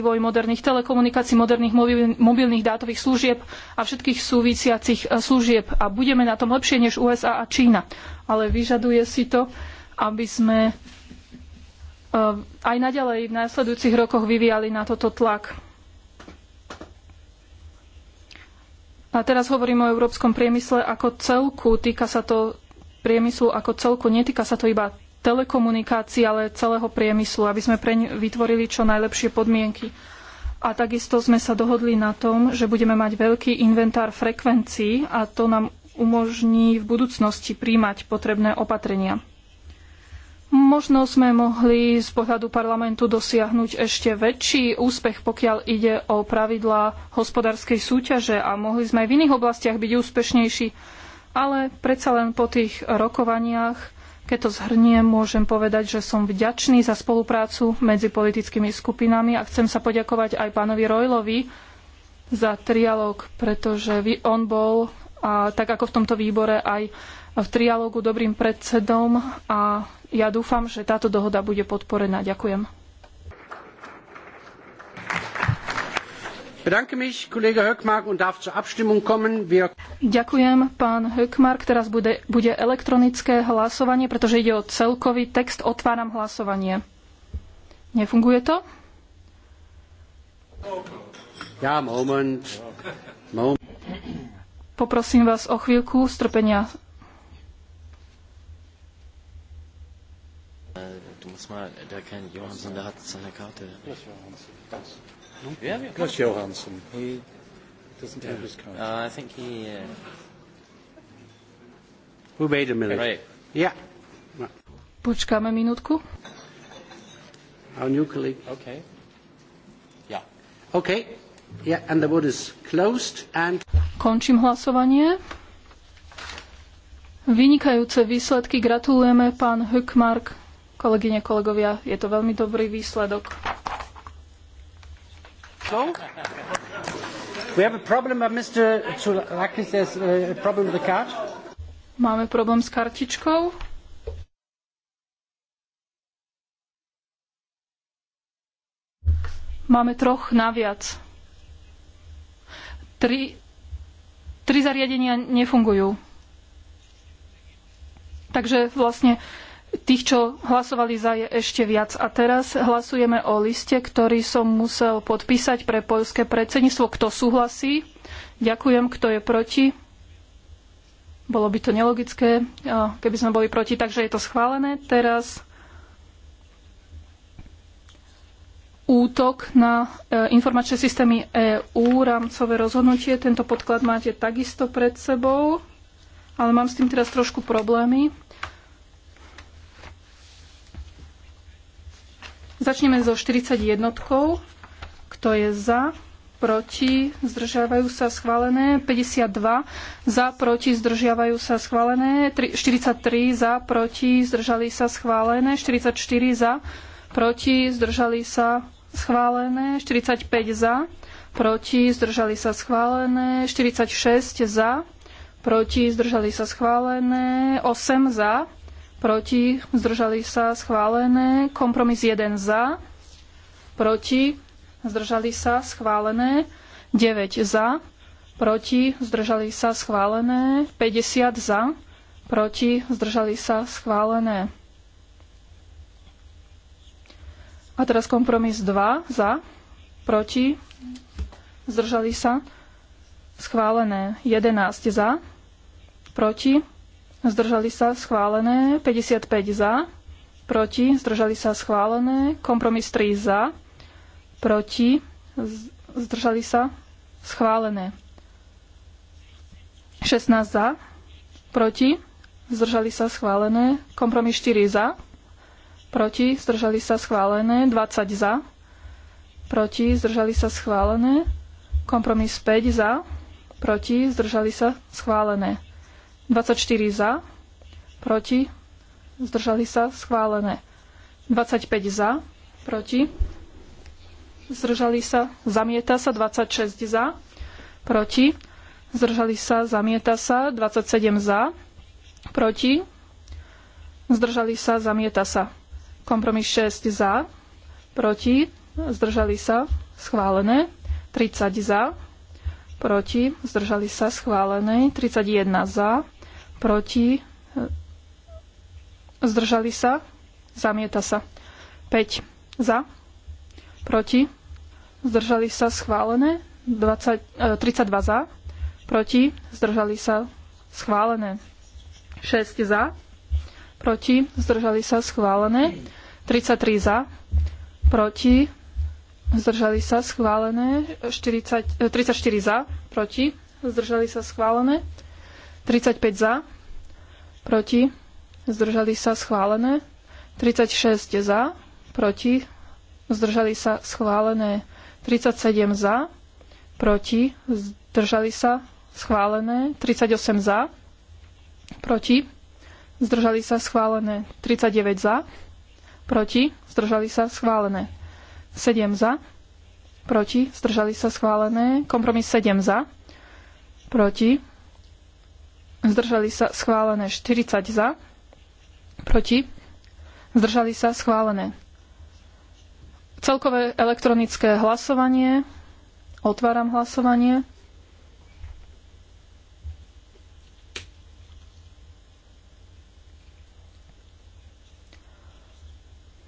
vývoj moderných telekomunikácií, moderných mobilných dátových služieb a všetkých súvisiacich e, služieb. A budeme na tom lepšie než USA a Čína. Ale vyžaduje si to, aby sme e, aj naďalej v následujúcich rokoch vyvíjali na toto tlak. A teraz hovorím o európskom priemysle ako celku. Týka sa to priemyslu ako celku, netýka sa to iba telekomunikácií, ale celého priemyslu, aby sme ne vytvorili čo najlepšie podmienky. A takisto sme sa dohodli na tom, že budeme mať veľký inventár frekvencií a to nám umožní v budúcnosti príjmať potrebné opatrenia. Možno sme mohli z pohľadu parlamentu dosiahnuť ešte väčší úspech, pokiaľ ide o pravidlá hospodárskej súťaže a mohli sme aj v iných oblastiach byť úspešnejší, ale predsa len po tých rokovaniach keď to zhrniem, môžem povedať, že som vďačný za spoluprácu medzi politickými skupinami a chcem sa poďakovať aj pánovi Rojlovi za trialóg, pretože on bol, a tak ako v tomto výbore, aj v trialógu dobrým predsedom a ja dúfam, že táto dohoda bude podporená. Ďakujem. Ďakujem, pán Hökmark. Teraz bude, bude elektronické hlasovanie, pretože ide o celkový text. Otváram hlasovanie. Nefunguje to? Ja, moment. moment. Poprosím vás o chvíľku strpenia. Äh, du musst mal, äh, der Johansson, der hat seine Karte. Das Johansson, das. No? Yeah, we Gus Johansson. He doesn't have his card. Uh, I think he. Uh... Who made a minute? Right. Yeah. Počkáme minútku. Our new colleague. Okay. Yeah. Okay. Yeah, and the vote is closed and... Končím hlasovanie. Vynikajúce výsledky. Gratulujeme, pán Hökmark. Kolegyne, kolegovia, je to veľmi dobrý výsledok flow. We have a problem, but Mr. Tsoulakis has a problem with the card. Máme problém s kartičkou. Máme troch naviac. Tri, tri zariadenia nefungujú. Takže vlastne tých, čo hlasovali za, je ešte viac. A teraz hlasujeme o liste, ktorý som musel podpísať pre poľské predsedníctvo. Kto súhlasí? Ďakujem. Kto je proti? Bolo by to nelogické, keby sme boli proti, takže je to schválené. Teraz útok na e, informačné systémy EÚ, rámcové rozhodnutie. Tento podklad máte takisto pred sebou, ale mám s tým teraz trošku problémy. Začneme so 41. Kto je za? Proti? Zdržiavajú sa schválené. 52. Za? Proti? Zdržiavajú sa schválené. 43. Za? Proti? Zdržali sa schválené. 44. Za? Proti? Zdržali sa schválené. 45. Za? Proti? Zdržali sa schválené. 46. Za? Proti? Zdržali sa schválené. 8. Za? proti, zdržali sa, schválené. Kompromis 1 za, proti, zdržali sa, schválené. 9 za, proti, zdržali sa, schválené. 50 za, proti, zdržali sa, schválené. A teraz kompromis 2 za, proti, zdržali sa, schválené. 11 za, proti, zdržali sa schválené, 55 za, proti, zdržali sa schválené, kompromis 3 za, proti, zdržali sa schválené. 16 za, proti, zdržali sa schválené, kompromis 4 za, proti, zdržali sa schválené, 20 za, proti, zdržali sa schválené, kompromis 5 za, proti, zdržali sa schválené. 24 za, proti, zdržali sa, schválené. 25 za, proti, zdržali sa, zamieta sa, 26 za, proti, zdržali sa, zamieta sa, 27 za, proti, zdržali sa, zamieta sa. Kompromis 6 za, proti, zdržali sa, schválené. 30 za, proti, zdržali sa, schválené. 31 za, proti, zdržali sa, zamieta sa. 5 za, proti, zdržali sa, schválené. 20, 32 e, za, proti, zdržali sa, schválené. 6 za, proti, zdržali sa, schválené. 33 za, proti, zdržali sa, schválené. 40, 34 e, za, proti, zdržali sa, schválené. 35 za, proti, zdržali sa schválené. 36 za, proti, zdržali sa schválené. 37 za, proti, zdržali sa schválené. 38 za, proti, zdržali sa schválené. 39 za, proti, zdržali sa schválené. 7 za, proti, zdržali sa schválené. Kompromis 7 za, proti, zdržali sa schválené 40 za, proti, zdržali sa schválené. Celkové elektronické hlasovanie, otváram hlasovanie.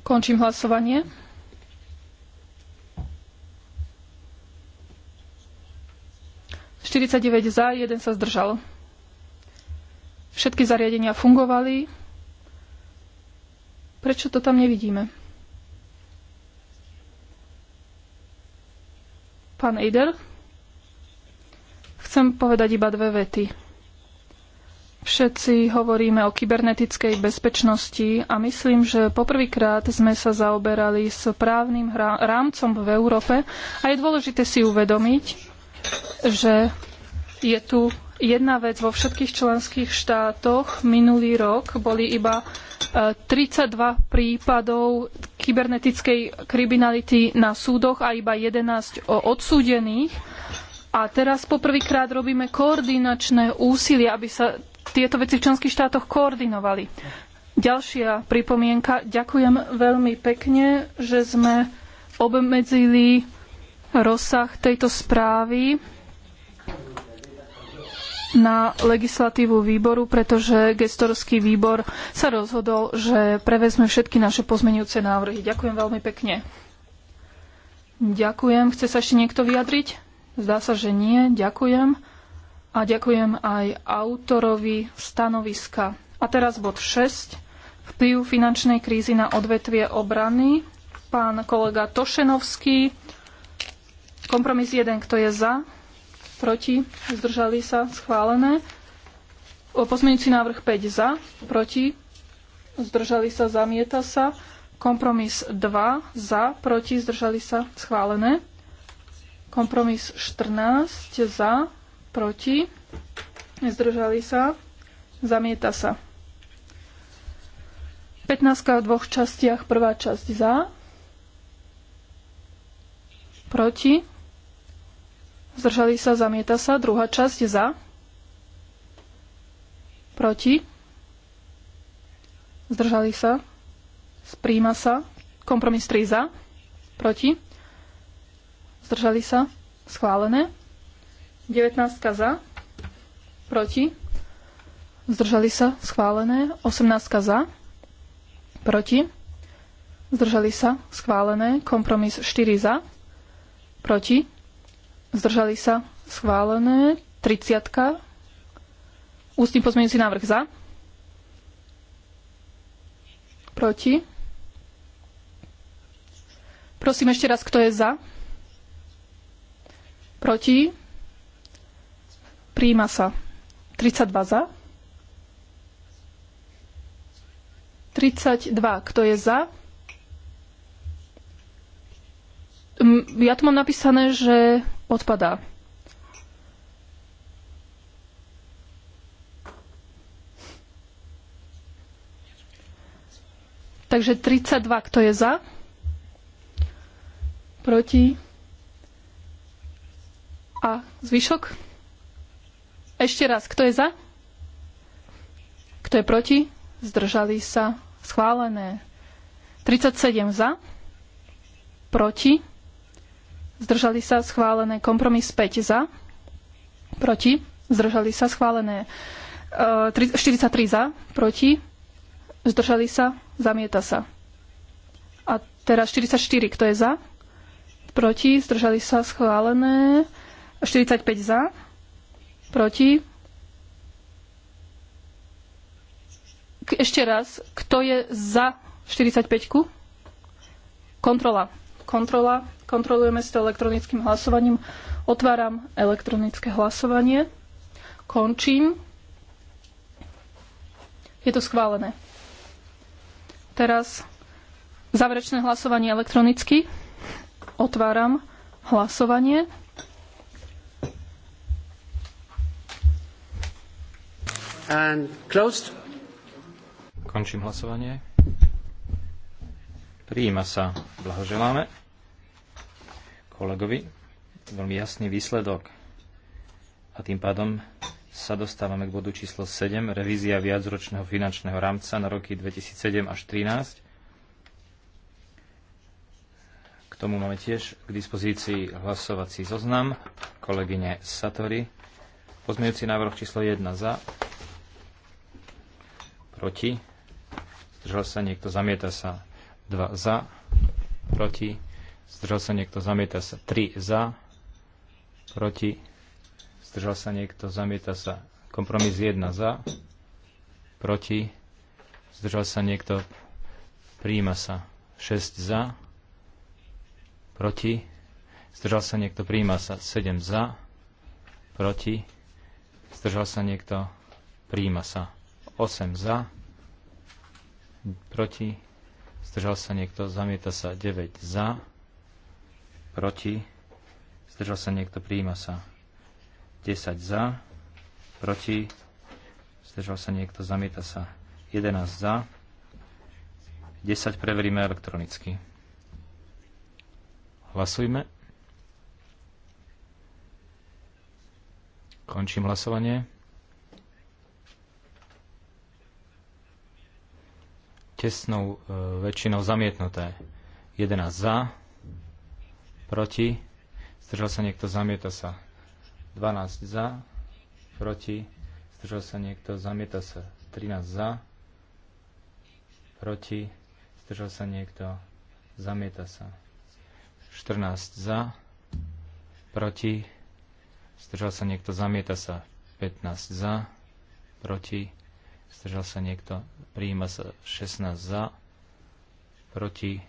Končím hlasovanie. 49 za, jeden sa zdržal všetky zariadenia fungovali. Prečo to tam nevidíme? Pán Eider, chcem povedať iba dve vety. Všetci hovoríme o kybernetickej bezpečnosti a myslím, že poprvýkrát sme sa zaoberali s právnym rámcom v Európe a je dôležité si uvedomiť, že je tu jedna vec, vo všetkých členských štátoch minulý rok boli iba 32 e, prípadov kybernetickej kriminality na súdoch a iba 11 e, odsúdených. A teraz poprvýkrát robíme koordinačné úsilie, aby sa tieto veci v členských štátoch koordinovali. Ďalšia pripomienka. Ďakujem veľmi pekne, že sme obmedzili rozsah tejto správy na legislatívu výboru, pretože gestorský výbor sa rozhodol, že prevezme všetky naše pozmenujúce návrhy. Ďakujem veľmi pekne. Ďakujem. Chce sa ešte niekto vyjadriť? Zdá sa, že nie. Ďakujem. A ďakujem aj autorovi stanoviska. A teraz bod 6. Vplyv finančnej krízy na odvetvie obrany. Pán kolega Tošenovský. Kompromis 1. Kto je za? proti, zdržali sa, schválené. Pozmeňujúci návrh 5 za, proti, zdržali sa, zamieta sa. Kompromis 2 za, proti, zdržali sa, schválené. Kompromis 14 za, proti, zdržali sa, zamieta sa. 15 v dvoch častiach, prvá časť za, proti, Zdržali sa, zamieta sa. Druhá časť za. Proti. Zdržali sa. Spríjma sa. Kompromis 3 za. Proti. Zdržali sa. Schválené. 19 za. Proti. Zdržali sa. Schválené. 18 za. Proti. Zdržali sa. Schválené. Kompromis 4 za. Proti. Zdržali sa? Schválené. 30. Ústny pozmeňujúci návrh za. Proti. Prosím ešte raz, kto je za? Proti. Príjima sa. 32 za. 32. Kto je za? Mm, ja tu mám napísané, že odpadá. Takže 32, kto je za? Proti? A zvyšok? Ešte raz, kto je za? Kto je proti? Zdržali sa. Schválené. 37 za. Proti? zdržali sa schválené. Kompromis 5 za, proti, zdržali sa schválené. 43 e, za, proti, zdržali sa, zamieta sa. A teraz 44, kto je za? Proti, zdržali sa, schválené. 45 za, proti. Ešte raz, kto je za 45? Kontrola kontrola. Kontrolujeme si to elektronickým hlasovaním. Otváram elektronické hlasovanie. Končím. Je to schválené. Teraz záverečné hlasovanie elektronicky. Otváram hlasovanie. Končím hlasovanie. Prijíma sa. Blahoželáme kolegovi. Veľmi jasný výsledok. A tým pádom sa dostávame k bodu číslo 7, revízia viacročného finančného rámca na roky 2007 až 2013. K tomu máme tiež k dispozícii hlasovací zoznam kolegyne Satori. Pozmejúci návrh číslo 1 za, proti, zdržal sa niekto, zamieta sa 2 za, proti, zdržal sa niekto, zamieta sa 3 za, proti, zdržal sa niekto, zamieta sa kompromis 1 za, proti, zdržal sa niekto, príjima sa 6 za, proti, zdržal sa niekto, príjima sa 7 za, proti, zdržal sa niekto, príjima sa 8 za, proti, Zdržal sa niekto? Zamieta sa 9 za. Proti. Zdržal sa niekto? Prijíma sa. 10 za. Proti. Zdržal sa niekto? Zamieta sa. 11 za. 10 preveríme elektronicky. Hlasujme. Končím hlasovanie. tesnou e, väčšinou zamietnuté. 11 za, proti, zdržal sa niekto, zamieta sa. 12 za, proti, zdržal sa niekto, zamieta sa. 13 za, proti, zdržal sa niekto, zamieta sa. 14 za, proti, zdržal sa niekto, zamieta sa. 15 za, proti, zdržal sa niekto, prijíma sa 16 za, proti,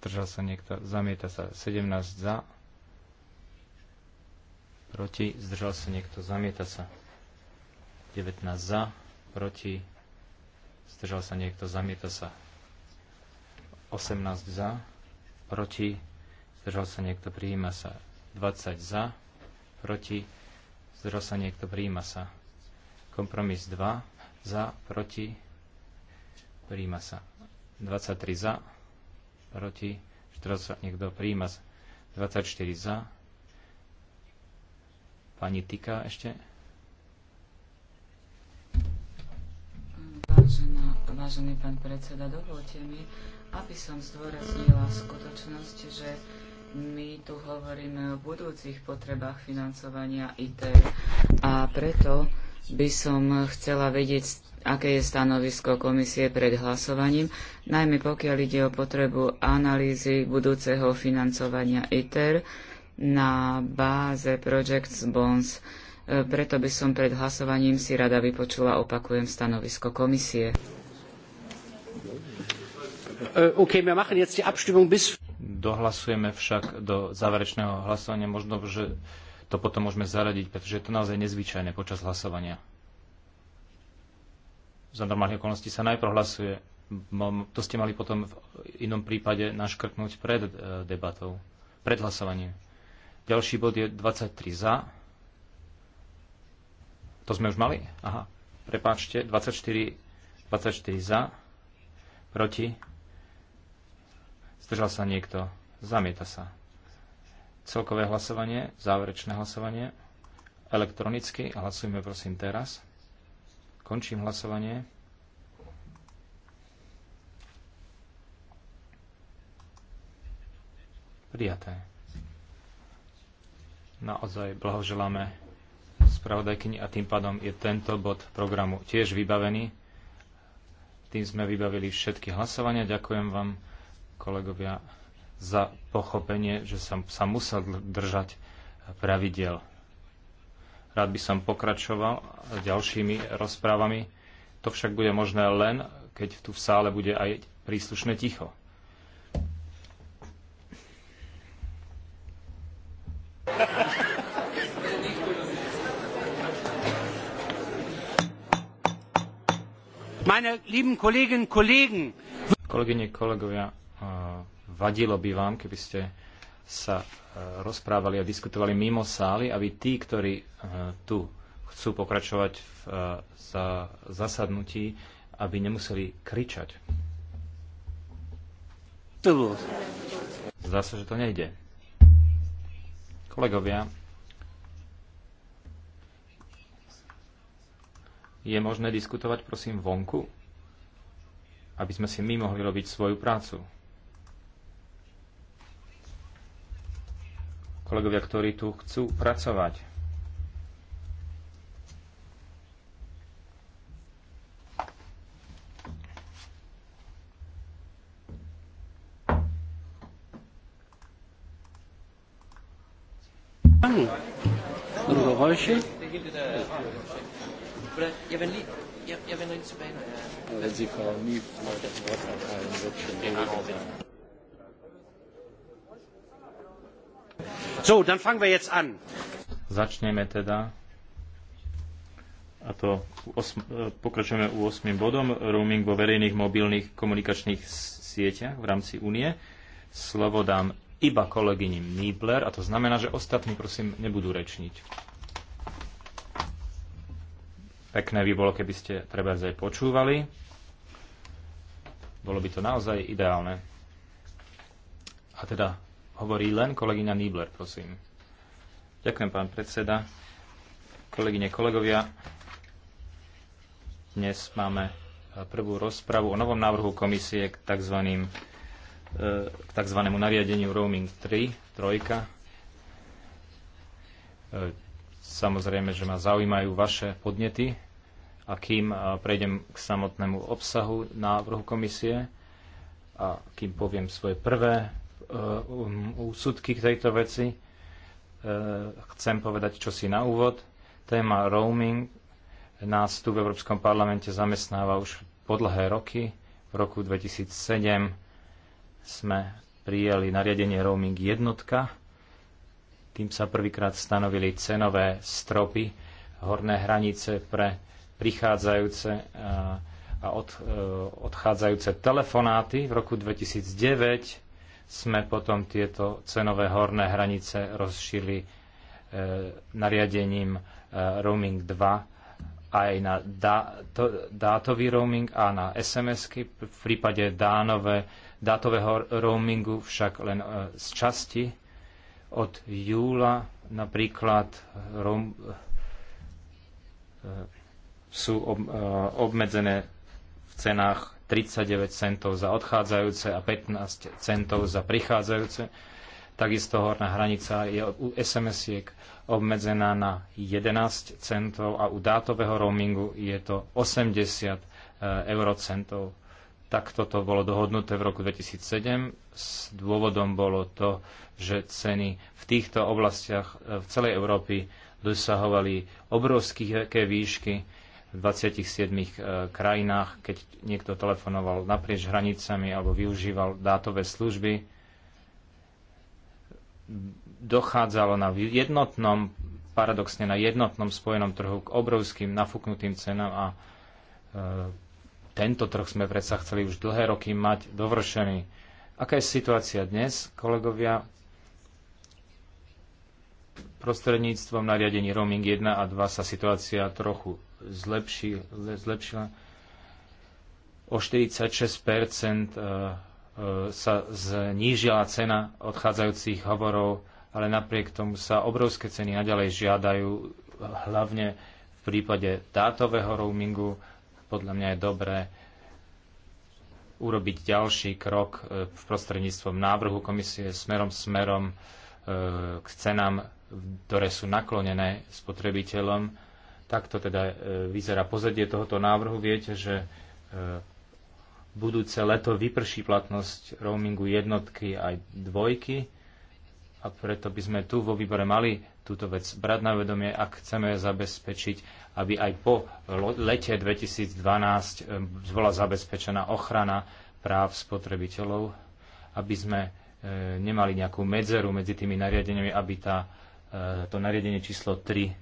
zdržal sa niekto, zamieta sa 17 za, proti, zdržal sa niekto, zamieta sa 19 za, proti, zdržal sa niekto, zamieta sa 18 za, proti, zdržal sa niekto, prijíma sa 20 za, proti, zdržal sa niekto, prijíma sa. Kompromis 2 za, proti, príjma sa. 23 za, proti, zdržal sa niekto, príjma sa. 24 za, pani Tika ešte. Vážená, vážený pán predseda, dovolte mi, aby som zdôraznila skutočnosť, že my tu hovoríme o budúcich potrebách financovania IT a preto by som chcela vedieť, aké je stanovisko komisie pred hlasovaním, najmä pokiaľ ide o potrebu analýzy budúceho financovania ITER na báze Projects Bonds. E, preto by som pred hlasovaním si rada vypočula, opakujem, stanovisko komisie. E, Dohlasujeme však do záverečného hlasovania možno, že to potom môžeme zaradiť, pretože je to naozaj nezvyčajné počas hlasovania. Za normálnych okolností sa najprv hlasuje. To ste mali potom v inom prípade naškrtnúť pred e, debatou, pred hlasovaním. Ďalší bod je 23 za. To sme už mali? Aha, prepáčte, 24, 24 za, proti, zdržal sa niekto, zamieta sa. Celkové hlasovanie, záverečné hlasovanie. Elektronicky hlasujme prosím teraz. Končím hlasovanie. Prijaté. Naozaj blahoželáme spravodajkyni a tým pádom je tento bod programu tiež vybavený. Tým sme vybavili všetky hlasovania. Ďakujem vám, kolegovia za pochopenie, že som sa musel držať pravidel. Rád by som pokračoval ďalšími rozprávami. To však bude možné len, keď tu v sále bude aj príslušné ticho. Meine lieben Kolleginnen und Kollegen, kolegyne, kolegovia, vadilo by vám, keby ste sa e, rozprávali a diskutovali mimo sály, aby tí, ktorí e, tu chcú pokračovať v e, za zasadnutí, aby nemuseli kričať. Zdá sa, že to nejde. Kolegovia, je možné diskutovať, prosím, vonku, aby sme si my mohli robiť svoju prácu. kolegovia, ktorí tu chcú pracovať. Geräusche? Oder, ja, wenn, ja, wenn nicht so beinahe. Wenn Sie Frau Mief das Wort erteilen, wird schon Začneme teda. A to osm, e, pokračujeme u 8. bodom. Roaming vo verejných mobilných komunikačných sieťach v rámci únie. Slovo dám iba kolegyni Niebler a to znamená, že ostatní prosím nebudú rečniť. Pekné by bolo, keby ste treba aj počúvali. Bolo by to naozaj ideálne. A teda hovorí len kolegyňa Nibler, prosím. Ďakujem, pán predseda. Kolegyne, kolegovia, dnes máme eh, prvú rozpravu o novom návrhu komisie k tzv. Eh, k tzv. nariadeniu Roaming 3, trojka. Eh, samozrejme, že ma zaujímajú vaše podnety a kým prejdem k samotnému obsahu návrhu komisie a kým poviem svoje prvé Eh, um, úsudky k tejto veci. Eh, chcem povedať čo si na úvod. Téma roaming nás tu v Európskom parlamente zamestnáva už po dlhé roky. V roku 2007 sme prijali nariadenie roaming jednotka. Tým sa prvýkrát stanovili cenové stropy, horné hranice pre prichádzajúce eh, a odchádzajúce telefonáty. V roku 2009 sme potom tieto cenové horné hranice rozšili e, nariadením e, roaming 2 aj na to, dátový roaming a na SMS-ky. V prípade dánové, dátového roamingu však len e, z časti. Od júla napríklad roam, e, e, sú ob, e, obmedzené v cenách 39 centov za odchádzajúce a 15 centov za prichádzajúce. Takisto horná hranica je u SMS-iek obmedzená na 11 centov a u dátového roamingu je to 80 e, eurocentov. Takto to bolo dohodnuté v roku 2007. S dôvodom bolo to, že ceny v týchto oblastiach e, v celej Európy dosahovali obrovské výšky v 27 e, krajinách, keď niekto telefonoval naprieč hranicami alebo využíval dátové služby. Dochádzalo na jednotnom, paradoxne na jednotnom spojenom trhu k obrovským nafúknutým cenám a e, tento trh sme predsa chceli už dlhé roky mať dovršený. Aká je situácia dnes, kolegovia? Prostredníctvom nariadení roaming 1 a 2 sa situácia trochu zlepší, zlepšila. O 46 e, e, sa znížila cena odchádzajúcich hovorov, ale napriek tomu sa obrovské ceny naďalej žiadajú, hlavne v prípade dátového roamingu. Podľa mňa je dobré urobiť ďalší krok e, v prostredníctvom návrhu komisie smerom smerom k cenám ktoré sú naklonené spotrebiteľom. Takto teda e, vyzerá pozadie tohoto návrhu. Viete, že e, budúce leto vyprší platnosť roamingu jednotky aj dvojky a preto by sme tu vo výbore mali túto vec brať na vedomie, ak chceme zabezpečiť, aby aj po lete 2012 e, bola zabezpečená ochrana práv spotrebiteľov, aby sme nemali nejakú medzeru medzi tými nariadeniami, aby tá E, to nariadenie číslo 3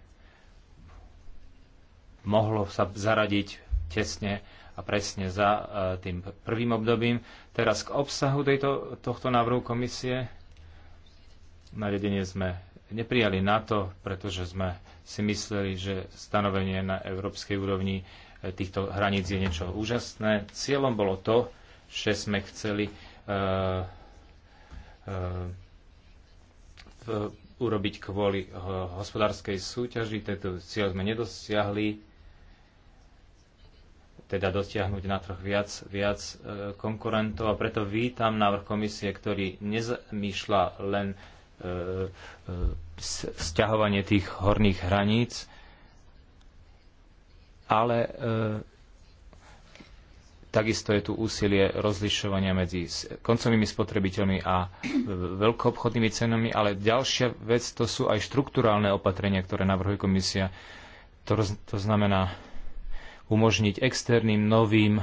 mohlo sa zaradiť tesne a presne za e, tým prvým obdobím. Teraz k obsahu tejto, tohto návrhu komisie. Nariadenie sme neprijali na to, pretože sme si mysleli, že stanovenie na európskej úrovni e, týchto hraníc je niečo úžasné. Cieľom bolo to, že sme chceli uh, uh, urobiť kvôli eh, hospodárskej súťaži. Tento cieľ sme nedosiahli, teda dotiahnuť na trh viac, viac eh, konkurentov a preto vítam návrh komisie, ktorý nezmýšľa len vzťahovanie eh, tých horných hraníc, ale Takisto je tu úsilie rozlišovania medzi koncovými spotrebiteľmi a veľkoobchodnými cenami, ale ďalšia vec to sú aj štruktúrálne opatrenia, ktoré navrhuje komisia. To, to znamená umožniť externým novým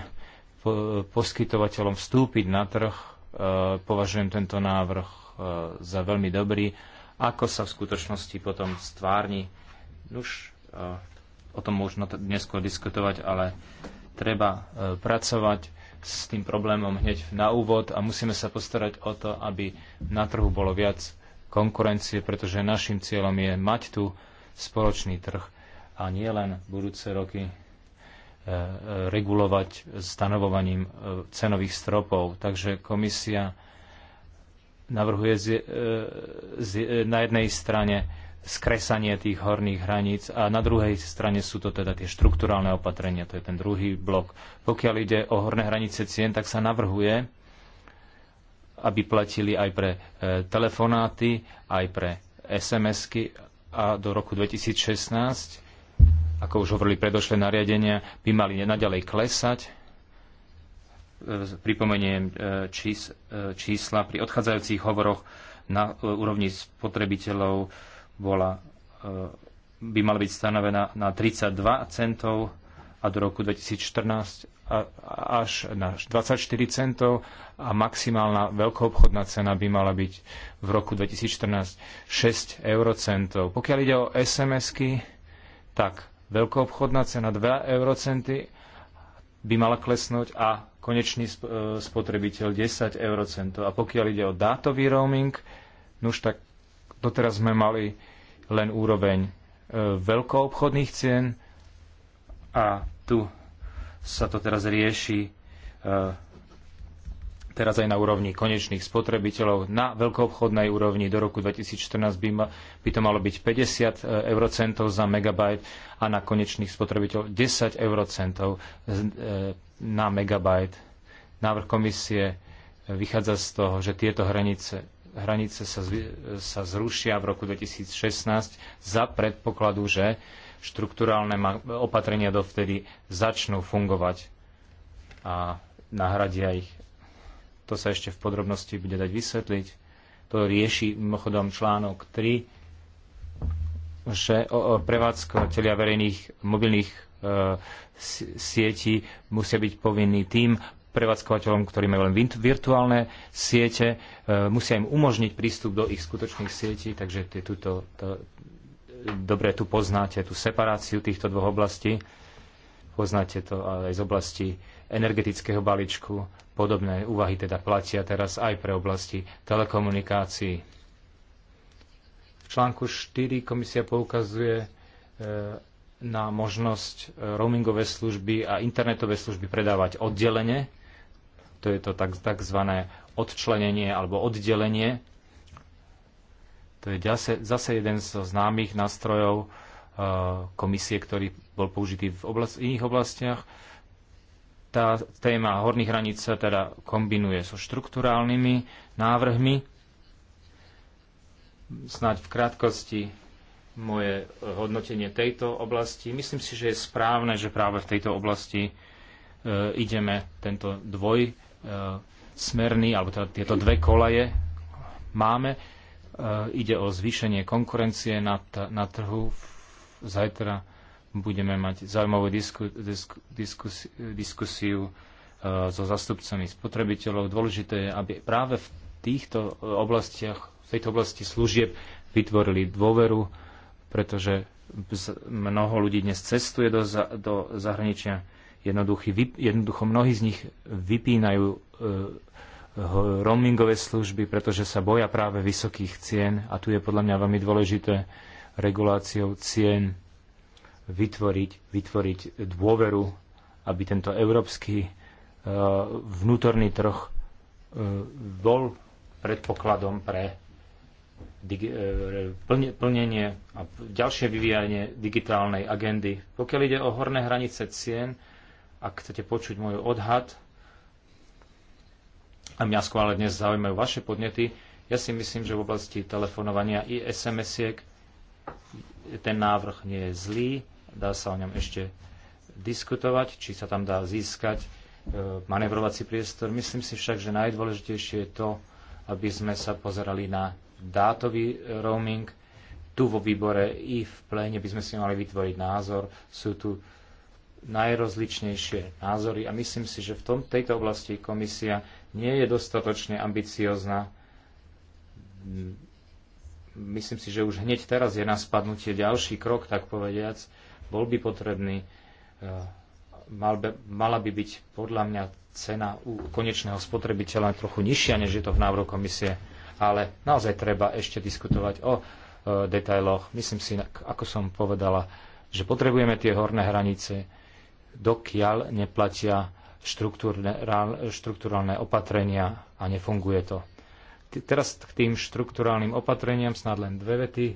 poskytovateľom vstúpiť na trh. E, považujem tento návrh e, za veľmi dobrý. Ako sa v skutočnosti potom stvárni? Už e, o tom možno neskôr diskutovať, ale Treba e, pracovať s tým problémom hneď na úvod a musíme sa postarať o to, aby na trhu bolo viac konkurencie, pretože našim cieľom je mať tu spoločný trh a nie len budúce roky e, e, regulovať stanovovaním cenových stropov. Takže komisia navrhuje na jednej strane skresanie tých horných hraníc a na druhej strane sú to teda tie štrukturálne opatrenia, to je ten druhý blok. Pokiaľ ide o horné hranice cien, tak sa navrhuje, aby platili aj pre e, telefonáty, aj pre SMS-ky a do roku 2016, ako už hovorili predošlé nariadenia, by mali naďalej klesať. E, pripomeniem e, čísla pri odchádzajúcich hovoroch na úrovni spotrebiteľov bola, e, by mala byť stanovená na 32 centov a do roku 2014 až na 24 centov a maximálna veľkoobchodná cena by mala byť v roku 2014 6 eurocentov. Pokiaľ ide o SMS-ky, tak veľkoobchodná cena 2 eurocenty by mala klesnúť a konečný e, spotrebiteľ 10 eurocentov. A pokiaľ ide o dátový roaming, nuž tak doteraz sme mali len úroveň e, veľkoobchodných cien a tu sa to teraz rieši e, teraz aj na úrovni konečných spotrebiteľov. Na veľkoobchodnej úrovni do roku 2014 by, ma, by to malo byť 50 e, eurocentov za megabajt a na konečných spotrebiteľov 10 eurocentov na megabajt. Návrh komisie vychádza z toho, že tieto hranice hranice sa, sa zrušia v roku 2016 za predpokladu, že štruktúrálne opatrenia dovtedy začnú fungovať a nahradia ich. To sa ešte v podrobnosti bude dať vysvetliť. To rieši mimochodom článok 3, že prevádzkovateľia verejných mobilných e, sietí musia byť povinní tým prevádzkovateľom, ktorí majú len virtuálne siete, e, musia im umožniť prístup do ich skutočných sietí, takže tuto, to, dobre tu poznáte tú separáciu týchto dvoch oblastí. Poznáte to aj z oblasti energetického balíčku. Podobné úvahy teda platia teraz aj pre oblasti telekomunikácií. V článku 4 komisia poukazuje e, na možnosť roamingové služby a internetové služby predávať oddelenie to je to tak, takzvané odčlenenie alebo oddelenie. To je zase, zase jeden zo známych nástrojov uh, komisie, ktorý bol použitý v oblast, iných oblastiach. Tá téma horných hraníc sa teda kombinuje so štruktúrálnymi návrhmi. Snáď v krátkosti moje hodnotenie tejto oblasti. Myslím si, že je správne, že práve v tejto oblasti uh, ideme tento dvoj E, smerný, alebo teda tieto dve kolaje máme. E, ide o zvýšenie konkurencie na, na trhu. Zajtra budeme mať zaujímavú disku, disku, diskus, diskusiu e, so zastupcami spotrebiteľov. Dôležité je, aby práve v týchto oblastiach, v tejto oblasti služieb vytvorili dôveru, pretože mnoho ľudí dnes cestuje do, do zahraničia Jednoducho mnohí z nich vypínajú e, roamingové služby, pretože sa boja práve vysokých cien a tu je podľa mňa veľmi dôležité reguláciou cien vytvoriť, vytvoriť dôveru, aby tento európsky e, vnútorný trh e, bol predpokladom pre plnenie a ďalšie vyvíjanie digitálnej agendy. Pokiaľ ide o horné hranice cien, ak chcete počuť môj odhad, a mňa skôr ale dnes zaujímajú vaše podnety, ja si myslím, že v oblasti telefonovania i SMS-iek ten návrh nie je zlý, dá sa o ňom ešte diskutovať, či sa tam dá získať e, manevrovací priestor. Myslím si však, že najdôležitejšie je to, aby sme sa pozerali na dátový roaming. Tu vo výbore i v pléne by sme si mali vytvoriť názor. Sú tu najrozličnejšie názory a myslím si, že v tom, tejto oblasti komisia nie je dostatočne ambiciozna. Myslím si, že už hneď teraz je na spadnutie ďalší krok, tak povediac, bol by potrebný. Eh, mal by, mala by byť podľa mňa cena u konečného spotrebiteľa trochu nižšia, než je to v návrhu komisie, ale naozaj treba ešte diskutovať o eh, detailoch. Myslím si, ako som povedala, že potrebujeme tie horné hranice, dokiaľ neplatia štruktúrálne opatrenia a nefunguje to. Teraz k tým štruktúrálnym opatreniam snad len dve vety.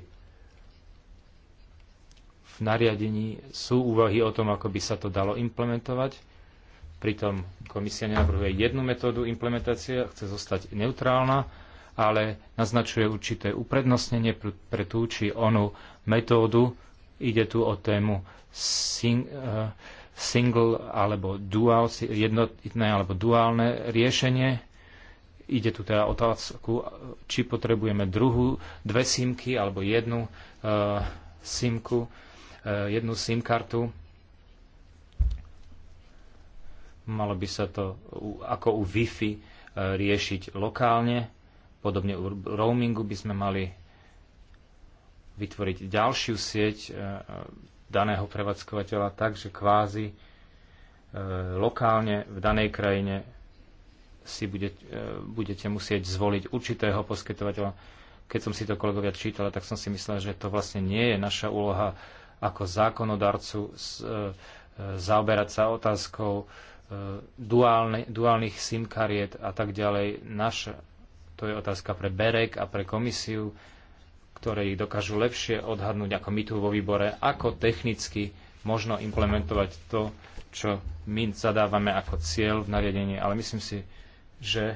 V nariadení sú úvahy o tom, ako by sa to dalo implementovať. Pritom komisia nenavrhuje jednu metódu implementácie, chce zostať neutrálna, ale naznačuje určité uprednostnenie pre tú či onú metódu. Ide tu o tému sing- uh, single alebo dual, jednotné alebo duálne riešenie. Ide tu teda otázku, či potrebujeme druhú, dve simky alebo jednu uh, simku, uh, jednu simkartu. Malo by sa to u, ako u Wi-Fi uh, riešiť lokálne. Podobne u roamingu by sme mali vytvoriť ďalšiu sieť uh, daného prevádzkovateľa tak, že kvázi e, lokálne v danej krajine si bude, e, budete musieť zvoliť určitého poskytovateľa. Keď som si to kolegovia čítala, tak som si myslel, že to vlastne nie je naša úloha ako zákonodarcu s, e, zaoberať sa otázkou e, duálne, duálnych SIM kariet a tak ďalej. Naša, to je otázka pre BEREK a pre komisiu, ktoré ich dokážu lepšie odhadnúť ako my tu vo výbore, ako technicky možno implementovať to, čo my zadávame ako cieľ v nariadení, ale myslím si, že e,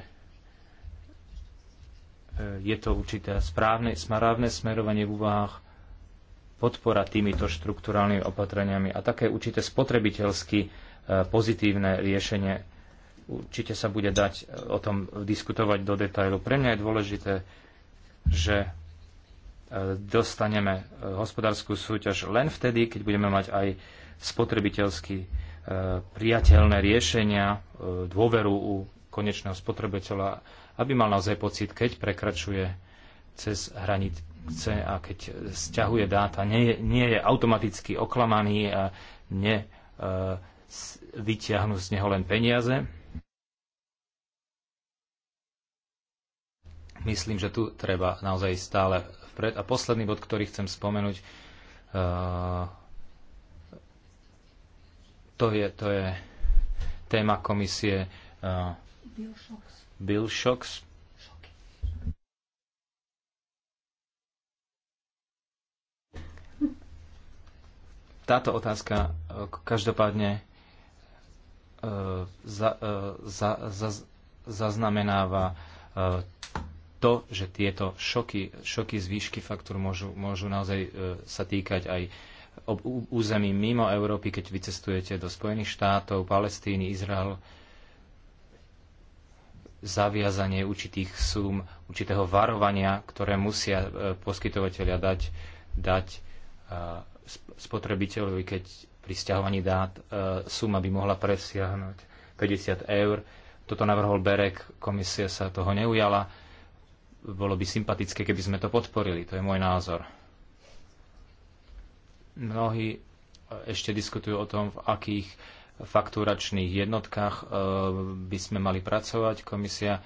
je to určité správne, správne smerovanie v úvahách podpora týmito štruktúralnými opatreniami a také určité spotrebiteľsky e, pozitívne riešenie určite sa bude dať e, o tom diskutovať do detailu. Pre mňa je dôležité, že dostaneme eh, hospodárskú súťaž len vtedy, keď budeme mať aj spotrebiteľsky eh, priateľné riešenia, eh, dôveru u konečného spotrebiteľa, aby mal naozaj pocit, keď prekračuje cez hranice a keď stiahuje dáta, nie je, nie je automaticky oklamaný a ne, vyťahnú z neho len peniaze. Myslím, že tu treba naozaj stále vpred. A posledný bod, ktorý chcem spomenúť, eh, to je, to je téma komisie eh, Bill Shocks. Táto otázka eh, každopádne za, za, za, zaznamenáva to, že tieto šoky, šoky z výšky faktúr môžu, môžu naozaj e, sa týkať aj ob, ú, území mimo Európy, keď vycestujete do Spojených štátov, Palestíny, Izrael, zaviazanie určitých súm, určitého varovania, ktoré musia e, poskytovateľia dať, dať e, spotrebiteľovi, keď pri stiahovaní dát e, suma by mohla presiahnuť 50 eur. Toto navrhol Berek, komisia sa toho neujala bolo by sympatické, keby sme to podporili. To je môj názor. Mnohí e, ešte diskutujú o tom, v akých faktúračných jednotkách e, by sme mali pracovať. Komisia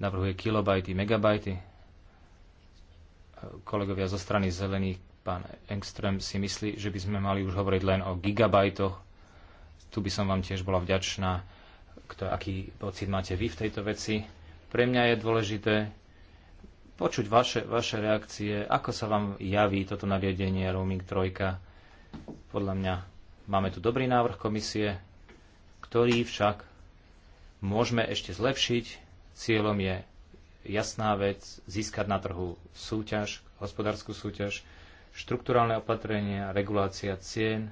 navrhuje kilobajty, megabajty. E, kolegovia zo strany zelených, pán Engström si myslí, že by sme mali už hovoriť len o gigabajtoch. Tu by som vám tiež bola vďačná, kto, aký pocit máte vy v tejto veci pre mňa je dôležité počuť vaše, vaše reakcie. Ako sa vám javí toto nariadenie Roaming 3? Podľa mňa máme tu dobrý návrh komisie, ktorý však môžeme ešte zlepšiť. Cieľom je jasná vec, získať na trhu súťaž, hospodárskú súťaž, štruktúrálne opatrenia, regulácia cien,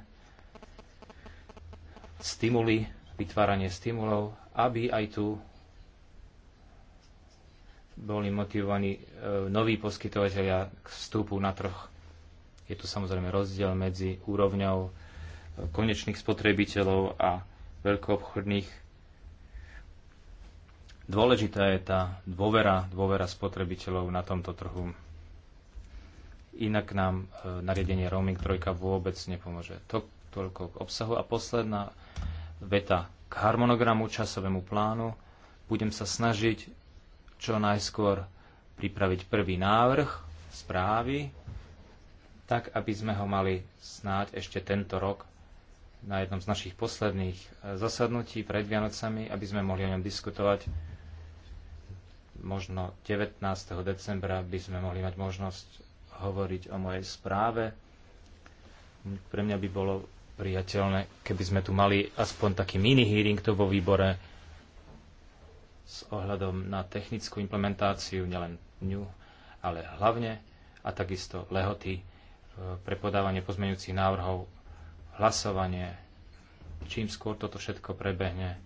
stimuly, vytváranie stimulov, aby aj tu boli motivovaní e, noví poskytovateľia k vstupu na trh. Je tu samozrejme rozdiel medzi úrovňou e, konečných spotrebiteľov a veľkoobchodných. Dôležitá je tá dôvera, dôvera spotrebiteľov na tomto trhu. Inak nám e, nariadenie Roaming 3 vôbec nepomôže. To toľko k obsahu. A posledná veta k harmonogramu, časovému plánu. Budem sa snažiť čo najskôr pripraviť prvý návrh správy, tak aby sme ho mali snáď ešte tento rok na jednom z našich posledných e, zasadnutí pred Vianocami, aby sme mohli o ňom diskutovať. Možno 19. decembra by sme mohli mať možnosť hovoriť o mojej správe. Pre mňa by bolo priateľné, keby sme tu mali aspoň taký mini-hearing to vo výbore, s ohľadom na technickú implementáciu, nielen ňu, ale hlavne a takisto lehoty e, pre podávanie pozmeňujúcich návrhov, hlasovanie. Čím skôr toto všetko prebehne,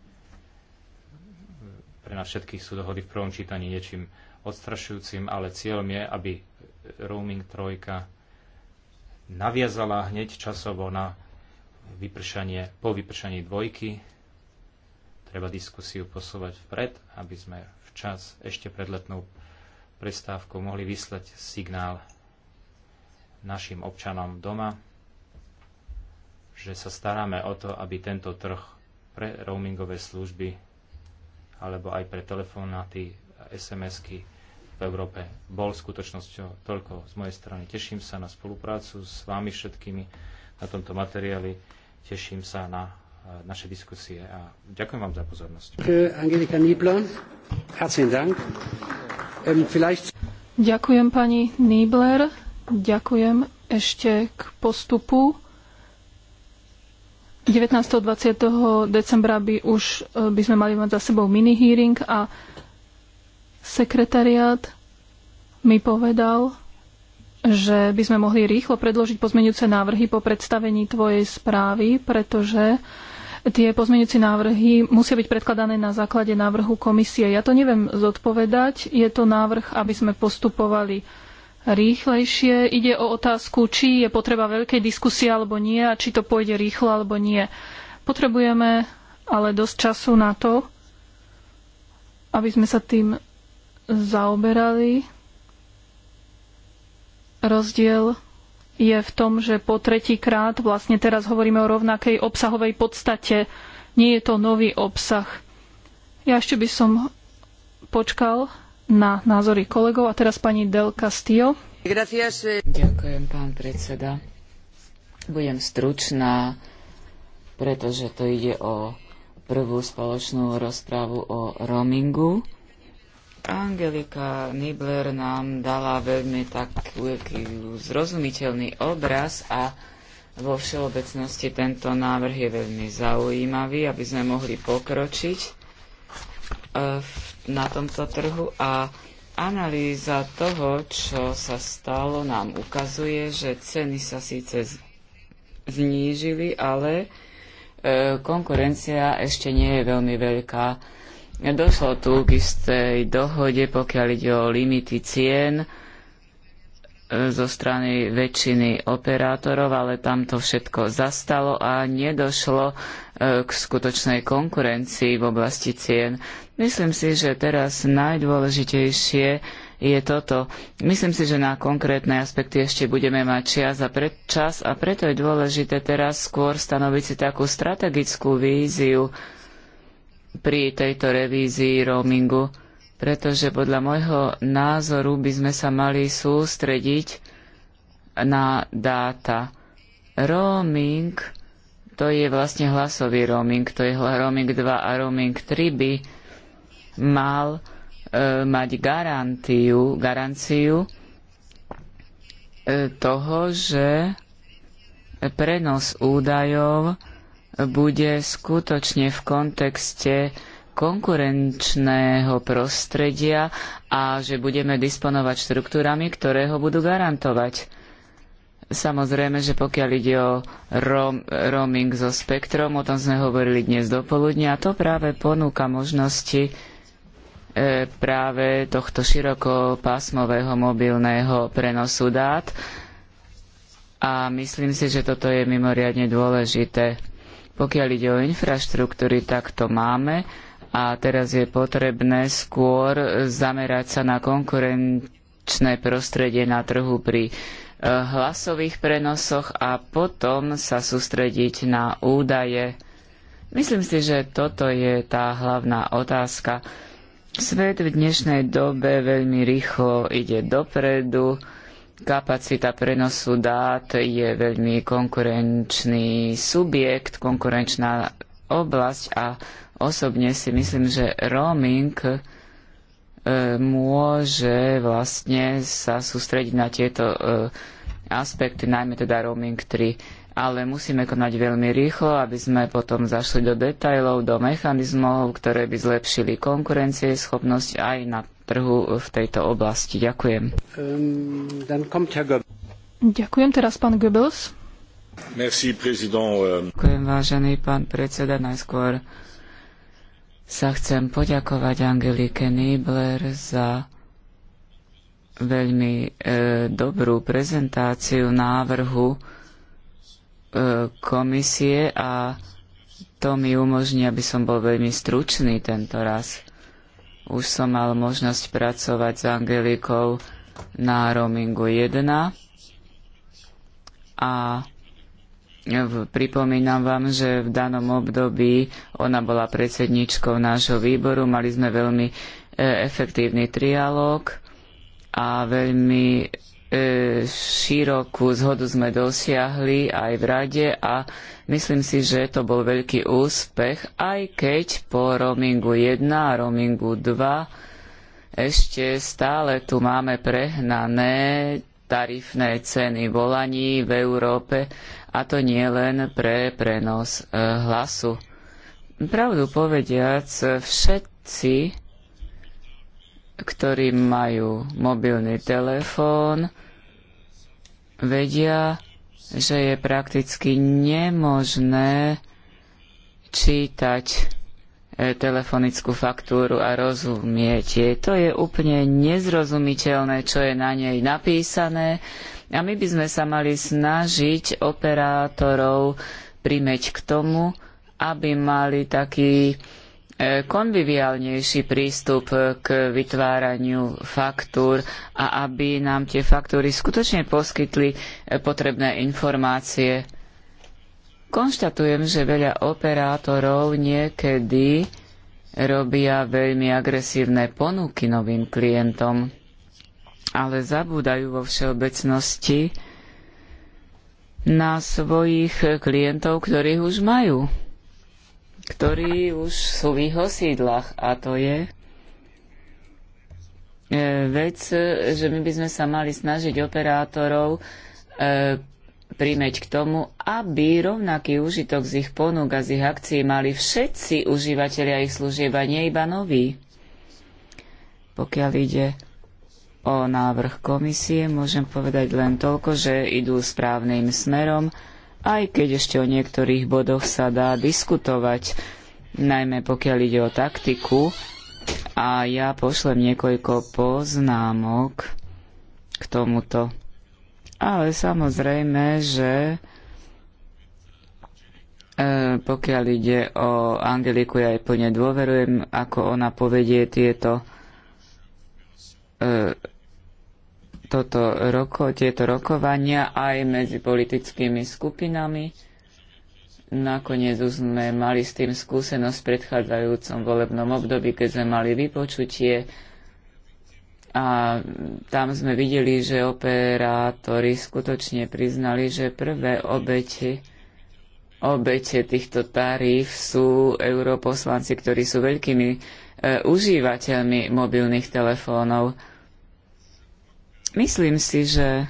pre nás všetkých sú dohody v prvom čítaní niečím odstrašujúcim, ale cieľom je, aby roaming trojka naviazala hneď časovo na vypršanie, po vypršaní dvojky Treba diskusiu posúvať vpred, aby sme včas ešte pred letnou prestávkou mohli vyslať signál našim občanom doma, že sa staráme o to, aby tento trh pre roamingové služby alebo aj pre telefonáty, SMS-ky v Európe bol skutočnosťou. Toľko z mojej strany. Teším sa na spoluprácu s vámi všetkými na tomto materiáli. Teším sa na naše diskusie a ďakujem vám za pozornosť. Ähm, ďakujem pani Niebler, ďakujem ešte k postupu. 19. 20. decembra by už e, by sme mali mať za sebou mini-hearing a sekretariát mi povedal, že by sme mohli rýchlo predložiť pozmeňujúce návrhy po predstavení tvojej správy, pretože tie pozmeňujúce návrhy musia byť predkladané na základe návrhu komisie. Ja to neviem zodpovedať. Je to návrh, aby sme postupovali rýchlejšie. Ide o otázku, či je potreba veľkej diskusie alebo nie a či to pôjde rýchlo alebo nie. Potrebujeme ale dosť času na to, aby sme sa tým zaoberali. Rozdiel je v tom, že po tretíkrát vlastne teraz hovoríme o rovnakej obsahovej podstate. Nie je to nový obsah. Ja ešte by som počkal na názory kolegov a teraz pani Del Castillo. Ďakujem, pán predseda. Budem stručná, pretože to ide o prvú spoločnú rozprávu o roamingu Angelika Nibler nám dala veľmi taký zrozumiteľný obraz a vo všeobecnosti tento návrh je veľmi zaujímavý, aby sme mohli pokročiť e, na tomto trhu a analýza toho, čo sa stalo, nám ukazuje, že ceny sa síce znížili, ale e, konkurencia ešte nie je veľmi veľká Došlo tu k istej dohode, pokiaľ ide o limity cien e, zo strany väčšiny operátorov, ale tam to všetko zastalo a nedošlo e, k skutočnej konkurencii v oblasti cien. Myslím si, že teraz najdôležitejšie je toto. Myslím si, že na konkrétne aspekty ešte budeme mať čas a, pre, čas a preto je dôležité teraz skôr stanoviť si takú strategickú víziu, pri tejto revízii roamingu, pretože podľa môjho názoru by sme sa mali sústrediť na dáta. Roaming, to je vlastne hlasový roaming, to je roaming 2 a roaming 3 by mal e, mať garantiu, garanciu e, toho, že prenos údajov bude skutočne v kontexte konkurenčného prostredia a že budeme disponovať štruktúrami, ktoré ho budú garantovať. Samozrejme, že pokiaľ ide o rom, roaming so spektrom, o tom sme hovorili dnes dopoludne a to práve ponúka možnosti e, práve tohto širokopásmového mobilného prenosu dát a myslím si, že toto je mimoriadne dôležité pokiaľ ide o infraštruktúry, tak to máme a teraz je potrebné skôr zamerať sa na konkurenčné prostredie na trhu pri e, hlasových prenosoch a potom sa sústrediť na údaje. Myslím si, že toto je tá hlavná otázka. Svet v dnešnej dobe veľmi rýchlo ide dopredu kapacita prenosu dát je veľmi konkurenčný subjekt, konkurenčná oblasť a osobne si myslím, že roaming e, môže vlastne sa sústrediť na tieto e, aspekty, najmä teda roaming 3. Ale musíme konať veľmi rýchlo, aby sme potom zašli do detajlov, do mechanizmov, ktoré by zlepšili konkurencieschopnosť aj na trhu v tejto oblasti. Ďakujem. Ďakujem teraz pán Goebbels. Merci, Ďakujem, vážený pán predseda. Najskôr sa chcem poďakovať Angelike Niebler za veľmi e, dobrú prezentáciu návrhu e, komisie a to mi umožní, aby som bol veľmi stručný tento raz. Už som mal možnosť pracovať s Angelikou na roamingu 1 a pripomínam vám, že v danom období ona bola predsedničkou nášho výboru, mali sme veľmi e, efektívny trialóg a veľmi E, širokú zhodu sme dosiahli aj v rade a myslím si, že to bol veľký úspech, aj keď po roamingu 1 a roamingu 2 ešte stále tu máme prehnané tarifné ceny volaní v Európe a to nie len pre prenos e, hlasu. Pravdu povediac, všetci ktorí majú mobilný telefón, vedia, že je prakticky nemožné čítať e, telefonickú faktúru a rozumieť jej. To je úplne nezrozumiteľné, čo je na nej napísané a my by sme sa mali snažiť operátorov primeť k tomu, aby mali taký konviviálnejší prístup k vytváraniu faktúr a aby nám tie faktúry skutočne poskytli eh, potrebné informácie. Konštatujem, že veľa operátorov niekedy robia veľmi agresívne ponuky novým klientom, ale zabúdajú vo všeobecnosti na svojich klientov, ktorých už majú ktorí už sú v ich osídlach a to je e, vec, že my by sme sa mali snažiť operátorov e, prímeť k tomu, aby rovnaký užitok z ich ponúk a z ich akcií mali všetci užívateľia ich služieb a nie iba noví. Pokiaľ ide o návrh komisie, môžem povedať len toľko, že idú správnym smerom aj keď ešte o niektorých bodoch sa dá diskutovať, najmä pokiaľ ide o taktiku. A ja pošlem niekoľko poznámok k tomuto. Ale samozrejme, že e, pokiaľ ide o Angeliku, ja jej plne dôverujem, ako ona povedie tieto e, toto roko, tieto rokovania aj medzi politickými skupinami. Nakoniec už sme mali s tým skúsenosť v predchádzajúcom volebnom období, keď sme mali vypočutie a tam sme videli, že operátori skutočne priznali, že prvé obete, obete týchto taríf sú europoslanci, ktorí sú veľkými e, užívateľmi mobilných telefónov Myslím si, že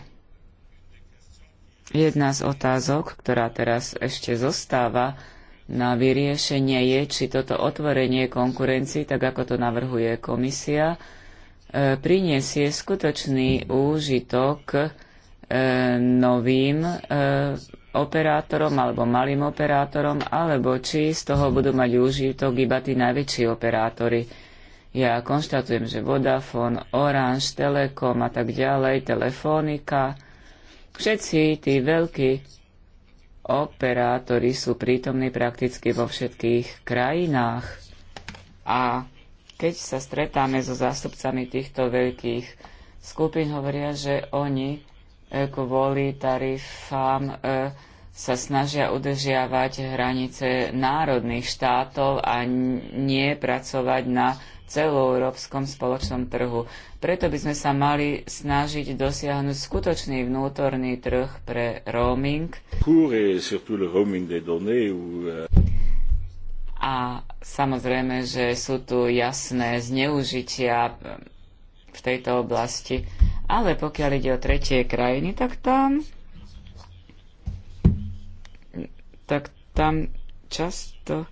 jedna z otázok, ktorá teraz ešte zostáva na vyriešenie je, či toto otvorenie konkurencii, tak ako to navrhuje komisia, e, priniesie skutočný úžitok e, novým e, operátorom alebo malým operátorom, alebo či z toho budú mať úžitok iba tí najväčší operátori. Ja konštatujem, že Vodafone, Orange, Telekom a tak ďalej, Telefonika, všetci tí veľkí operátori sú prítomní prakticky vo všetkých krajinách. A keď sa stretáme so zástupcami týchto veľkých skupín, hovoria, že oni e, kvôli tarifám e, sa snažia udržiavať hranice národných štátov a nie pracovať na celoeurópskom spoločnom trhu. Preto by sme sa mali snažiť dosiahnuť skutočný vnútorný trh pre roaming. Euh, A samozrejme, že sú tu jasné zneužitia um, v tejto oblasti. Ale pokiaľ ide o tretie krajiny, tak tam tak tam často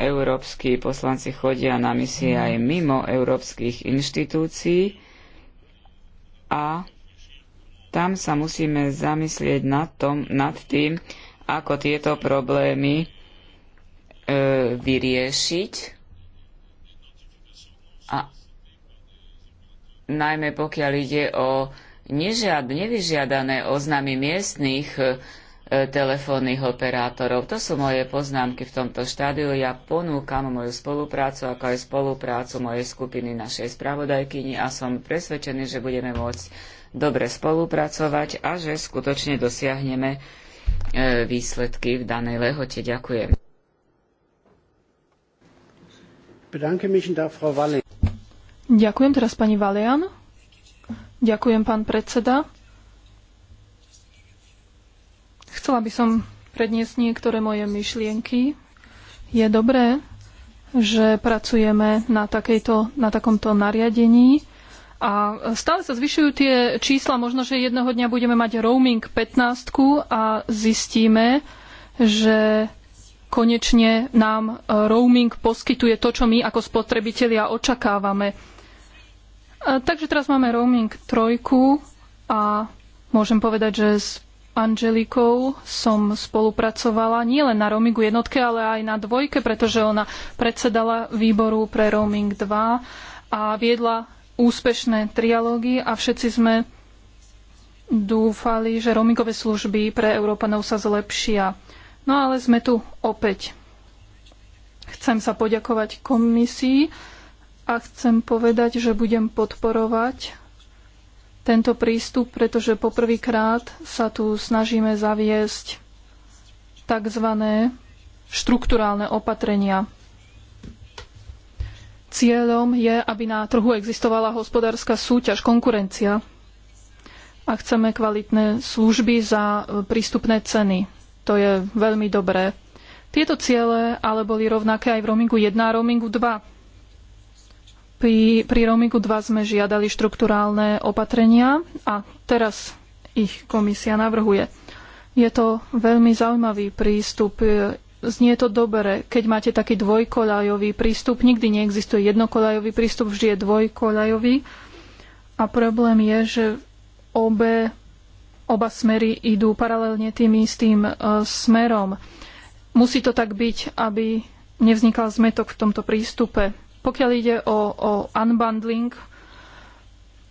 európsky poslanci chodia na misie aj mimo európskych inštitúcií a tam sa musíme zamyslieť nad, tom, nad tým, ako tieto problémy e, vyriešiť a najmä pokiaľ ide o nežiad, nevyžiadané oznamy miestných e, E, telefónnych operátorov. To sú moje poznámky v tomto štádiu. Ja ponúkam moju spoluprácu, ako aj spoluprácu mojej skupiny našej spravodajkyni a som presvedčený, že budeme môcť dobre spolupracovať a že skutočne dosiahneme e, výsledky v danej lehote. Ďakujem. Ďakujem teraz pani Valian. Ďakujem pán predseda. Chcela by som predniesť niektoré moje myšlienky. Je dobré, že pracujeme na, takejto, na takomto nariadení, a stále sa zvyšujú tie čísla, možno, že jedného dňa budeme mať roaming 15 a zistíme, že konečne nám roaming poskytuje to, čo my ako spotrebitelia očakávame. Takže teraz máme roaming trojku a môžem povedať, že Angelikou som spolupracovala nielen na roamingu jednotke, ale aj na dvojke, pretože ona predsedala výboru pre roaming 2 a viedla úspešné trialógy a všetci sme dúfali, že roamingové služby pre Európanov sa zlepšia. No ale sme tu opäť. Chcem sa poďakovať komisii a chcem povedať, že budem podporovať tento prístup, pretože poprvýkrát sa tu snažíme zaviesť tzv. štruktúrálne opatrenia. Cieľom je, aby na trhu existovala hospodárska súťaž, konkurencia a chceme kvalitné služby za prístupné ceny. To je veľmi dobré. Tieto ciele ale boli rovnaké aj v roamingu 1 a roamingu 2. Pri, pri roamingu 2 sme žiadali štrukturálne opatrenia a teraz ich komisia navrhuje. Je to veľmi zaujímavý prístup. Znie to dobre, keď máte taký dvojkoľajový prístup. Nikdy neexistuje jednokoľajový prístup, vždy je dvojkoľajový. A problém je, že obe, oba smery idú paralelne tým istým uh, smerom. Musí to tak byť, aby nevznikal zmetok v tomto prístupe. Pokiaľ ide o, o unbundling,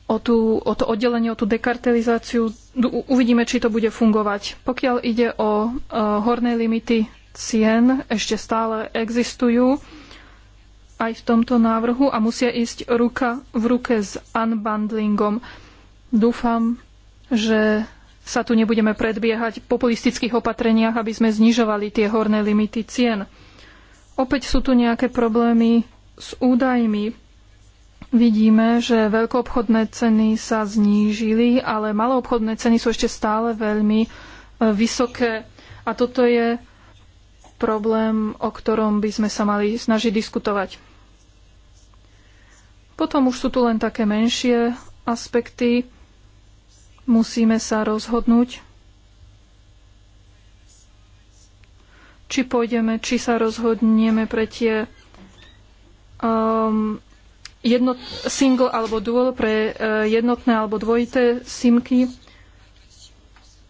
o, tú, o to oddelenie, o tú dekartelizáciu, no, uvidíme, či to bude fungovať. Pokiaľ ide o uh, horné limity cien, ešte stále existujú aj v tomto návrhu a musia ísť ruka v ruke s unbundlingom. Dúfam, že sa tu nebudeme predbiehať v populistických opatreniach, aby sme znižovali tie horné limity cien. Opäť sú tu nejaké problémy s údajmi. Vidíme, že veľkoobchodné ceny sa znížili, ale maloobchodné ceny sú ešte stále veľmi e, vysoké. A toto je problém, o ktorom by sme sa mali snažiť diskutovať. Potom už sú tu len také menšie aspekty. Musíme sa rozhodnúť, či pôjdeme, či sa rozhodneme pre tie um, jednot, single alebo dual pre uh, jednotné alebo dvojité simky.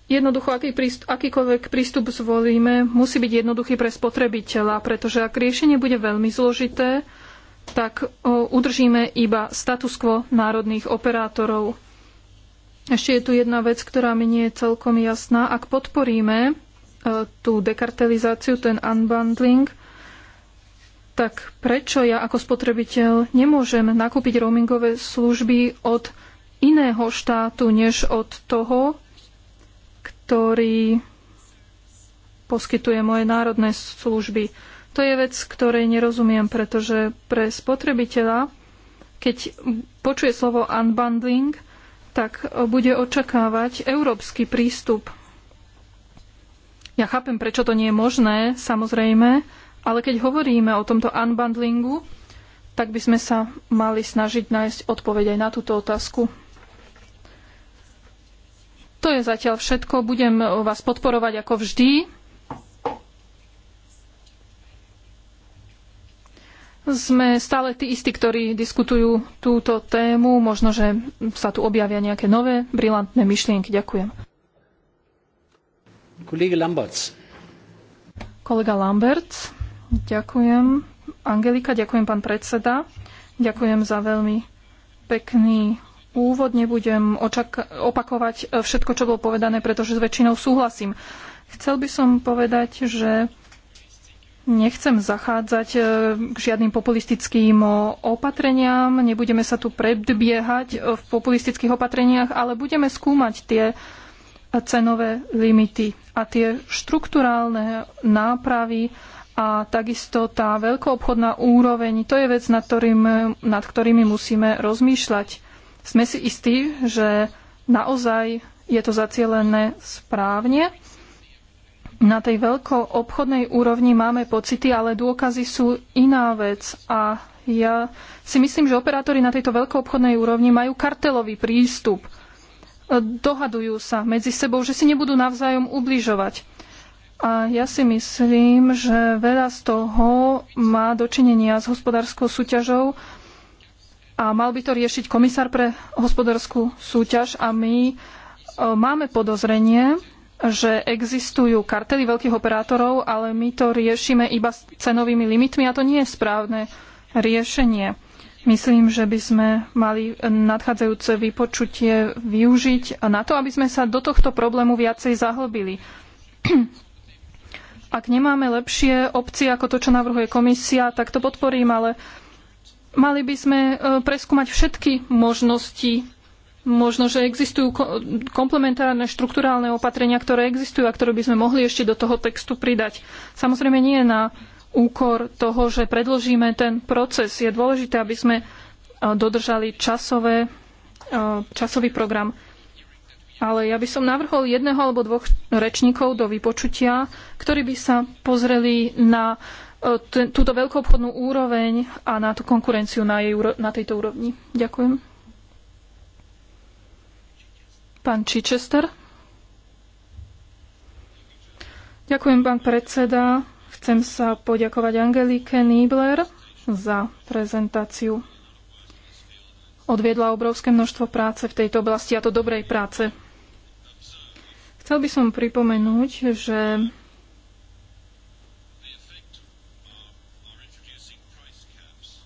Jednoducho, aký prístup, akýkoľvek prístup zvolíme, musí byť jednoduchý pre spotrebiteľa, pretože ak riešenie bude veľmi zložité, tak udržíme iba status quo národných operátorov. Ešte je tu jedna vec, ktorá mi nie je celkom jasná. Ak podporíme eh, tú dekartelizáciu, ten unbundling, tak prečo ja ako spotrebiteľ nemôžem nakúpiť roamingové služby od iného štátu, než od toho, ktorý poskytuje moje národné služby. To je vec, ktorej nerozumiem, pretože pre spotrebiteľa, keď počuje slovo unbundling, tak bude očakávať európsky prístup. Ja chápem, prečo to nie je možné, samozrejme, ale keď hovoríme o tomto unbundlingu, tak by sme sa mali snažiť nájsť odpoveď aj na túto otázku. To je zatiaľ všetko. Budem vás podporovať ako vždy. Sme stále tí istí, ktorí diskutujú túto tému. Možno, že sa tu objavia nejaké nové, brilantné myšlienky. Ďakujem. Kolega Lamberts. Kolega Lamberts. Ďakujem. Angelika, ďakujem pán predseda. Ďakujem za veľmi pekný úvod. Nebudem opakovať eh, všetko, čo bolo povedané, pretože s väčšinou súhlasím. Chcel by som povedať, že nechcem zachádzať eh, k žiadnym populistickým eh, opatreniam, nebudeme sa tu predbiehať v populistických opatreniach, ale budeme skúmať tie cenové limity a tie štrukturálne nápravy, a takisto tá veľkoobchodná úroveň, to je vec, nad, ktorým, nad ktorými musíme rozmýšľať. Sme si istí, že naozaj je to zacielené správne. Na tej veľkoobchodnej úrovni máme pocity, ale dôkazy sú iná vec. A ja si myslím, že operátori na tejto veľkoobchodnej úrovni majú kartelový prístup. Dohadujú sa medzi sebou, že si nebudú navzájom ubližovať. A ja si myslím, že veľa z toho má dočinenia s hospodárskou súťažou a mal by to riešiť komisár pre hospodárskú súťaž a my e, máme podozrenie, že existujú kartely veľkých operátorov, ale my to riešime iba s cenovými limitmi a to nie je správne riešenie. Myslím, že by sme mali nadchádzajúce vypočutie využiť na to, aby sme sa do tohto problému viacej zahlbili ak nemáme lepšie opcie ako to, čo navrhuje komisia, tak to podporím, ale mali by sme e, preskúmať všetky možnosti. Možno, že existujú komplementárne štrukturálne opatrenia, ktoré existujú a ktoré by sme mohli ešte do toho textu pridať. Samozrejme nie na úkor toho, že predložíme ten proces. Je dôležité, aby sme e, dodržali časové, e, časový program. Ale ja by som navrhol jedného alebo dvoch rečníkov do vypočutia, ktorí by sa pozreli na e, túto veľkú obchodnú úroveň a na tú konkurenciu na, jej, na tejto úrovni. Ďakujem. Pán Chichester. Ďakujem, pán predseda. Chcem sa poďakovať Angelike Niebler za prezentáciu. Odviedla obrovské množstvo práce v tejto oblasti a to dobrej práce. Chcel by som pripomenúť, že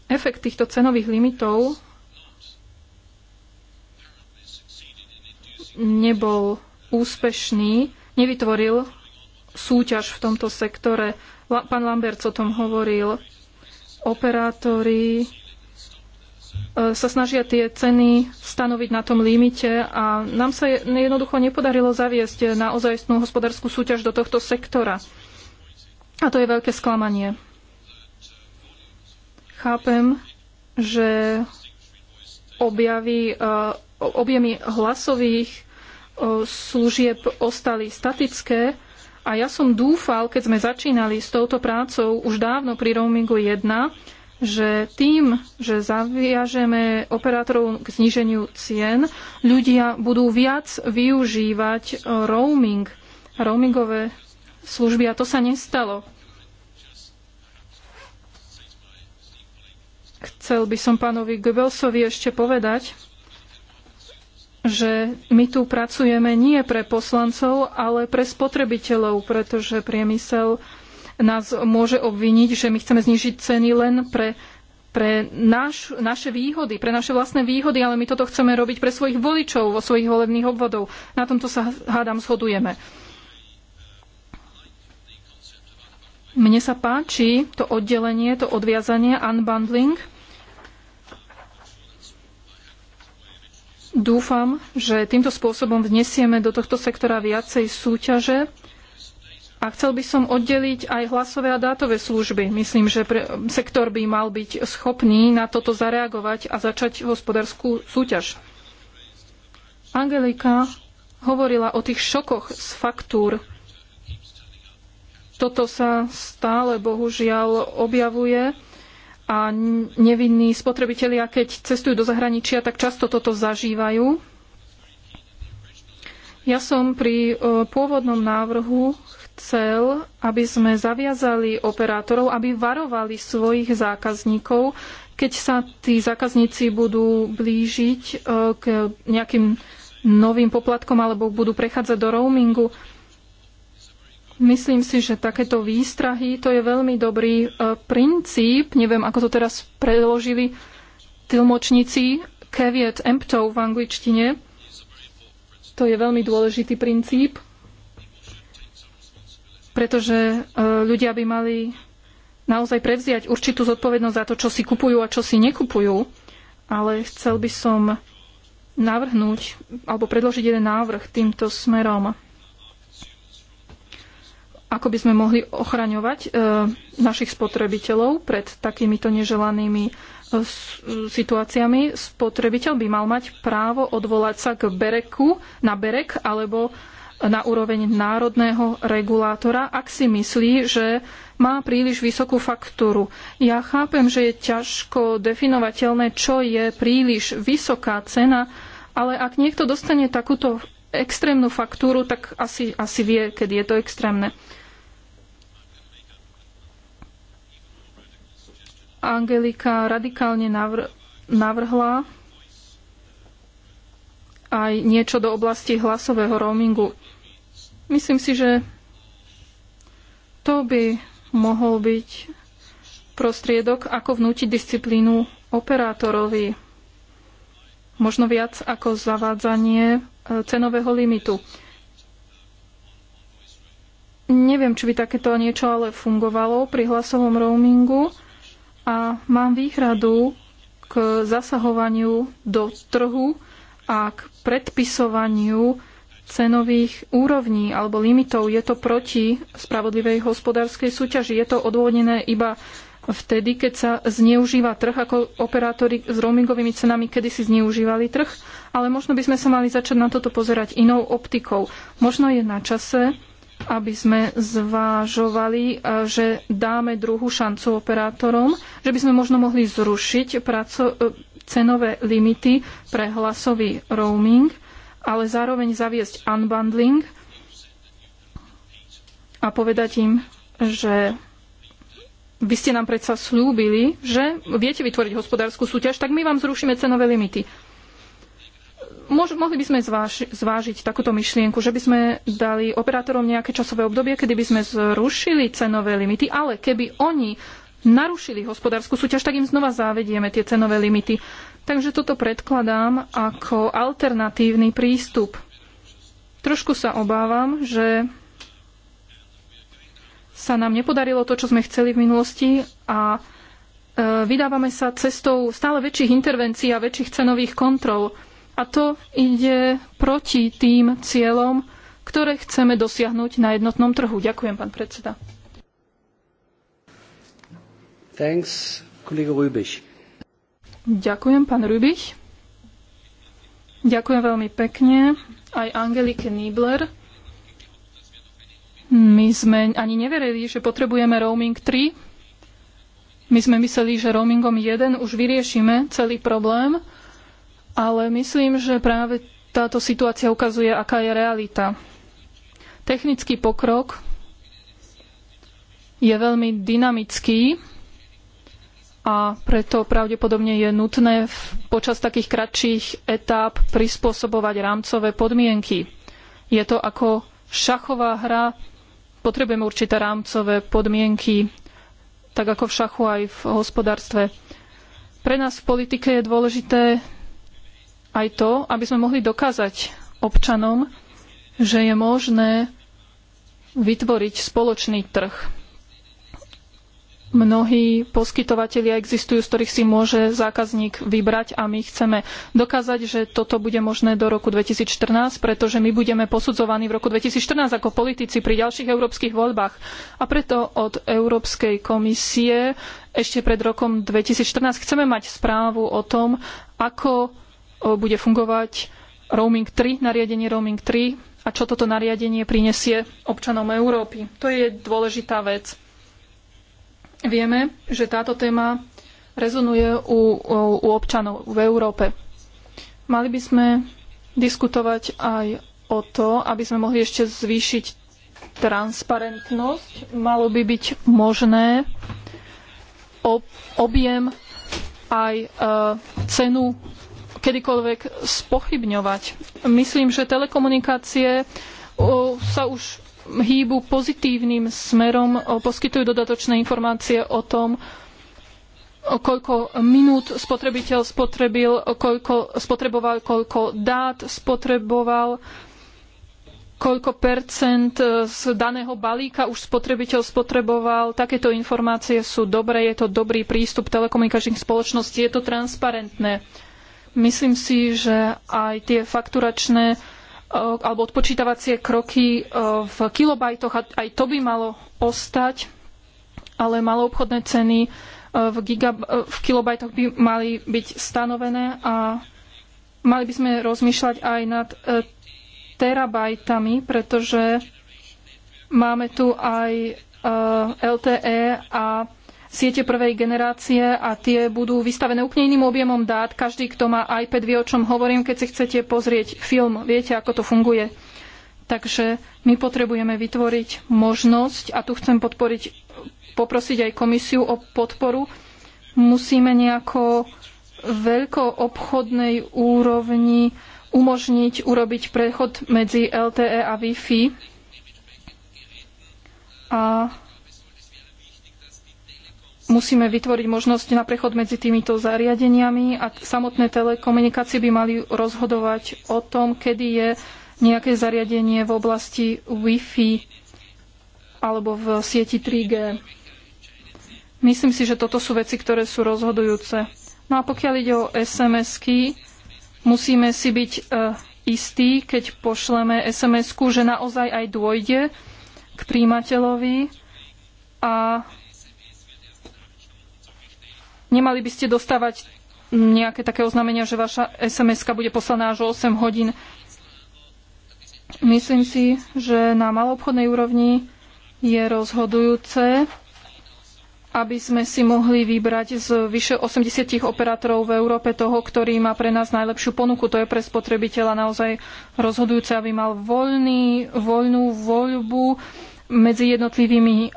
efekt týchto cenových limitov nebol úspešný, nevytvoril súťaž v tomto sektore. Pán Lambert o tom hovoril. Operátori E, sa snažia tie ceny stanoviť na tom limite a nám sa jednoducho nepodarilo zaviesť naozajstnú hospodárskú súťaž do tohto sektora. A to je veľké sklamanie. Chápem, že objavy, e, objemy hlasových e, služieb ostali statické a ja som dúfal, keď sme začínali s touto prácou už dávno pri roamingu 1, že tým, že zaviažeme operátorov k zníženiu cien, ľudia budú viac využívať e, roaming, roamingové služby a to sa nestalo. Chcel by som pánovi Goebbelsovi ešte povedať, že my tu pracujeme nie pre poslancov, ale pre spotrebiteľov, pretože priemysel nás môže obviniť, že my chceme znižiť ceny len pre pre naš, naše výhody, pre naše vlastné výhody, ale my toto chceme robiť pre svojich voličov vo svojich volebných obvodov. Na tomto sa hádam shodujeme. Mne sa páči to oddelenie, to odviazanie, unbundling. Dúfam, že týmto spôsobom vnesieme do tohto sektora viacej súťaže a chcel by som oddeliť aj hlasové a dátové služby. Myslím, že pre, sektor by mal byť schopný na toto zareagovať a začať hospodárskú súťaž. Angelika hovorila o tých šokoch z faktúr. Toto sa stále bohužiaľ objavuje a nevinní spotrebitelia, keď cestujú do zahraničia, tak často toto zažívajú. Ja som pri e, pôvodnom návrhu chcel, aby sme zaviazali operátorov, aby varovali svojich zákazníkov, keď sa tí zákazníci budú blížiť e, k nejakým novým poplatkom alebo budú prechádzať do roamingu. Myslím si, že takéto výstrahy to je veľmi dobrý e, princíp. Neviem, ako to teraz preložili tlmočníci caveat emptou v angličtine. To je veľmi dôležitý princíp pretože e, ľudia by mali naozaj prevziať určitú zodpovednosť za to, čo si kupujú a čo si nekupujú, ale chcel by som navrhnúť alebo predložiť jeden návrh týmto smerom. Ako by sme mohli ochraňovať e, našich spotrebiteľov pred takýmito neželanými e, e situáciami. Spotrebiteľ by mal mať právo odvolať sa k bereku, na berek alebo na úroveň národného regulátora, ak si myslí, že má príliš vysokú faktúru. Ja chápem, že je ťažko definovateľné, čo je príliš vysoká cena, ale ak niekto dostane takúto extrémnu faktúru, tak asi, asi vie, keď je to extrémne. Angelika radikálne navr- navrhla aj niečo do oblasti hlasového roamingu. Myslím si, že to by mohol byť prostriedok, ako vnútiť disciplínu operátorovi. Možno viac ako zavádzanie e, cenového limitu. Neviem, či by takéto niečo ale fungovalo pri hlasovom roamingu a mám výhradu k zasahovaniu do trhu a k predpisovaniu cenových úrovní alebo limitov. Je to proti spravodlivej hospodárskej súťaži. Je to odvodnené iba vtedy, keď sa zneužíva trh, ako operátori s roamingovými cenami kedysi zneužívali trh, ale možno by sme sa mali začať na toto pozerať inou optikou. Možno je na čase, aby sme zvážovali, e, že dáme druhú šancu operátorom, že by sme možno mohli zrušiť e, cenové limity pre hlasový roaming – ale zároveň zaviesť unbundling a povedať im, že vy ste nám predsa slúbili, že viete vytvoriť hospodárskú súťaž, tak my vám zrušíme cenové limity. Mož, mohli by sme zváži, zvážiť takúto myšlienku, že by sme dali operátorom nejaké časové obdobie, kedy by sme zrušili cenové limity, ale keby oni narušili hospodárskú súťaž, tak im znova zavedieme tie cenové limity. Takže toto predkladám ako alternatívny prístup. Trošku sa obávam, že sa nám nepodarilo to, čo sme chceli v minulosti a e, vydávame sa cestou stále väčších intervencií a väčších cenových kontrol. A to ide proti tým cieľom, ktoré chceme dosiahnuť na jednotnom trhu. Ďakujem, pán predseda. Thanks, kolega Rübiš. Ďakujem, pán Rubich. Ďakujem veľmi pekne aj Angelike Niebler. My sme ani neverili, že potrebujeme roaming 3. My sme mysleli, že roamingom 1 už vyriešime celý problém, ale myslím, že práve táto situácia ukazuje, aká je realita. Technický pokrok je veľmi dynamický a preto pravdepodobne je nutné počas takých kratších etáp prispôsobovať rámcové podmienky. Je to ako šachová hra, potrebujeme určité rámcové podmienky, tak ako v šachu aj v hospodárstve. Pre nás v politike je dôležité aj to, aby sme mohli dokázať občanom, že je možné vytvoriť spoločný trh mnohí poskytovatelia existujú, z ktorých si môže zákazník vybrať a my chceme dokázať, že toto bude možné do roku 2014, pretože my budeme posudzovaní v roku 2014 ako politici pri ďalších európskych voľbách. A preto od Európskej komisie ešte pred rokom 2014 chceme mať správu o tom, ako bude fungovať roaming 3, nariadenie roaming 3 a čo toto nariadenie prinesie občanom Európy. To je dôležitá vec. Vieme, že táto téma rezonuje u, u, u občanov v Európe. Mali by sme diskutovať aj o to, aby sme mohli ešte zvýšiť transparentnosť. Malo by byť možné objem aj e, cenu kedykoľvek spochybňovať. Myslím, že telekomunikácie sa už hýbu pozitívnym smerom, poskytujú dodatočné informácie o tom, koľko minút spotrebiteľ spotrebil, koľko spotreboval, koľko dát spotreboval, koľko percent e, z daného balíka už spotrebiteľ spotreboval. Takéto informácie sú dobré, je to dobrý prístup telekomunikačných spoločností, je to transparentné. Myslím si, že aj tie fakturačné E, alebo odpočítavacie kroky e, v kilobajtoch a aj to by malo ostať, ale malo obchodné ceny e, v, gigab- v kilobajtoch by mali byť stanovené a mali by sme rozmýšľať aj nad terabajtami, pretože máme tu aj LTE a siete prvej generácie a tie budú vystavené úplne iným objemom dát. Každý, kto má iPad, vie, o čom hovorím, keď si chcete pozrieť film. Viete, ako to funguje. Takže my potrebujeme vytvoriť možnosť, a tu chcem podporiť, poprosiť aj komisiu o podporu, musíme nejako veľkoobchodnej úrovni umožniť urobiť prechod medzi LTE a Wi-Fi. A musíme vytvoriť možnosť na prechod medzi týmito zariadeniami a samotné telekomunikácie by mali rozhodovať o tom, kedy je nejaké zariadenie v oblasti Wi-Fi alebo v sieti 3G. Myslím si, že toto sú veci, ktoré sú rozhodujúce. No a pokiaľ ide o SMS-ky, musíme si byť e, istí, keď pošleme SMS-ku, že naozaj aj dôjde k príjimateľovi a Nemali by ste dostávať nejaké také oznámenia, že vaša sms bude poslaná až o 8 hodín. Myslím si, že na maloobchodnej úrovni je rozhodujúce, aby sme si mohli vybrať z vyše 80 operátorov v Európe toho, ktorý má pre nás najlepšiu ponuku. To je pre spotrebiteľa naozaj rozhodujúce, aby mal voľný, voľnú voľbu medzi jednotlivými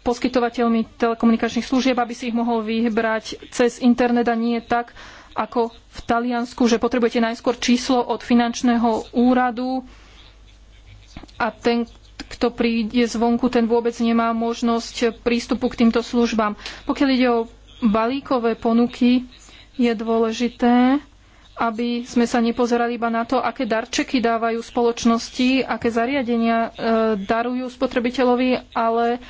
poskytovateľmi telekomunikačných služieb, aby si ich mohol vybrať cez internet a nie tak, ako v Taliansku, že potrebujete najskôr číslo od finančného úradu a ten, kto príde zvonku, ten vôbec nemá možnosť prístupu k týmto službám. Pokiaľ ide o balíkové ponuky, je dôležité, aby sme sa nepozerali iba na to, aké darčeky dávajú spoločnosti, aké zariadenia e, darujú spotrebiteľovi, ale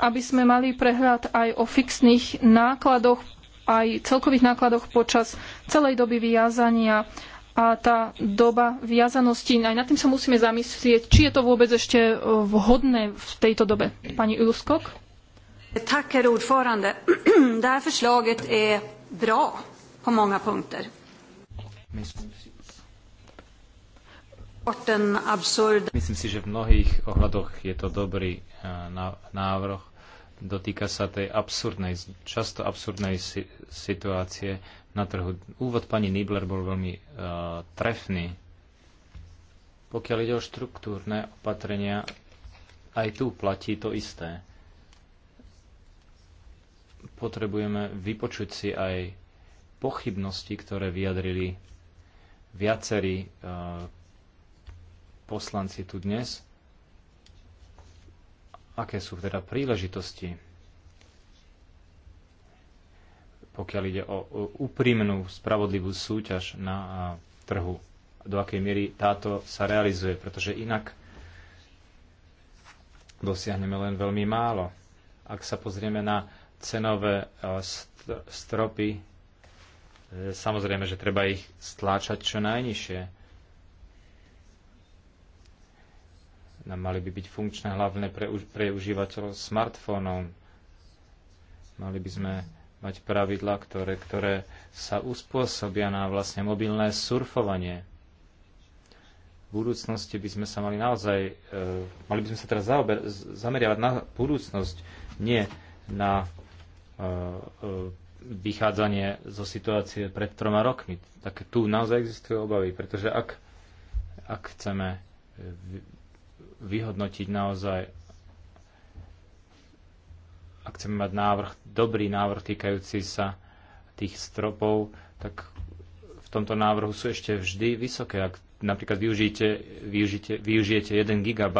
aby sme mali prehľad aj o fixných nákladoch, aj celkových nákladoch počas celej doby viazania a tá doba viazanosti, aj nad tým sa musíme zamyslieť, či je to vôbec ešte e, vhodné v tejto dobe. Pani Ulskok? herr ordförande. Det här förslaget är bra på många punkter. Myslím, Myslím si, že v mnohých ohľadoch je to dobrý eh, návrh. Dotýka sa tej absurdnej, často absurdnej situácie na trhu. Úvod pani Nibler bol veľmi uh, trefný. Pokiaľ ide o štruktúrne opatrenia, aj tu platí to isté. Potrebujeme vypočuť si aj pochybnosti, ktoré vyjadrili viacerí uh, poslanci tu dnes. Aké sú teda príležitosti, pokiaľ ide o úprimnú, spravodlivú súťaž na trhu? Do akej miery táto sa realizuje? Pretože inak dosiahneme len veľmi málo. Ak sa pozrieme na cenové stropy, e, samozrejme, že treba ich stláčať čo najnižšie. mali by byť funkčné hlavne pre, pre užívateľov smartfónov. Mali by sme mať pravidla, ktoré, ktoré sa uspôsobia na vlastne mobilné surfovanie. V budúcnosti by sme sa mali naozaj, e, mali by sme sa teraz zaober, zameriavať na budúcnosť, nie na e, e, vychádzanie zo situácie pred troma rokmi. Tak tu naozaj existujú obavy, pretože ak, ak chceme vyhodnotiť naozaj, ak chceme mať návrh, dobrý návrh týkajúci sa tých stropov, tak v tomto návrhu sú ešte vždy vysoké. Ak napríklad využijete, využijete, využijete 1 GB,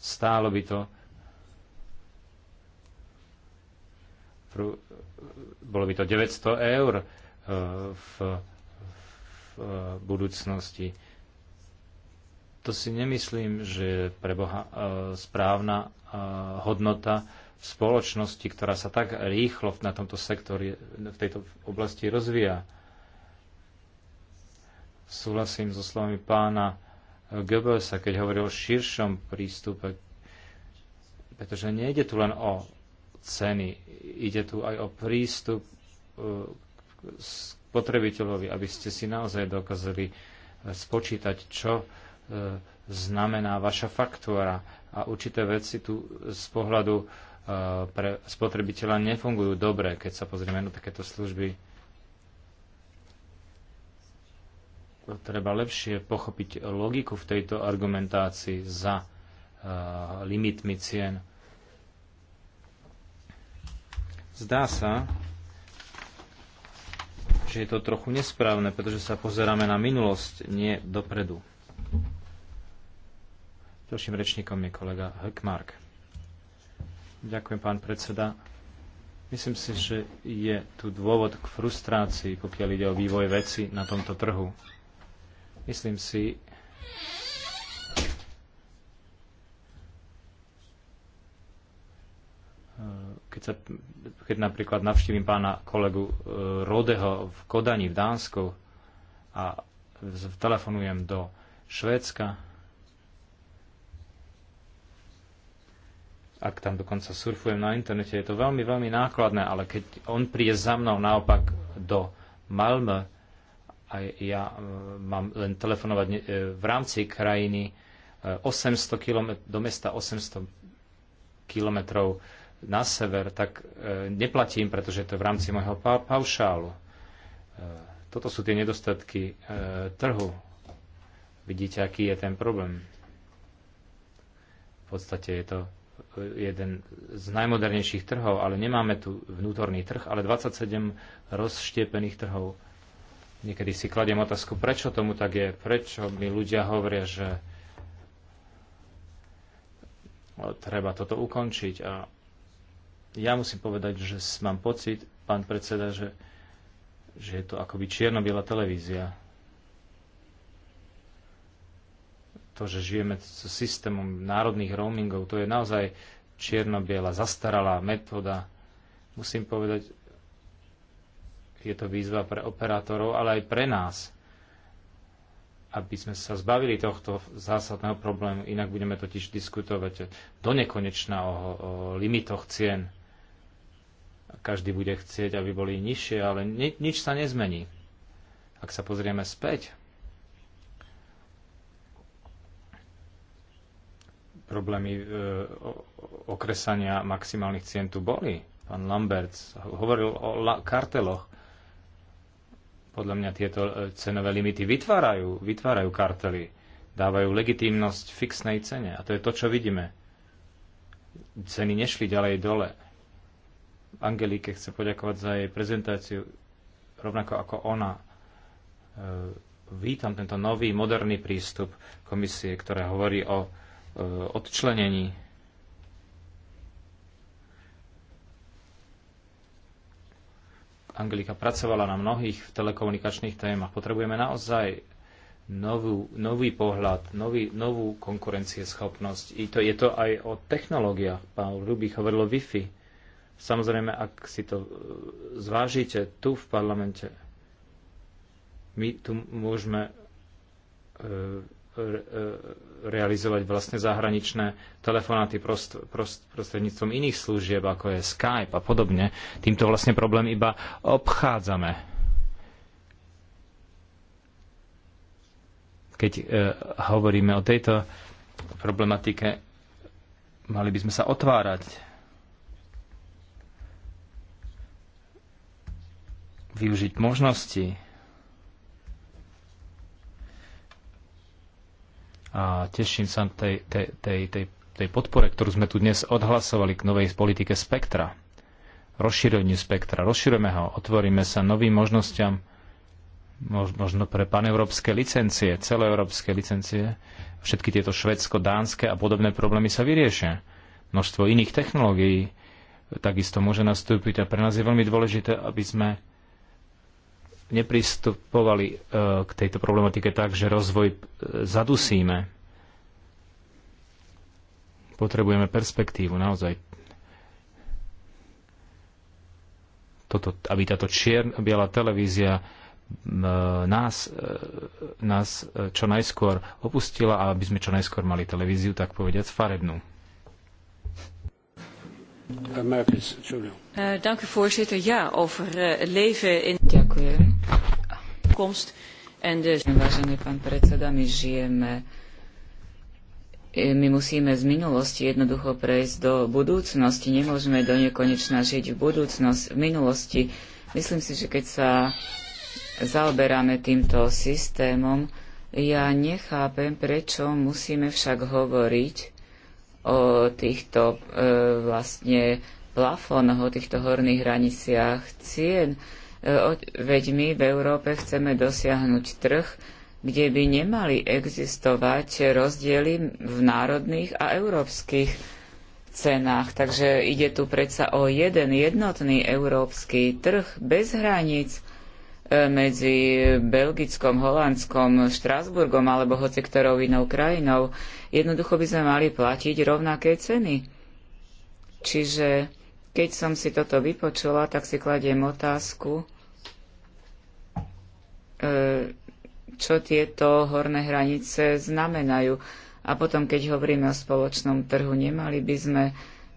stálo by to bolo by to 900 eur eh, v, v budúcnosti. To si nemyslím, že je pre Boha e, správna e, hodnota v spoločnosti, ktorá sa tak rýchlo na tomto sektore, v tejto oblasti rozvíja. Súhlasím so slovami pána e, Goebbelsa, keď hovoril o širšom prístupe, pretože nejde tu len o ceny, ide tu aj o prístup spotrebiteľovi, aby ste si naozaj dokázali spočítať, čo E, znamená vaša faktúra a určité veci tu z pohľadu e, pre spotrebiteľa nefungujú dobre, keď sa pozrieme na takéto služby. Treba lepšie pochopiť logiku v tejto argumentácii za e, limitmi cien. Zdá sa, že je to trochu nesprávne, pretože sa pozeráme na minulosť, nie dopredu. Ďalším rečníkom je kolega Hekmark. Ďakujem, pán predseda. Myslím si, že je tu dôvod k frustrácii, pokiaľ ide o vývoj veci na tomto trhu. Myslím si, eh, keď, sa, keď napríklad navštívim pána kolegu eh, Rodeho v Kodani v Dánsku a telefonujem do Švédska, ak tam dokonca surfujem na internete, je to veľmi, veľmi nákladné, ale keď on príde za mnou naopak do Malmö a ja e, mám len telefonovať e, v rámci krajiny 800 e, km, do mesta 800 kilometrov na sever, tak neplatím, pretože to je v rámci môjho pa- paušálu. Toto sú tie nedostatky trhu. Vidíte, aký je ten problém. V podstate je to jeden z najmodernejších trhov, ale nemáme tu vnútorný trh, ale 27 rozštiepených trhov. Niekedy si kladiem otázku, prečo tomu tak je, prečo mi ľudia hovoria, že no, treba toto ukončiť. A ja musím povedať, že mám pocit, pán predseda, že, že je to akoby čierno-biela televízia. to, že žijeme s systémom národných roamingov, to je naozaj čierno-biela, zastaralá metóda. Musím povedať, je to výzva pre operátorov, ale aj pre nás, aby sme sa zbavili tohto zásadného problému. Inak budeme totiž diskutovať do nekonečna o, o limitoch cien. Každý bude chcieť, aby boli nižšie, ale ni, nič sa nezmení. Ak sa pozrieme späť, problémy e, okresania maximálnych cien tu boli. Pán Lamberts hovoril o karteloch. Podľa mňa tieto e, cenové limity vytvárajú, vytvárajú kartely. Dávajú legitímnosť fixnej cene. A to je to, čo vidíme. Ceny nešli ďalej dole. Angelike chce poďakovať za jej prezentáciu, rovnako ako ona. E, vítam tento nový, moderný prístup komisie, ktorá hovorí o Eh, odčlenení. Anglika pracovala na mnohých telekomunikačných témach. Potrebujeme naozaj novú, nový pohľad, nový, novú konkurencieschopnosť. I to, je to aj o technológiách. Pán Rubík hovoril o Wi-Fi. Samozrejme, ak si to eh, zvážite tu v parlamente, my tu môžeme e, E, realizovať vlastne zahraničné telefonáty prost, prost, prostredníctvom iných služieb, ako je Skype a podobne. Týmto vlastne problém iba obchádzame. Keď e, hovoríme o tejto problematike, mali by sme sa otvárať. Využiť možnosti, a teším sa tej, tej, tej, tej, tej podpore, ktorú sme tu dnes odhlasovali k novej politike spektra. Rozšíreniu spektra. Rozšírujeme ho, otvoríme sa novým možnosťam, možno pre paneurópske licencie, celoeurópske licencie. Všetky tieto švedsko, dánske a podobné problémy sa vyriešia. Množstvo iných technológií takisto môže nastúpiť a pre nás je veľmi dôležité, aby sme nepristupovali e, k tejto problematike tak, že rozvoj e, zadusíme. Potrebujeme perspektívu, naozaj. Toto, aby táto čierna-biela televízia e, nás, nás čo najskôr opustila a aby sme čo najskôr mali televíziu, tak povediať, farebnú. Americans, Eh, dank u voorzitter. Ja, over eh, leven in... Ďakujem. Komst en de... Vážený pán predseda, my žijeme eh, my musíme z minulosti jednoducho prejsť do budúcnosti. Nemôžeme do nekonečna žiť v budúcnosti v minulosti. Myslím si, že keď sa zaoberáme týmto systémom, ja nechápem, prečo musíme však hovoriť o týchto e, vlastne plafónoch, o týchto horných hraniciach cien. E, veď my v Európe chceme dosiahnuť trh, kde by nemali existovať rozdiely v národných a európskych cenách. Takže ide tu predsa o jeden jednotný európsky trh bez hraníc e, medzi Belgickom, Holandskom, Štrásburgom alebo hoci ktorou inou krajinou. Jednoducho by sme mali platiť rovnaké ceny. Čiže keď som si toto vypočula, tak si kladiem otázku, e, čo tieto horné hranice znamenajú. A potom, keď hovoríme o spoločnom trhu, nemali by sme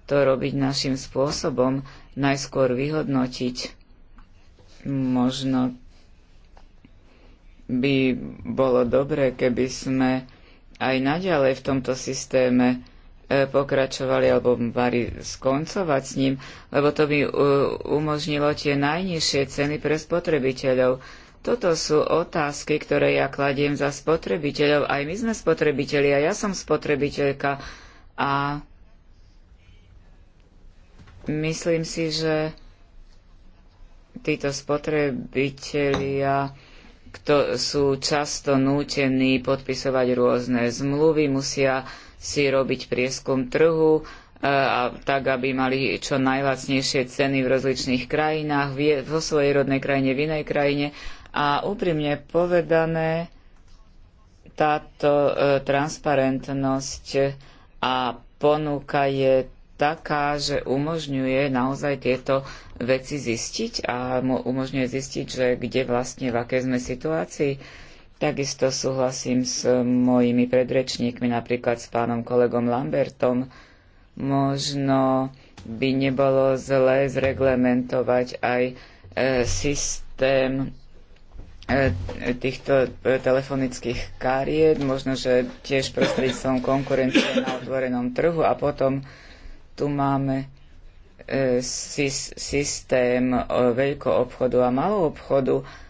to robiť našim spôsobom, najskôr vyhodnotiť. Možno by bolo dobré, keby sme aj naďalej v tomto systéme E, pokračovali alebo mali skoncovať s ním, lebo to by e, umožnilo tie najnižšie ceny pre spotrebiteľov. Toto sú otázky, ktoré ja kladiem za spotrebiteľov. Aj my sme spotrebiteľi a ja som spotrebiteľka. A myslím si, že títo spotrebitelia kto sú často nútení podpisovať rôzne zmluvy, musia si robiť prieskum trhu, e, a tak, aby mali čo najlacnejšie ceny v rozličných krajinách, vo svojej rodnej krajine, v inej krajine. A úprimne povedané, táto e, transparentnosť a ponuka je taká, že umožňuje naozaj tieto veci zistiť a umožňuje zistiť, že kde vlastne, v akej sme situácii Takisto súhlasím s mojimi predrečníkmi, napríklad s pánom kolegom Lambertom. Možno by nebolo zlé zreglementovať aj e, systém e, týchto e, telefonických kariet, možno, že tiež prostredníctvom konkurencie na otvorenom trhu a potom tu máme e, sy systém e, veľkoobchodu a maloobchodu obchodu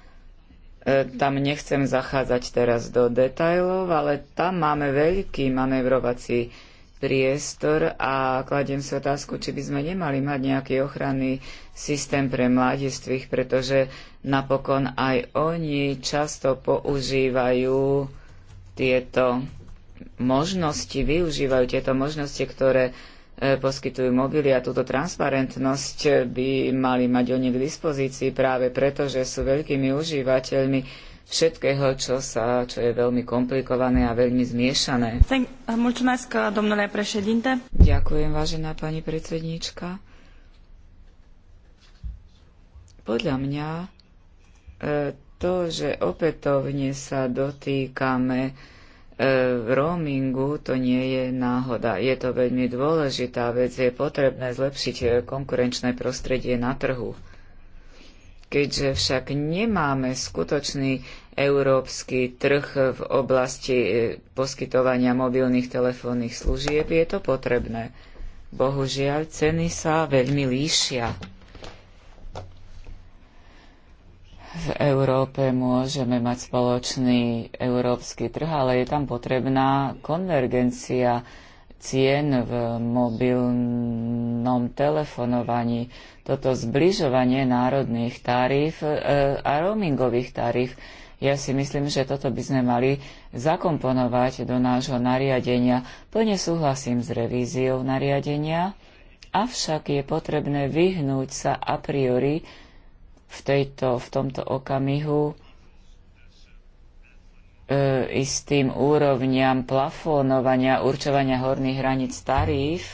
E, tam nechcem zachádzať teraz do detajlov, ale tam máme veľký manevrovací priestor a kladiem si otázku, či by sme nemali mať nejaký ochranný systém pre mladistvých, pretože napokon aj oni často používajú tieto možnosti, využívajú tieto možnosti, ktoré E, poskytujú mobily a túto transparentnosť e, by mali mať oni k dispozícii práve preto, že sú veľkými užívateľmi všetkého, čo, sa, čo je veľmi komplikované a veľmi zmiešané. E, Ďakujem, vážená pani predsedníčka. Podľa mňa to, že opätovne sa dotýkame v e, roamingu to nie je náhoda. Je to veľmi dôležitá vec, je potrebné zlepšiť e, konkurenčné prostredie na trhu. Keďže však nemáme skutočný európsky trh v oblasti e, poskytovania mobilných telefónnych služieb, je to potrebné. Bohužiaľ, ceny sa veľmi líšia. v Európe môžeme mať spoločný európsky trh, ale je tam potrebná konvergencia cien v mobilnom telefonovaní, toto zbližovanie národných tarif e, a roamingových tarif. Ja si myslím, že toto by sme mali zakomponovať do nášho nariadenia. Plne súhlasím s revíziou nariadenia, avšak je potrebné vyhnúť sa a priori v, tejto, v tomto okamihu e, istým úrovniam plafónovania, určovania horných hraníc taríf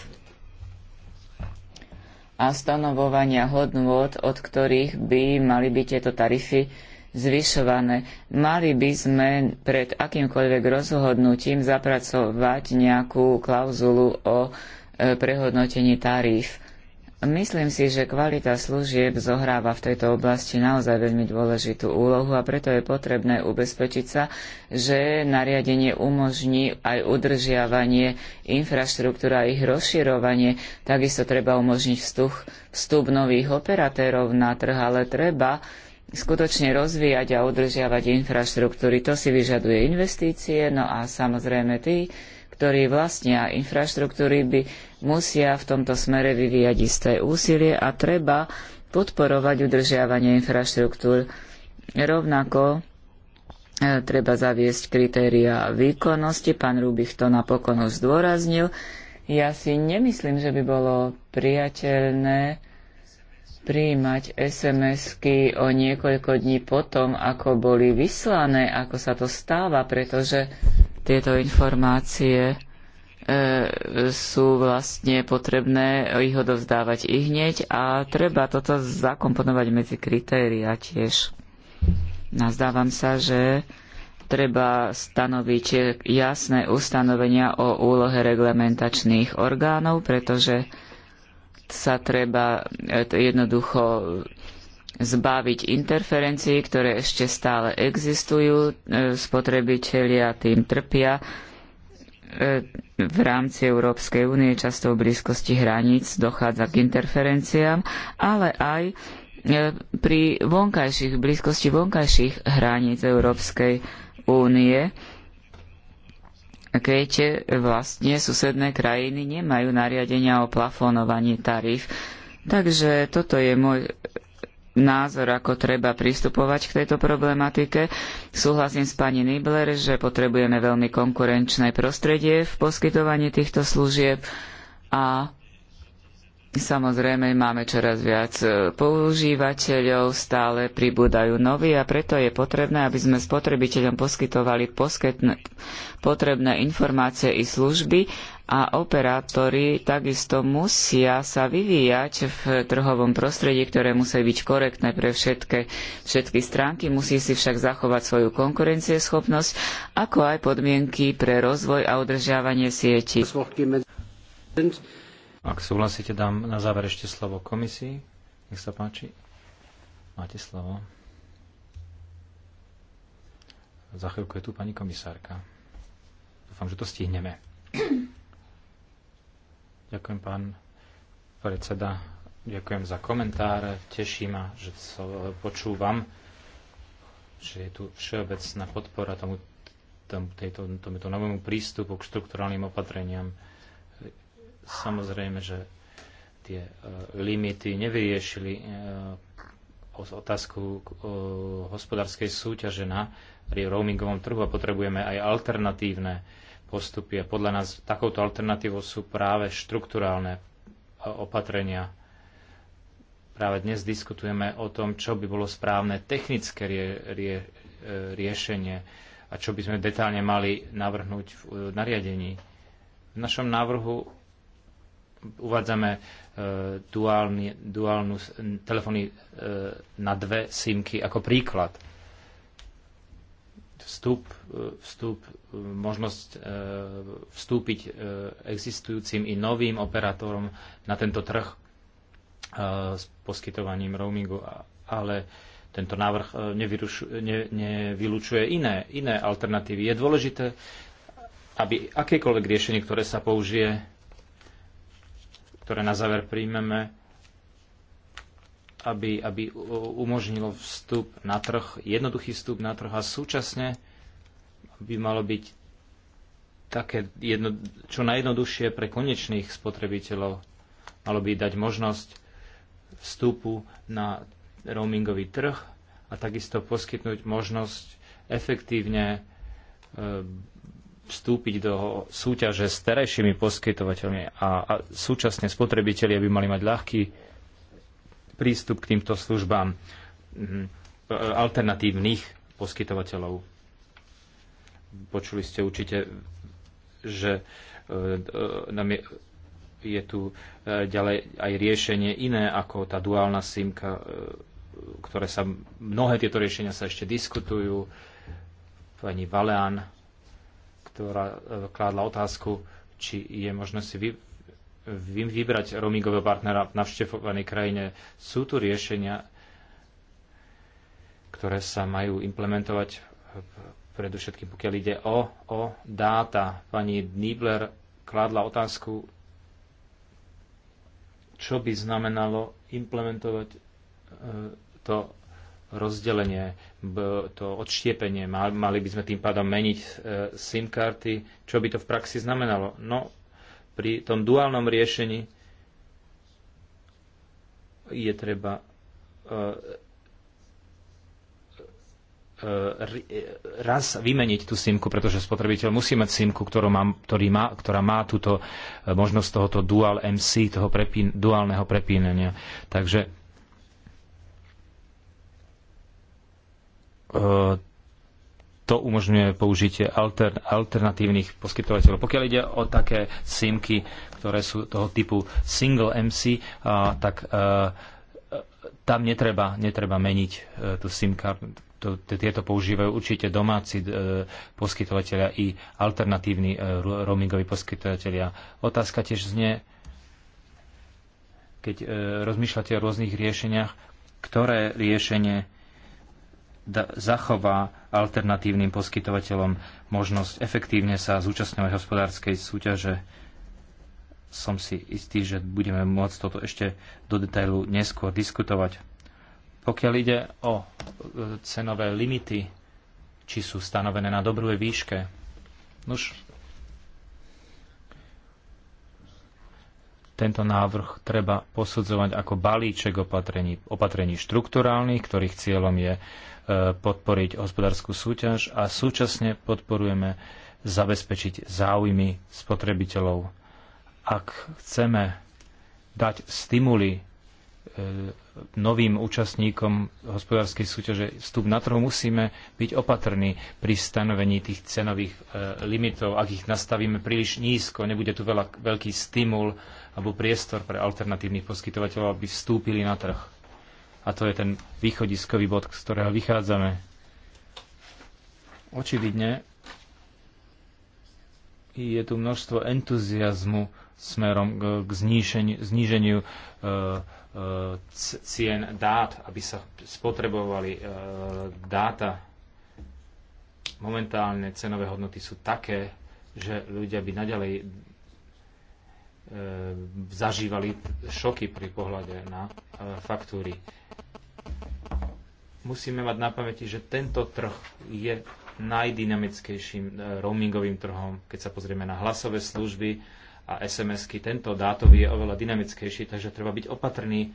a stanovovania hodnôt, od ktorých by mali byť tieto tarify zvyšované. Mali by sme pred akýmkoľvek rozhodnutím zapracovať nejakú klauzulu o e, prehodnotení taríf. Myslím si, že kvalita služieb zohráva v tejto oblasti naozaj veľmi dôležitú úlohu a preto je potrebné ubezpečiť sa, že nariadenie umožní aj udržiavanie infraštruktúra a ich rozširovanie. Takisto treba umožniť vstup, vstup nových operatérov na trh, ale treba skutočne rozvíjať a udržiavať infraštruktúry. To si vyžaduje investície, no a samozrejme tí, ktorí vlastnia infraštruktúry, by musia v tomto smere vyvíjať isté úsilie a treba podporovať udržiavanie infraštruktúr. Rovnako e, treba zaviesť kritéria výkonnosti. Pán Rubich to napokon už zdôraznil. Ja si nemyslím, že by bolo priateľné príjmať SMS-ky o niekoľko dní potom, ako boli vyslané, ako sa to stáva, pretože tieto informácie e, sú vlastne potrebné ich odovzdávať i hneď a treba toto zakomponovať medzi kritéria tiež. Nazdávam sa, že treba stanoviť jasné ustanovenia o úlohe reglementačných orgánov, pretože sa treba e, jednoducho zbaviť interferencií, ktoré ešte stále existujú. E, spotrebitelia tým trpia e, v rámci Európskej únie často v blízkosti hraníc dochádza k interferenciám, ale aj e, pri vonkajších, blízkosti vonkajších hraníc Európskej únie, keď vlastne susedné krajiny nemajú nariadenia o plafonovaní tarif. Takže toto je môj názor, ako treba pristupovať k tejto problematike. Súhlasím s pani Nibler, že potrebujeme veľmi konkurenčné prostredie v poskytovaní týchto služieb a samozrejme máme čoraz viac e, používateľov, stále pribúdajú noví a preto je potrebné, aby sme spotrebiteľom poskytovali poskytne, potrebné informácie i služby a operátori takisto musia sa vyvíjať v trhovom prostredí, ktoré musí byť korektné pre všetky, všetky stránky, musí si však zachovať svoju konkurencieschopnosť, ako aj podmienky pre rozvoj a udržiavanie sieti. Ak súhlasíte, dám na záver ešte slovo komisii. Nech sa páči. Máte slovo. Za chvíľku je tu pani komisárka. Dúfam, že to stihneme. Ďakujem, pán predseda. Ďakujem za komentáre. Teší ma, že sa počúvam, že je tu všeobecná podpora tomu, tomu, tejto, tomuto novému prístupu k štrukturálnym opatreniam. Samozrejme, že tie e, limity nevyriešili e, otázku e, hospodárskej súťaže na roamingovom trhu a potrebujeme aj alternatívne postupy. A podľa nás takouto alternatívou sú práve štrukturálne e, opatrenia. Práve dnes diskutujeme o tom, čo by bolo správne technické rie, rie, e, riešenie a čo by sme detálne mali navrhnúť v e, nariadení. V našom návrhu uvádzame e, duálny, duálnu telefóny e, na dve simky ako príklad vstup, e, vstup e, možnosť e, vstúpiť existujúcim i novým operátorom na tento trh s poskytovaním roamingu, ale tento návrh nevylučuje iné, iné alternatívy. Je dôležité, aby akékoľvek riešenie, ktoré sa použije, ktoré na záver príjmeme, aby, aby umožnilo vstup na trh, jednoduchý vstup na trh a súčasne by malo byť také jedno, čo najjednoduchšie pre konečných spotrebiteľov. Malo by dať možnosť vstupu na roamingový trh a takisto poskytnúť možnosť efektívne e, vstúpiť do súťaže s terajšími poskytovateľmi a, a súčasne spotrebitelia by mali mať ľahký prístup k týmto službám mhm, alternatívnych poskytovateľov. Počuli ste určite, že e, e, nám je, je tu e, ďalej aj riešenie iné ako tá duálna simka, ktoré sa, mnohé tieto riešenia sa ešte diskutujú. Pani Valean, ktorá kládla otázku, či je možné si vy, vybrať roamingového partnera v navštevovanej krajine. Sú tu riešenia, ktoré sa majú implementovať eh, predovšetkým pokiaľ ide o, o dáta. Pani Dnibler kládla otázku, čo by znamenalo implementovať eh, to rozdelenie, to odštiepenie. Mali by sme tým pádom meniť eh, SIM karty. Čo by to v praxi znamenalo? No, pri tom duálnom riešení je treba eh, eh, eh, raz vymeniť tú simku, pretože spotrebiteľ musí mať simku, ktorú má, ktorý má, ktorá má túto možnosť tohoto dual MC, toho prepín, duálneho prepínania. Takže to umožňuje použitie alter, alternatívnych poskytovateľov. Pokiaľ ide o také simky, ktoré sú toho typu single MC, a, tak a, e, e, tam netreba, netreba meniť a, e, tú SIM kartu. Tieto používajú určite domáci e, poskytovateľia i alternatívni e, roamingoví poskytovateľia. Otázka tiež znie, keď e, rozmýšľate o rôznych riešeniach, ktoré riešenie zachová alternatívnym poskytovateľom možnosť efektívne sa zúčastňovať hospodárskej súťaže. Som si istý, že budeme môcť toto ešte do detailu neskôr diskutovať. Pokiaľ ide o e, cenové limity, či sú stanovené na dobrej výške, nož tento návrh treba posudzovať ako balíček opatrení, opatrení štruktúrálnych, ktorých cieľom je podporiť hospodárskú súťaž a súčasne podporujeme zabezpečiť záujmy spotrebiteľov. Ak chceme dať stimuly e, novým účastníkom hospodárskej súťaže vstup na trhu, musíme byť opatrní pri stanovení tých cenových e, limitov. Ak ich nastavíme príliš nízko, nebude tu veľa, veľký stimul alebo priestor pre alternatívnych poskytovateľov, aby vstúpili na trh a to je ten východiskový bod, z ktorého vychádzame. Očividne je tu množstvo entuziasmu smerom k zníženiu, zníženiu uh, uh, cien dát, aby sa spotrebovali uh, dáta. Momentálne cenové hodnoty sú také, že ľudia by naďalej e, zažívali šoky pri pohľade na e, faktúry musíme mať na pamäti, že tento trh je najdynamickejším e, roamingovým trhom. Keď sa pozrieme na hlasové služby a SMS-ky, tento dátový je oveľa dynamickejší, takže treba byť opatrný,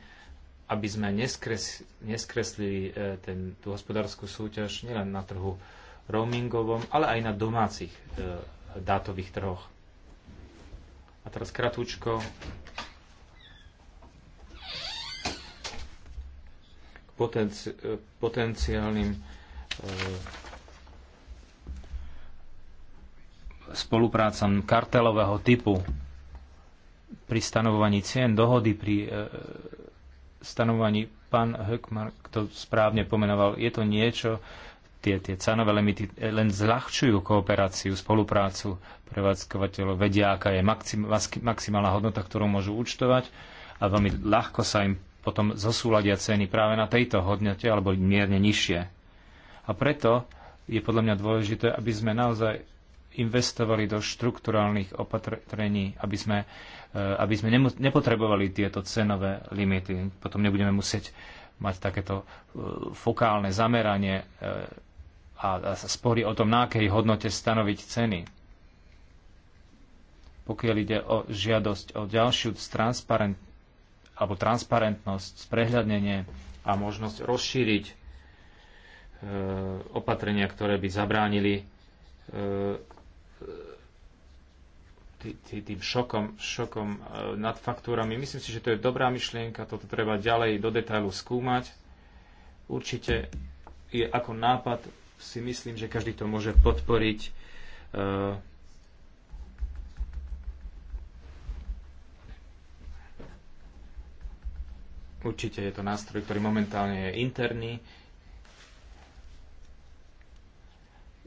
aby sme neskres, neskreslili e, ten, tú hospodárskú súťaž nielen na trhu roamingovom, ale aj na domácich e, dátových trhoch. A teraz kratúčko potenci- e, potenciálnym e, spoluprácam kartelového typu pri stanovovaní cien dohody, pri e, stanovovaní pán Hökmark to správne pomenoval, je to niečo, tie, tie cenové limity len zľahčujú kooperáciu, spoluprácu prevádzkovateľov, vedia, aká je maxim, maximálna hodnota, ktorú môžu účtovať a veľmi ľahko sa im potom zosúladia ceny práve na tejto hodnote alebo mierne nižšie. A preto je podľa mňa dôležité, aby sme naozaj investovali do štrukturálnych opatrení, aby sme, eh, aby sme nepotrebovali tieto cenové limity. Potom nebudeme musieť mať takéto eh, fokálne zameranie eh, a spory o tom, na akej hodnote stanoviť ceny. Pokiaľ ide o žiadosť o ďalšiu transparentnú alebo transparentnosť, sprehľadnenie a možnosť rozšíriť e, opatrenia, ktoré by zabránili e, e, tý, tým šokom, šokom nad faktúrami. Myslím si, že to je dobrá myšlienka, toto treba ďalej do detailu skúmať. Určite je ako nápad, si myslím, že každý to môže podporiť. Určite je to nástroj, ktorý momentálne je interný.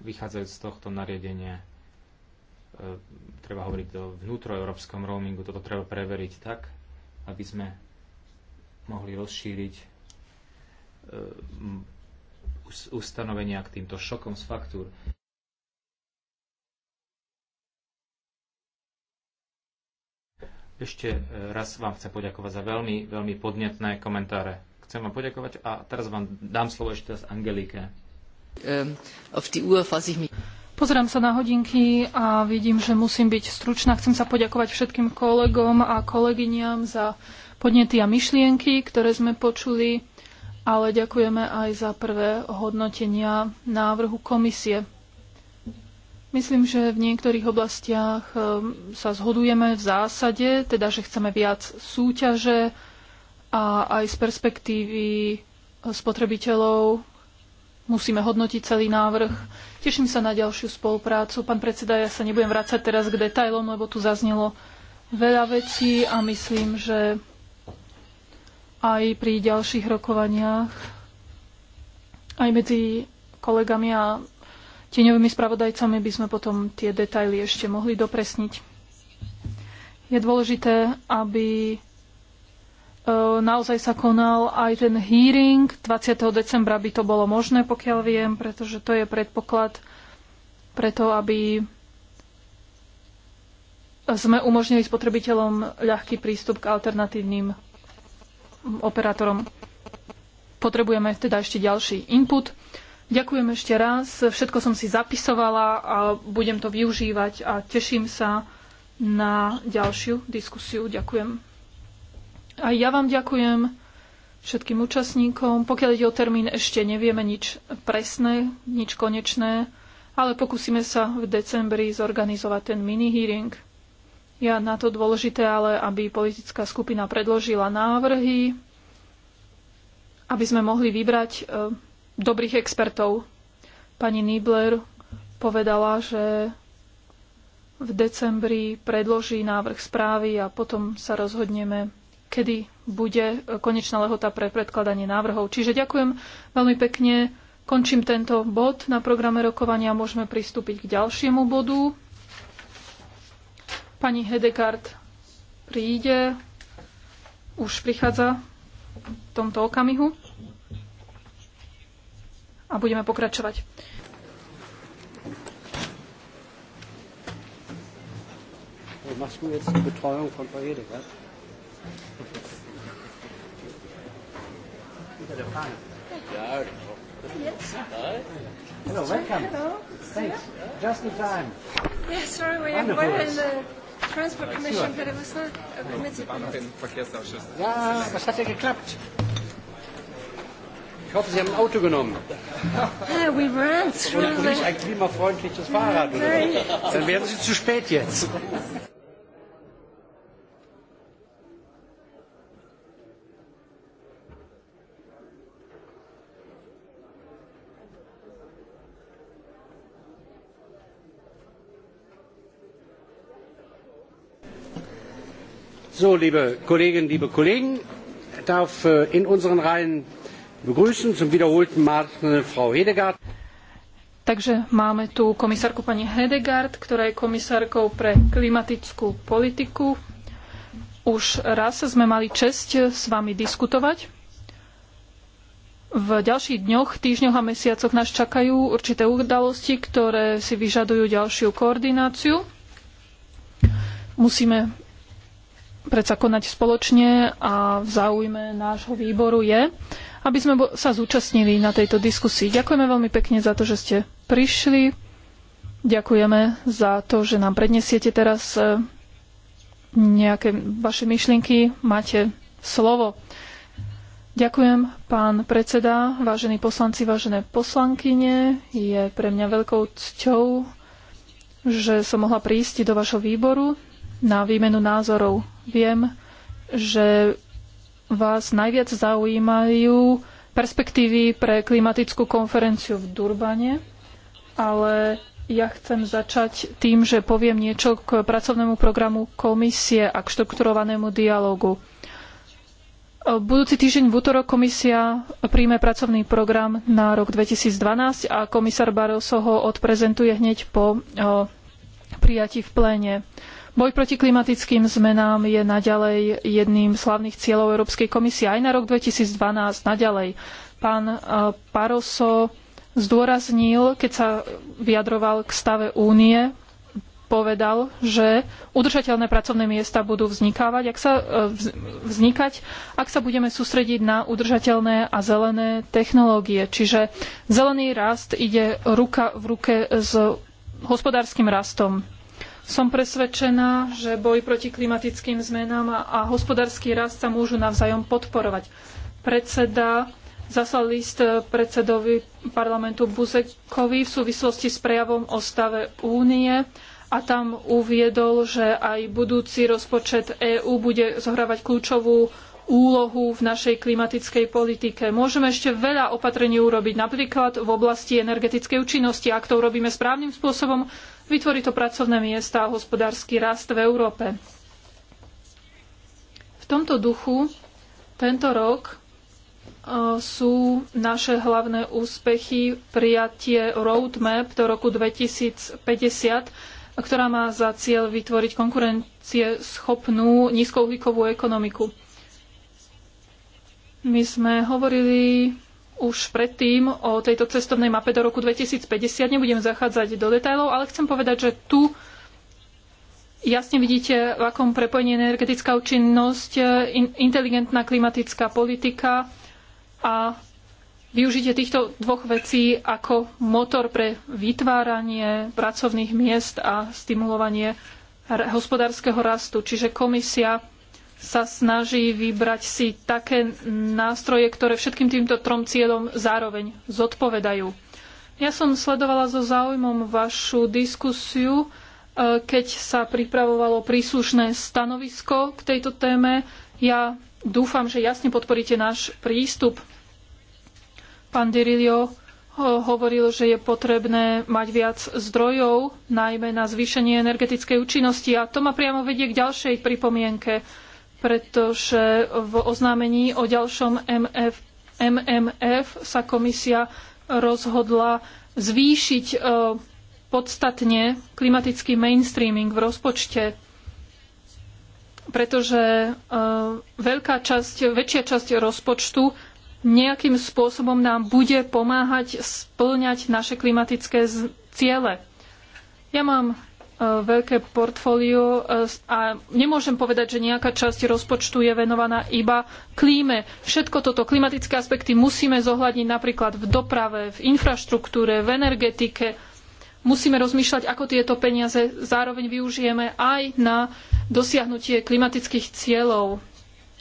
Vychádzajúc z tohto nariadenia, e, treba hovoriť o vnútroeurópskom roamingu, toto treba preveriť tak, aby sme mohli rozšíriť e, ustanovenia k týmto šokom z faktúr. Ešte e, raz vám chcem poďakovať za veľmi, veľmi podnetné komentáre. Chcem vám poďakovať a teraz vám dám slovo ešte z Angelike. Ehm, Pozerám sa na hodinky a vidím, že musím byť stručná. Chcem sa poďakovať všetkým kolegom a kolegyniam za podnety a myšlienky, ktoré sme počuli, ale ďakujeme aj za prvé hodnotenia návrhu komisie. Myslím, že v niektorých oblastiach eh, sa zhodujeme v zásade, teda že chceme viac súťaže a aj z perspektívy eh, spotrebiteľov musíme hodnotiť celý návrh. Teším sa na ďalšiu spoluprácu. Pán predseda, ja sa nebudem vrácať teraz k detailom, lebo tu zaznelo veľa vecí a myslím, že aj pri ďalších rokovaniach, aj medzi kolegami a tieňovými spravodajcami by sme potom tie detaily ešte mohli dopresniť. Je dôležité, aby e, naozaj sa konal aj ten hearing. 20. decembra by to bolo možné, pokiaľ viem, pretože to je predpoklad preto, aby sme umožnili spotrebiteľom ľahký prístup k alternatívnym operátorom. Potrebujeme teda ešte ďalší input. Ďakujem ešte raz. Všetko som si zapisovala a budem to využívať a teším sa na ďalšiu diskusiu. Ďakujem. A ja vám ďakujem všetkým účastníkom. Pokiaľ ide o termín, ešte nevieme nič presné, nič konečné, ale pokúsime sa v decembri zorganizovať ten mini-hearing. Ja na to dôležité ale, aby politická skupina predložila návrhy, aby sme mohli vybrať eh, dobrých expertov. Pani Nibler povedala, že v decembri predloží návrh správy a potom sa rozhodneme, kedy bude konečná lehota pre predkladanie návrhov. Čiže ďakujem veľmi pekne. Končím tento bod na programe rokovania. Môžeme pristúpiť k ďalšiemu bodu. Pani Hedekart príde, už prichádza v tomto okamihu a budeme pokračovať. Hello, welcome. Hello. Thanks. Just in time. Yeah, sorry, we Wonderful. were in the Transport Commission, but it was not a committee. Wir waren noch im Verkehrsausschuss. Ja, was ich hoffe, Sie haben ein Auto genommen. Yeah, we ran through und, nicht ein klimafreundliches Fahrrad oder so. Dann wären Sie zu spät jetzt. So, liebe Kolleginnen, liebe Kollegen, ich darf äh, in unseren Reihen begrüßen. Zum wiederholten Mal Frau Hedegaard. Takže máme tu komisárku pani Hedegaard, ktorá je komisárkou pre klimatickú politiku. Už raz sme mali česť s vami diskutovať. V ďalších dňoch, týždňoch a mesiacoch nás čakajú určité udalosti, ktoré si vyžadujú ďalšiu koordináciu. Musíme predsa konať spoločne a v záujme nášho výboru je, aby sme sa zúčastnili na tejto diskusii. Ďakujeme veľmi pekne za to, že ste prišli. Ďakujeme za to, že nám prednesiete teraz e, nejaké vaše myšlienky. Máte slovo. Ďakujem, pán predseda, vážení poslanci, vážené poslankyne. Je pre mňa veľkou cťou, že som mohla prísť do vašho výboru na výmenu názorov. Viem, že vás najviac zaujímajú perspektívy pre klimatickú konferenciu v Durbane, ale ja chcem začať tým, že poviem niečo k pracovnému programu komisie a k štrukturovanému dialogu. Budúci týždeň v útorok komisia príjme pracovný program na rok 2012 a komisár Barroso ho odprezentuje hneď po prijatí v pléne. Boj proti klimatickým zmenám je naďalej jedným z hlavných cieľov Európskej komisie aj na rok 2012 naďalej. Pán Paroso eh, zdôraznil, keď sa vyjadroval k stave únie, povedal, že udržateľné pracovné miesta budú vznikávať, ak sa, eh, vznikať, ak sa budeme sústrediť na udržateľné a zelené technológie. Čiže zelený rast ide ruka v ruke s hospodárskym rastom. Som presvedčená, že boj proti klimatickým zmenám a hospodársky rast sa môžu navzájom podporovať. Predseda zaslal list predsedovi parlamentu Buzekovi v súvislosti s prejavom o stave únie a tam uviedol, že aj budúci rozpočet EÚ bude zohrávať kľúčovú úlohu v našej klimatickej politike. Môžeme ešte veľa opatrení urobiť, napríklad v oblasti energetickej účinnosti. Ak to urobíme správnym spôsobom, vytvorí to pracovné miesta a hospodársky rast v Európe. V tomto duchu tento rok e, sú naše hlavné úspechy prijatie roadmap do roku 2050, ktorá má za cieľ vytvoriť konkurencieschopnú nízkouhlíkovú ekonomiku. My sme hovorili už predtým o tejto cestovnej mape do roku 2050. Nebudem zachádzať do detajlov, ale chcem povedať, že tu jasne vidíte, v akom prepojení energetická účinnosť, inteligentná klimatická politika a využitie týchto dvoch vecí ako motor pre vytváranie pracovných miest a stimulovanie hospodárskeho rastu. Čiže komisia sa snaží vybrať si také nástroje, ktoré všetkým týmto trom cieľom zároveň zodpovedajú. Ja som sledovala so záujmom vašu diskusiu, e, keď sa pripravovalo príslušné stanovisko k tejto téme. Ja dúfam, že jasne podporíte náš prístup. Pán Dirilio hovoril, že je potrebné mať viac zdrojov, najmä na zvýšenie energetickej účinnosti. A to ma priamo vedie k ďalšej pripomienke pretože v oznámení o ďalšom MF, MMF sa komisia rozhodla zvýšiť e, podstatne klimatický mainstreaming v rozpočte, pretože e, veľká časť, väčšia časť rozpočtu nejakým spôsobom nám bude pomáhať splňať naše klimatické ciele. Ja mám veľké portfólio e, a nemôžem povedať, že nejaká časť rozpočtu je venovaná iba klíme. Všetko toto, klimatické aspekty musíme zohľadniť napríklad v doprave, v infraštruktúre, v energetike. Musíme rozmýšľať, ako tieto peniaze zároveň využijeme aj na dosiahnutie klimatických cieľov.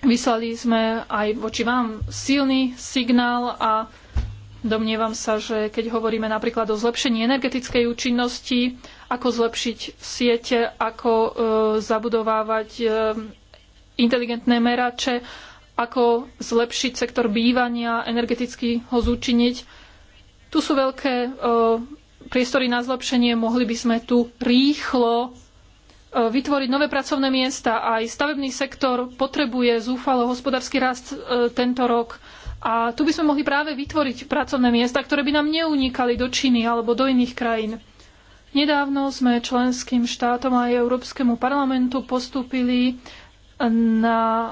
Vyslali sme aj voči vám silný signál a domnievam sa, že keď hovoríme napríklad o zlepšení energetickej účinnosti ako zlepšiť siete, ako e, zabudovávať e, inteligentné merače, ako zlepšiť sektor bývania, energeticky ho zúčiniť. Tu sú veľké e, priestory na zlepšenie, mohli by sme tu rýchlo e, vytvoriť nové pracovné miesta. Aj stavebný sektor potrebuje zúfalo hospodársky rast e, tento rok. A tu by sme mohli práve vytvoriť pracovné miesta, ktoré by nám neunikali do Číny alebo do iných krajín. Nedávno sme členským štátom aj Európskemu parlamentu postúpili na e,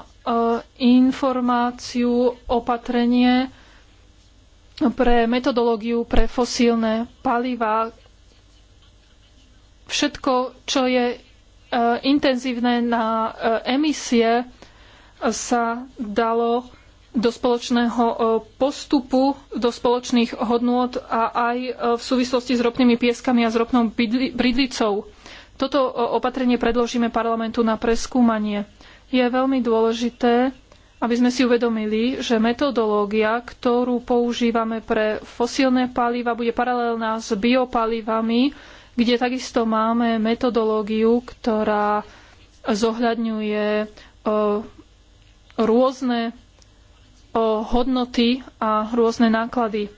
informáciu opatrenie pre metodológiu pre fosílne paliva, Všetko, čo je e, intenzívne na e, emisie, sa dalo do spoločného e, postupu, do spoločných hodnôt a aj e, v súvislosti s ropnými pieskami a s ropnou bridlicou. Toto e, opatrenie predložíme parlamentu na preskúmanie. Je veľmi dôležité, aby sme si uvedomili, že metodológia, ktorú používame pre fosílne paliva, bude paralelná s biopalivami, kde takisto máme metodológiu, ktorá zohľadňuje rôzne o hodnoty a rôzne náklady.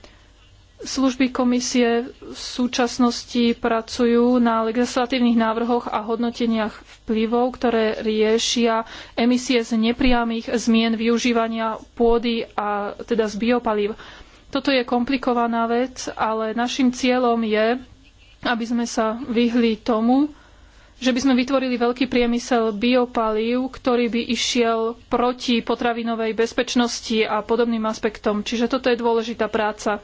Služby komisie v súčasnosti pracujú na legislatívnych návrhoch a hodnoteniach vplyvov, ktoré riešia emisie z nepriamých zmien využívania pôdy a teda z biopalív. Toto je komplikovaná vec, ale našim cieľom je, aby sme sa vyhli tomu, že by sme vytvorili veľký priemysel biopalív, ktorý by išiel proti potravinovej bezpečnosti a podobným aspektom. Čiže toto je dôležitá práca.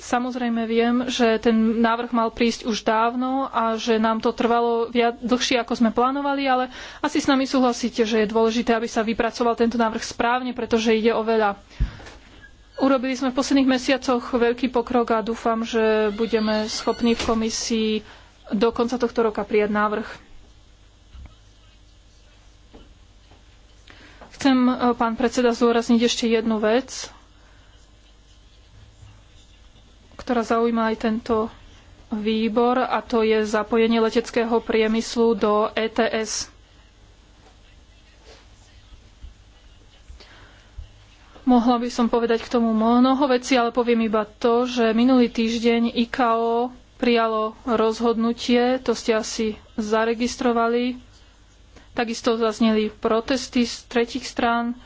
Samozrejme viem, že ten návrh mal prísť už dávno a že nám to trvalo viac, dlhšie, ako sme plánovali, ale asi s nami súhlasíte, že je dôležité, aby sa vypracoval tento návrh správne, pretože ide o veľa. Urobili sme v posledných mesiacoch veľký pokrok a dúfam, že budeme schopní v komisii do konca tohto roka prijať návrh. Chcem, e, pán predseda, zdôrazniť ešte jednu vec, ktorá zaujíma aj tento výbor, a to je zapojenie leteckého priemyslu do ETS. Mohla by som povedať k tomu mnoho vecí, ale poviem iba to, že minulý týždeň IKO prijalo rozhodnutie, to ste asi zaregistrovali. Takisto zazneli protesty z tretich strán.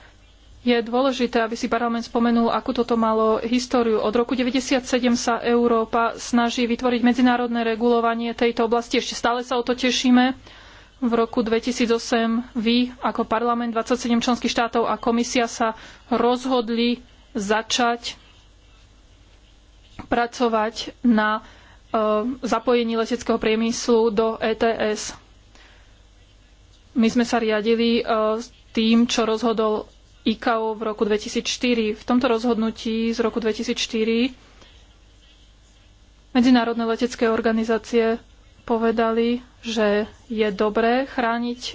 Je dôležité, aby si parlament spomenul, akú toto malo históriu. Od roku 1997 sa Európa snaží vytvoriť medzinárodné regulovanie tejto oblasti. Ešte stále sa o to tešíme. V roku 2008 vy ako parlament 27 členských štátov a komisia sa rozhodli začať pracovať na E, zapojení leteckého priemyslu do ETS. My sme sa riadili e, tým, čo rozhodol ICAO v roku 2004. V tomto rozhodnutí z roku 2004 medzinárodné letecké organizácie povedali, že je dobré chrániť e,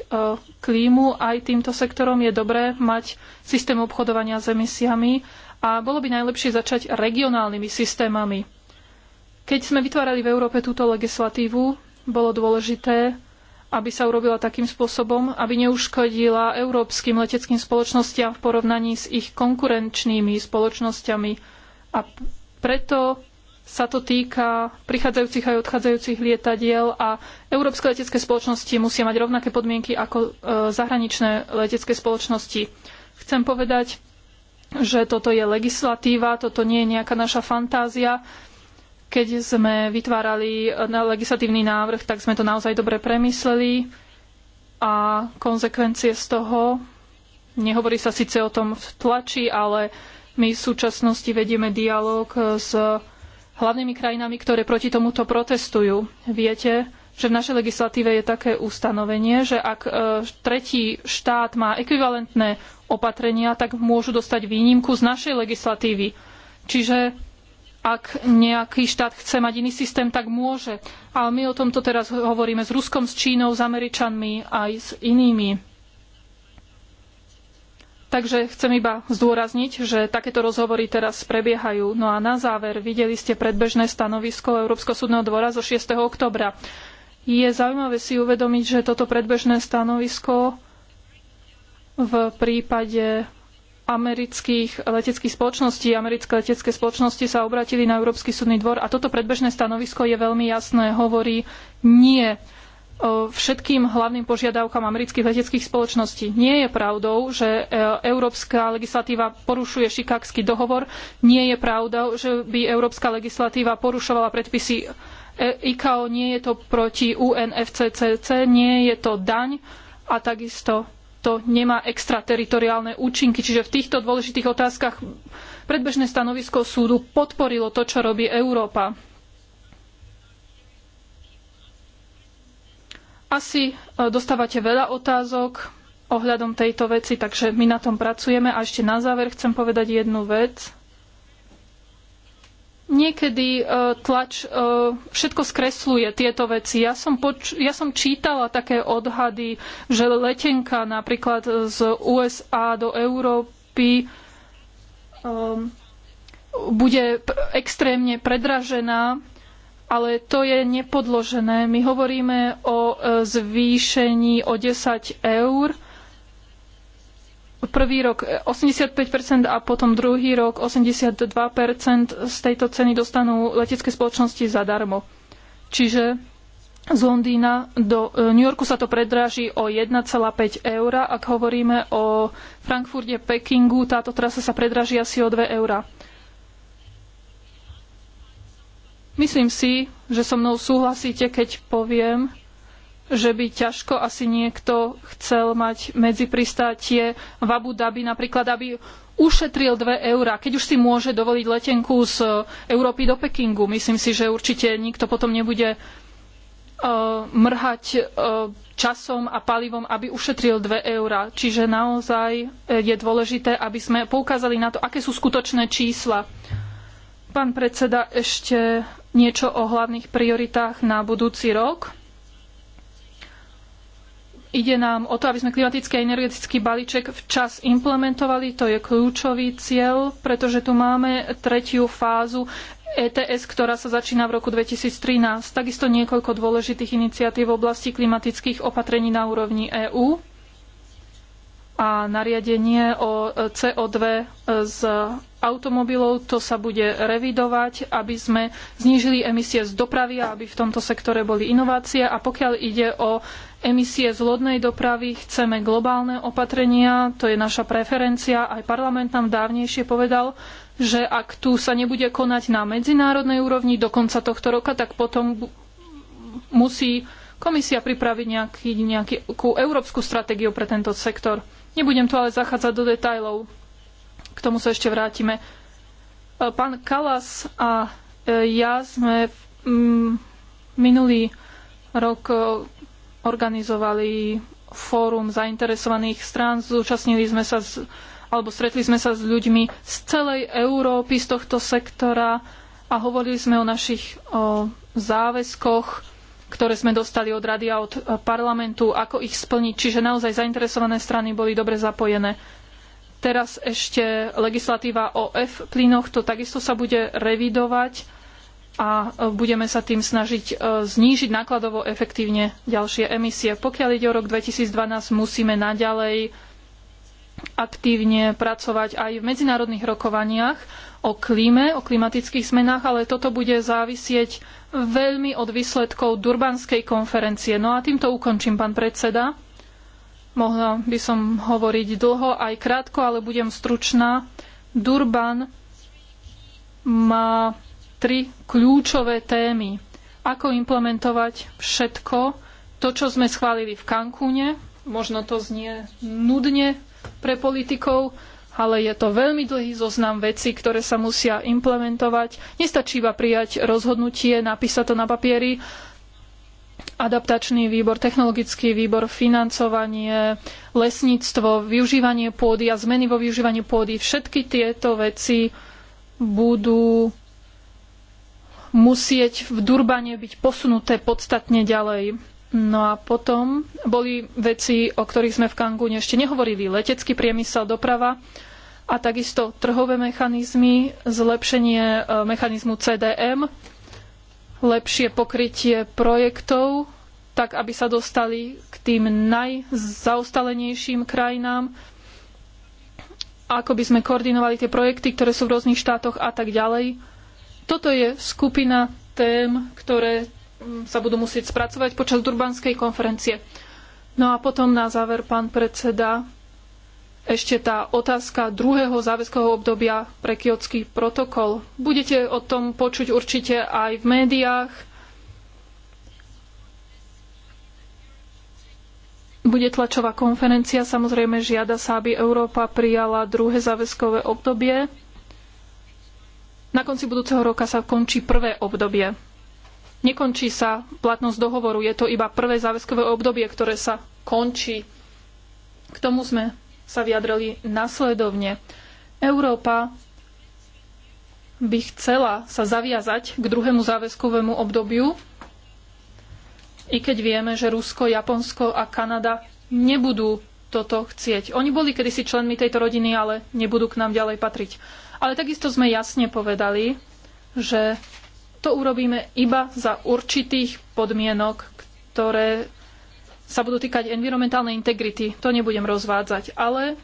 klímu aj týmto sektorom, je dobré mať systém obchodovania s emisiami a bolo by najlepšie začať regionálnymi systémami keď sme vytvárali v Európe túto legislatívu, bolo dôležité, aby sa urobila takým spôsobom, aby neuškodila európskym leteckým spoločnostiam v porovnaní s ich konkurenčnými spoločnosťami. A preto sa to týka prichádzajúcich aj odchádzajúcich lietadiel a európske letecké spoločnosti musia mať rovnaké podmienky ako e, zahraničné letecké spoločnosti. Chcem povedať, že toto je legislatíva, toto nie je nejaká naša fantázia. Keď sme vytvárali eh, legislatívny návrh, tak sme to naozaj dobre premysleli a konzekvencie z toho, nehovorí sa síce o tom v tlači, ale my v súčasnosti vedieme dialog eh, s hlavnými krajinami, ktoré proti tomuto protestujú. Viete, že v našej legislatíve je také ustanovenie, že ak eh, tretí štát má ekvivalentné opatrenia, tak môžu dostať výnimku z našej legislatívy. Čiže ak nejaký štát chce mať iný systém, tak môže. Ale my o tomto teraz hovoríme s Ruskom, s Čínou, s Američanmi aj s inými. Takže chcem iba zdôrazniť, že takéto rozhovory teraz prebiehajú. No a na záver videli ste predbežné stanovisko Európskeho súdneho dvora zo 6. oktobra. Je zaujímavé si uvedomiť, že toto predbežné stanovisko v prípade amerických leteckých spoločností, americké letecké spoločnosti sa obratili na Európsky súdny dvor a toto predbežné stanovisko je veľmi jasné, hovorí nie e, všetkým hlavným požiadavkám amerických leteckých spoločností. Nie je pravdou, že e, európska legislatíva porušuje Chicagský dohovor. Nie je pravdou, že by európska legislatíva porušovala predpisy e, ICAO. Nie je to proti UNFCCC, nie je to daň a takisto to nemá extrateritoriálne účinky. Čiže v týchto dôležitých otázkach predbežné stanovisko súdu podporilo to, čo robí Európa. Asi e, dostávate veľa otázok ohľadom tejto veci, takže my na tom pracujeme. A ešte na záver chcem povedať jednu vec niekedy e, tlač e, všetko skresluje tieto veci. Ja som, poč- ja som čítala také odhady, že letenka napríklad z USA do Európy um, bude extrémne predražená, ale to je nepodložené. My hovoríme o e, zvýšení o 10 eur prvý rok 85% e, a potom druhý rok 82% z tejto ceny dostanú letecké spoločnosti zadarmo. Čiže z Londýna do e, New Yorku sa to predráži o 1,5 eur. Ak hovoríme o Frankfurte, Pekingu, táto trasa sa predráži asi o 2 eur. Myslím si, že so mnou súhlasíte, keď poviem, že by ťažko asi niekto chcel mať medzipristátie v Abu Dhabi napríklad, aby ušetril 2 eurá, keď už si môže dovoliť letenku z Európy do Pekingu. Myslím si, že určite nikto potom nebude e, mrhať e, časom a palivom, aby ušetril 2 eurá. Čiže naozaj je dôležité, aby sme poukázali na to, aké sú skutočné čísla. Pán predseda, ešte niečo o hlavných prioritách na budúci rok. Ide nám o to, aby sme klimatický a energetický balíček včas implementovali. To je kľúčový cieľ, pretože tu máme tretiu fázu ETS, ktorá sa začína v roku 2013. Takisto niekoľko dôležitých iniciatív v oblasti klimatických opatrení na úrovni EÚ a nariadenie o CO2 z automobilov. To sa bude revidovať, aby sme znížili emisie z dopravy a aby v tomto sektore boli inovácie. A pokiaľ ide o emisie z lodnej dopravy, chceme globálne opatrenia, to je naša preferencia. Aj parlament nám dávnejšie povedal, že ak tu sa nebude konať na medzinárodnej úrovni do konca tohto roka, tak potom musí komisia pripraviť nejaký, nejakú európsku stratégiu pre tento sektor. Nebudem tu ale zachádzať do detajlov. K tomu sa ešte vrátime. E, pán Kalas a e, ja sme mm, minulý rok e, organizovali fórum zainteresovaných strán, zúčastnili sme sa z, alebo stretli sme sa s ľuďmi z celej Európy, z tohto sektora a hovorili sme o našich o, záväzkoch, ktoré sme dostali od rady a od e, parlamentu, ako ich splniť. Čiže naozaj zainteresované strany boli dobre zapojené. Teraz ešte legislatíva o F plynoch, to takisto sa bude revidovať a e, budeme sa tým snažiť e, znížiť nákladovo efektívne ďalšie emisie. Pokiaľ ide o rok 2012, musíme naďalej aktívne pracovať aj v medzinárodných rokovaniach o klíme, o klimatických zmenách, ale toto bude závisieť veľmi od výsledkov Durbanskej konferencie. No a týmto ukončím, pán predseda. Mohla by som hovoriť dlho, aj krátko, ale budem stručná. Durban má tri kľúčové témy. Ako implementovať všetko, to, čo sme schválili v Cancúne, možno to znie nudne pre politikov, ale je to veľmi dlhý zoznam vecí, ktoré sa musia implementovať. Nestačí iba prijať rozhodnutie, napísať to na papieri. Adaptačný výbor, technologický výbor, financovanie, lesníctvo, využívanie pôdy a zmeny vo využívaní pôdy. Všetky tieto veci budú musieť v Durbane byť posunuté podstatne ďalej. No a potom boli veci, o ktorých sme v Kangúne ešte nehovorili. Letecký priemysel, doprava a takisto trhové mechanizmy, zlepšenie e, mechanizmu CDM, lepšie pokrytie projektov, tak aby sa dostali k tým najzaostalenejším krajinám, ako by sme koordinovali tie projekty, ktoré sú v rôznych štátoch a tak ďalej toto je skupina tém, ktoré mm, sa budú musieť spracovať počas Durbanskej konferencie. No a potom na záver, pán predseda, ešte tá otázka druhého záväzkového obdobia pre kiotský protokol. Budete o tom počuť určite aj v médiách. Bude tlačová konferencia, samozrejme žiada sa, aby Európa prijala druhé záväzkové obdobie na konci budúceho roka sa končí prvé obdobie. Nekončí sa platnosť dohovoru, je to iba prvé záväzkové obdobie, ktoré sa končí. K tomu sme sa vyjadrili nasledovne. Európa by chcela sa zaviazať k druhému záväzkovému obdobiu, i keď vieme, že Rusko, Japonsko a Kanada nebudú toto chcieť. Oni boli kedysi členmi tejto rodiny, ale nebudú k nám ďalej patriť ale takisto sme jasne povedali, že to urobíme iba za určitých podmienok, ktoré sa budú týkať environmentálnej integrity. To nebudem rozvádzať, ale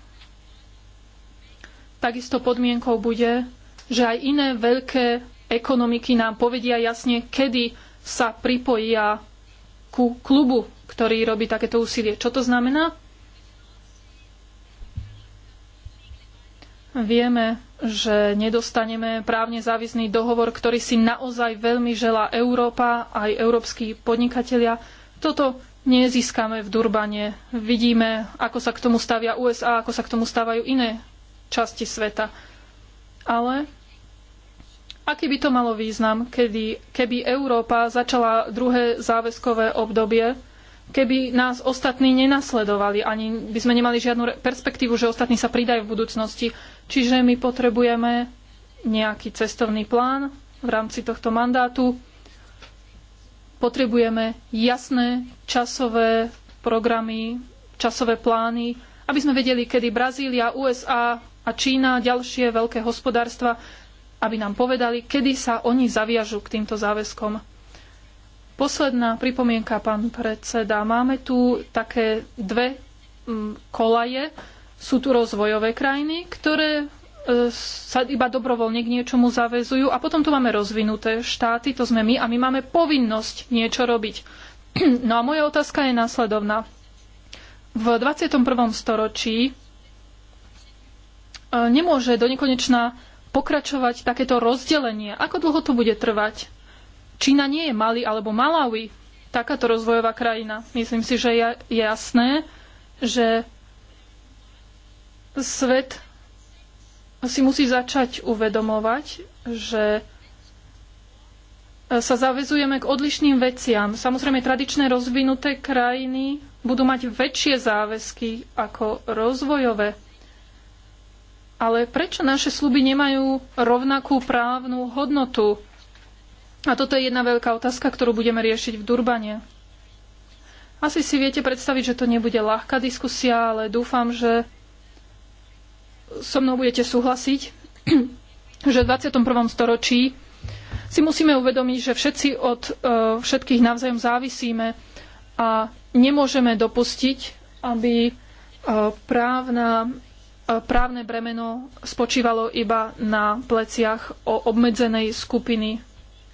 takisto podmienkou bude, že aj iné veľké ekonomiky nám povedia jasne, kedy sa pripojia ku klubu, ktorý robí takéto úsilie. Čo to znamená? Vieme, že nedostaneme právne záväzný dohovor, ktorý si naozaj veľmi želá Európa, aj európsky podnikatelia. Toto nezískame v Durbane. Vidíme, ako sa k tomu stavia USA, ako sa k tomu stávajú iné časti sveta. Ale aký by to malo význam, kedy, keby Európa začala druhé záväzkové obdobie, keby nás ostatní nenasledovali, ani by sme nemali žiadnu perspektívu, že ostatní sa pridajú v budúcnosti. Čiže my potrebujeme nejaký cestovný plán v rámci tohto mandátu. Potrebujeme jasné časové programy, časové plány, aby sme vedeli, kedy Brazília, USA a Čína, ďalšie veľké hospodárstva, aby nám povedali, kedy sa oni zaviažu k týmto záväzkom. Posledná pripomienka, pán predseda. Máme tu také dve mm, kolaje, sú tu rozvojové krajiny, ktoré e, sa iba dobrovoľne k niečomu zavezujú a potom tu máme rozvinuté štáty, to sme my a my máme povinnosť niečo robiť. No a moja otázka je následovná. V 21. storočí e, nemôže do nekonečna pokračovať takéto rozdelenie. Ako dlho to bude trvať? Čína nie je Mali alebo Malawi, takáto rozvojová krajina. Myslím si, že je jasné, že svet si musí začať uvedomovať, že sa zavezujeme k odlišným veciam. Samozrejme, tradičné rozvinuté krajiny budú mať väčšie záväzky ako rozvojové. Ale prečo naše sluby nemajú rovnakú právnu hodnotu? A toto je jedna veľká otázka, ktorú budeme riešiť v Durbane. Asi si viete predstaviť, že to nebude ľahká diskusia, ale dúfam, že so mnou budete súhlasiť, že v 21. storočí si musíme uvedomiť, že všetci od e, všetkých navzájom závisíme a nemôžeme dopustiť, aby e, právna, e, právne bremeno spočívalo iba na pleciach o obmedzenej skupiny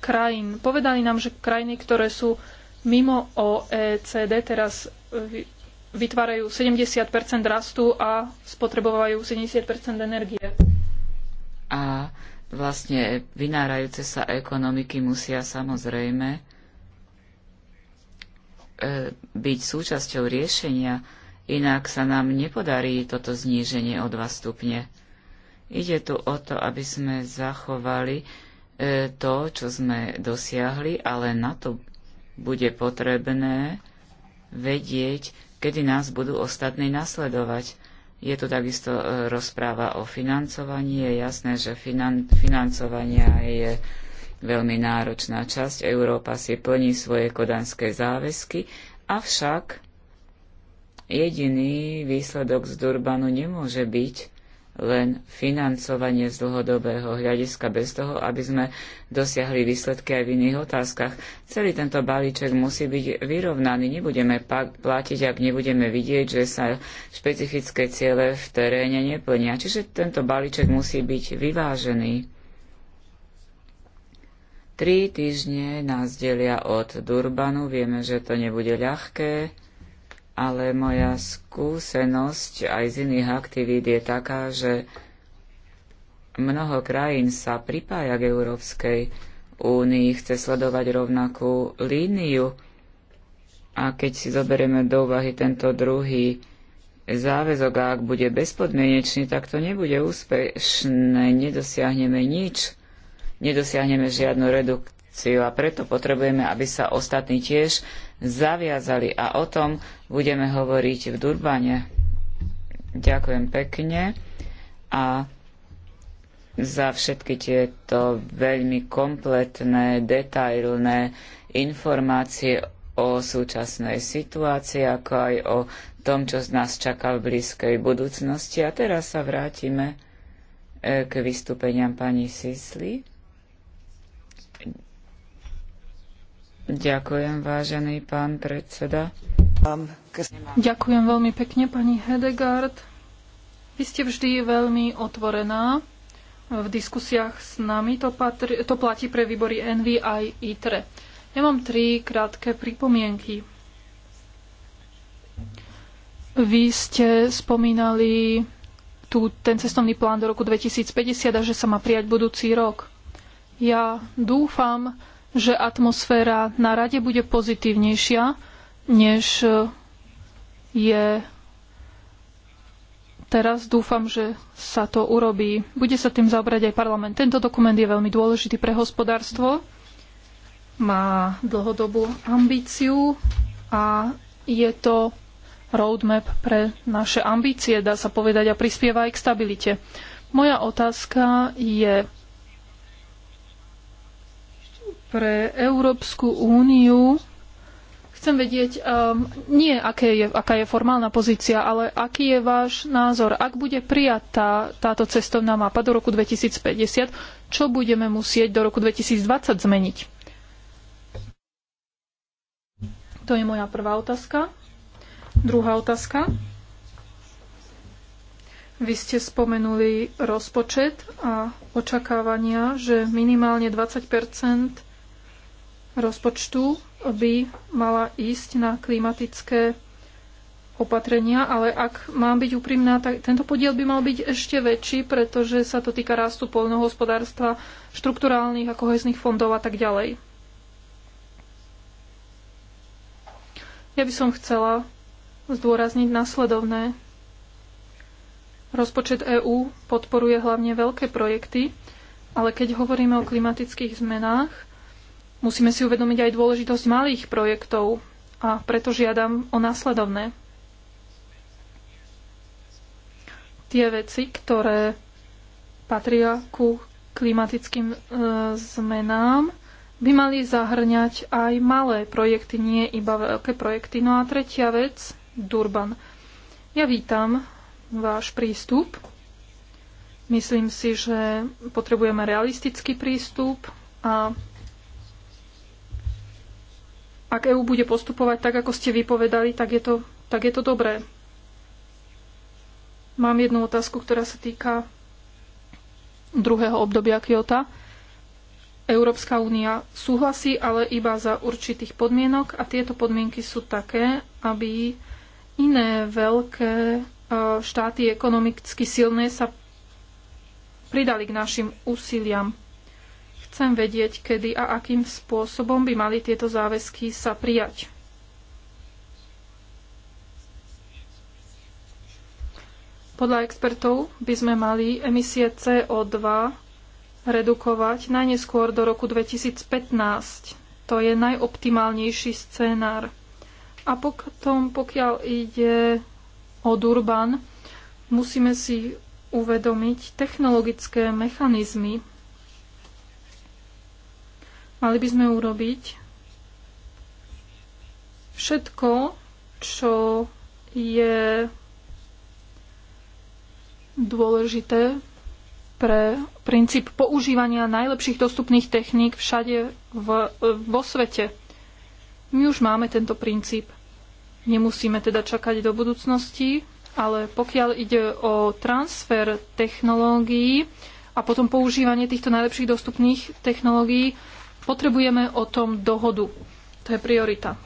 krajín. Povedali nám, že krajiny, ktoré sú mimo OECD, teraz vytvárajú 70 rastu a spotrebovajú 70 energie. A vlastne vynárajúce sa ekonomiky musia samozrejme e, byť súčasťou riešenia, inak sa nám nepodarí toto zníženie o 2 stupne. Ide tu o to, aby sme zachovali e, to, čo sme dosiahli, ale na to bude potrebné vedieť, kedy nás budú ostatní nasledovať. Je tu takisto e, rozpráva o financovaní. Je jasné, že finan- financovania je veľmi náročná časť. Európa si plní svoje kodanské záväzky, avšak jediný výsledok z Durbanu nemôže byť len financovanie z dlhodobého hľadiska bez toho, aby sme dosiahli výsledky aj v iných otázkach. Celý tento balíček musí byť vyrovnaný. Nebudeme platiť, ak nebudeme vidieť, že sa špecifické ciele v teréne neplnia. Čiže tento balíček musí byť vyvážený. Tri týždne nás delia od Durbanu, vieme, že to nebude ľahké ale moja skúsenosť aj z iných aktivít je taká, že mnoho krajín sa pripája k Európskej únii, chce sledovať rovnakú líniu. A keď si zoberieme do úvahy tento druhý záväzok, a ak bude bezpodmienečný, tak to nebude úspešné, nedosiahneme nič, nedosiahneme žiadnu redukciu a preto potrebujeme, aby sa ostatní tiež zaviazali a o tom budeme hovoriť v Durbane. Ďakujem pekne a za všetky tieto veľmi kompletné, detailné informácie o súčasnej situácii, ako aj o tom, čo z nás čaká v blízkej budúcnosti. A teraz sa vrátime eh, k vystúpeniam pani Sisli. Ďakujem, vážený pán predseda. Ďakujem veľmi pekne, pani Hedegard. Vy ste vždy veľmi otvorená v diskusiách s nami. To, patr- to platí pre výbory Envy aj ITRE. Ja mám tri krátke pripomienky. Vy ste spomínali tu ten cestovný plán do roku 2050 a že sa má prijať budúci rok. Ja dúfam, že atmosféra na rade bude pozitívnejšia, než e, je teraz. Dúfam, že sa to urobí. Bude sa tým zaobrať aj parlament. Tento dokument je veľmi dôležitý pre hospodárstvo. Má dlhodobú ambíciu a je to roadmap pre naše ambície, dá sa povedať, a prispieva aj k stabilite. Moja otázka je, pre Európsku úniu. Chcem vedieť, um, nie aké je, aká je formálna pozícia, ale aký je váš názor. Ak bude prijatá táto cestovná mapa do roku 2050, čo budeme musieť do roku 2020 zmeniť? To je moja prvá otázka. Druhá otázka. Vy ste spomenuli rozpočet a očakávania, že minimálne 20 rozpočtu by mala ísť na klimatické opatrenia, ale ak mám byť úprimná, tak tento podiel by mal byť ešte väčší, pretože sa to týka rastu poľnohospodárstva, štrukturálnych a kohezných fondov a tak ďalej. Ja by som chcela zdôrazniť nasledovné. Rozpočet EÚ podporuje hlavne veľké projekty, ale keď hovoríme o klimatických zmenách, Musíme si uvedomiť aj dôležitosť malých projektov a preto žiadam o následovné. Tie veci, ktoré patria ku klimatickým e, zmenám, by mali zahrňať aj malé projekty, nie iba veľké projekty. No a tretia vec, Durban. Ja vítam váš prístup. Myslím si, že potrebujeme realistický prístup a ak EÚ bude postupovať tak, ako ste vypovedali, tak je to, tak je to dobré. Mám jednu otázku, ktorá sa týka druhého obdobia Kyoto. Európska únia súhlasí, ale iba za určitých podmienok a tieto podmienky sú také, aby iné veľké e, štáty ekonomicky silné sa pridali k našim úsiliam. Chcem vedieť, kedy a akým spôsobom by mali tieto záväzky sa prijať. Podľa expertov by sme mali emisie CO2 redukovať najneskôr do roku 2015. To je najoptimálnejší scénár. A potom, pokiaľ ide o Durban, musíme si uvedomiť technologické mechanizmy, Mali by sme urobiť všetko, čo je dôležité pre princíp používania najlepších dostupných techník všade v, vo svete. My už máme tento princíp. Nemusíme teda čakať do budúcnosti, ale pokiaľ ide o transfer technológií a potom používanie týchto najlepších dostupných technológií, Potrebujeme o tom dohodu. To je priorita.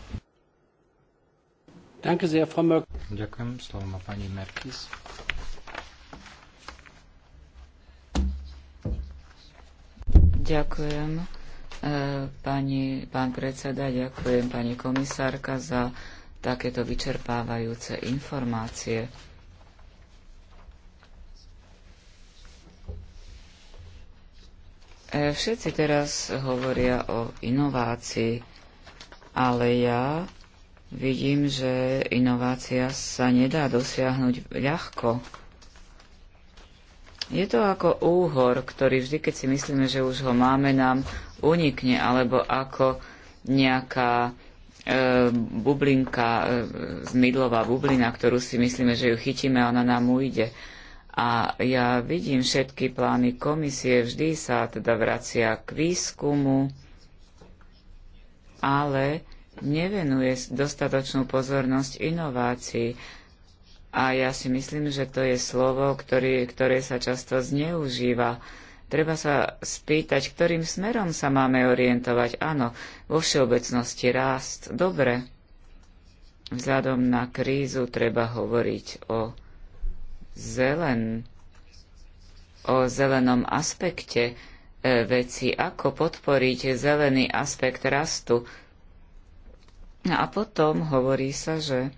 Ďakujem. Slovo má pani Merkis. Ďakujem, e, pani, pán predseda, ďakujem pani komisárka za takéto vyčerpávajúce informácie. E, všetci teraz hovoria o inovácii, ale ja vidím, že inovácia sa nedá dosiahnuť ľahko. Je to ako úhor, ktorý vždy, keď si myslíme, že už ho máme, nám unikne, alebo ako nejaká e, bublinka, e, zmydlová bublina, ktorú si myslíme, že ju chytíme, a ona nám ujde. A ja vidím všetky plány komisie, vždy sa teda vracia k výskumu, ale nevenuje dostatočnú pozornosť inovácií. A ja si myslím, že to je slovo, ktorý, ktoré sa často zneužíva. Treba sa spýtať, ktorým smerom sa máme orientovať. Áno, vo všeobecnosti rást. Dobre. Vzhľadom na krízu treba hovoriť o zelen, o zelenom aspekte e, veci, ako podporiť zelený aspekt rastu. No a potom hovorí sa, že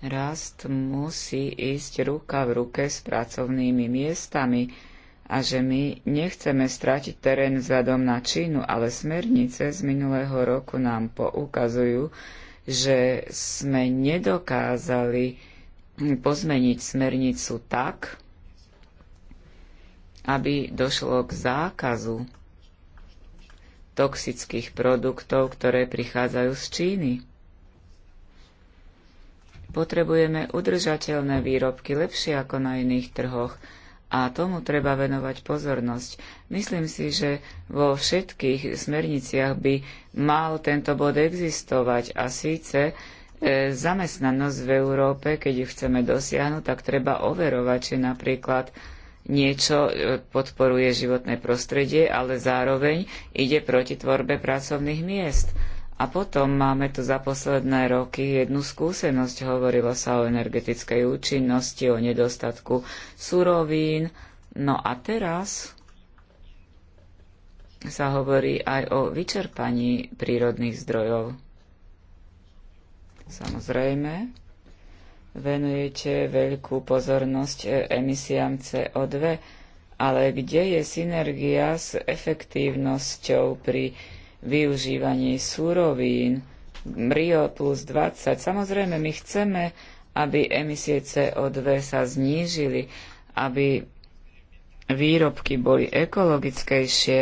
rast musí ísť ruka v ruke s pracovnými miestami a že my nechceme stratiť terén vzhľadom na Čínu, ale smernice z minulého roku nám poukazujú, že sme nedokázali pozmeniť smernicu tak, aby došlo k zákazu toxických produktov, ktoré prichádzajú z Číny. Potrebujeme udržateľné výrobky lepšie ako na iných trhoch a tomu treba venovať pozornosť. Myslím si, že vo všetkých smerniciach by mal tento bod existovať a síce E, zamestnanosť v Európe, keď ju chceme dosiahnuť, tak treba overovať, či napríklad niečo e, podporuje životné prostredie, ale zároveň ide proti tvorbe pracovných miest. A potom máme tu za posledné roky jednu skúsenosť. Hovorilo sa o energetickej účinnosti, o nedostatku surovín. No a teraz sa hovorí aj o vyčerpaní prírodných zdrojov samozrejme, venujete veľkú pozornosť e, emisiám CO2, ale kde je synergia s efektívnosťou pri využívaní súrovín Rio plus 20? Samozrejme, my chceme, aby emisie CO2 sa znížili, aby výrobky boli ekologickejšie,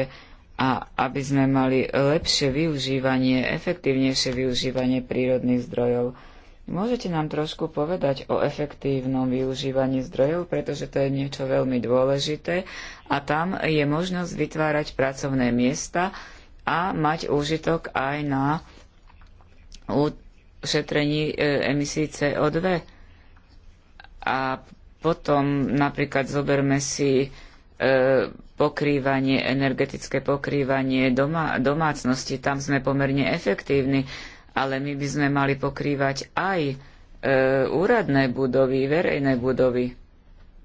a aby sme mali lepšie využívanie, efektívnejšie využívanie prírodných zdrojov. Môžete nám trošku povedať o efektívnom využívaní zdrojov, pretože to je niečo veľmi dôležité a tam je možnosť vytvárať pracovné miesta a mať úžitok aj na ušetrení e, emisí CO2. A potom napríklad zoberme si E, pokrývanie, energetické pokrývanie doma, domácnosti, tam sme pomerne efektívni, ale my by sme mali pokrývať aj e, úradné budovy, verejné budovy,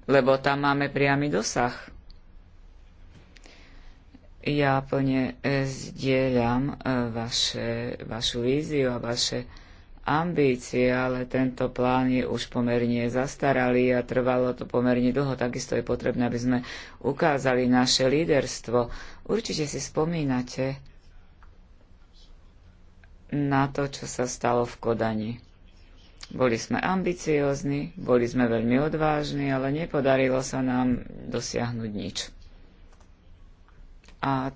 lebo tam máme priamy dosah. Ja plne e, zdieľam e, vaše, vašu víziu a vaše ambície, ale tento plán je už pomerne zastaralý a trvalo to pomerne dlho. Takisto je potrebné, aby sme ukázali naše líderstvo. Určite si spomínate na to, čo sa stalo v Kodani. Boli sme ambiciózni, boli sme veľmi odvážni, ale nepodarilo sa nám dosiahnuť nič. A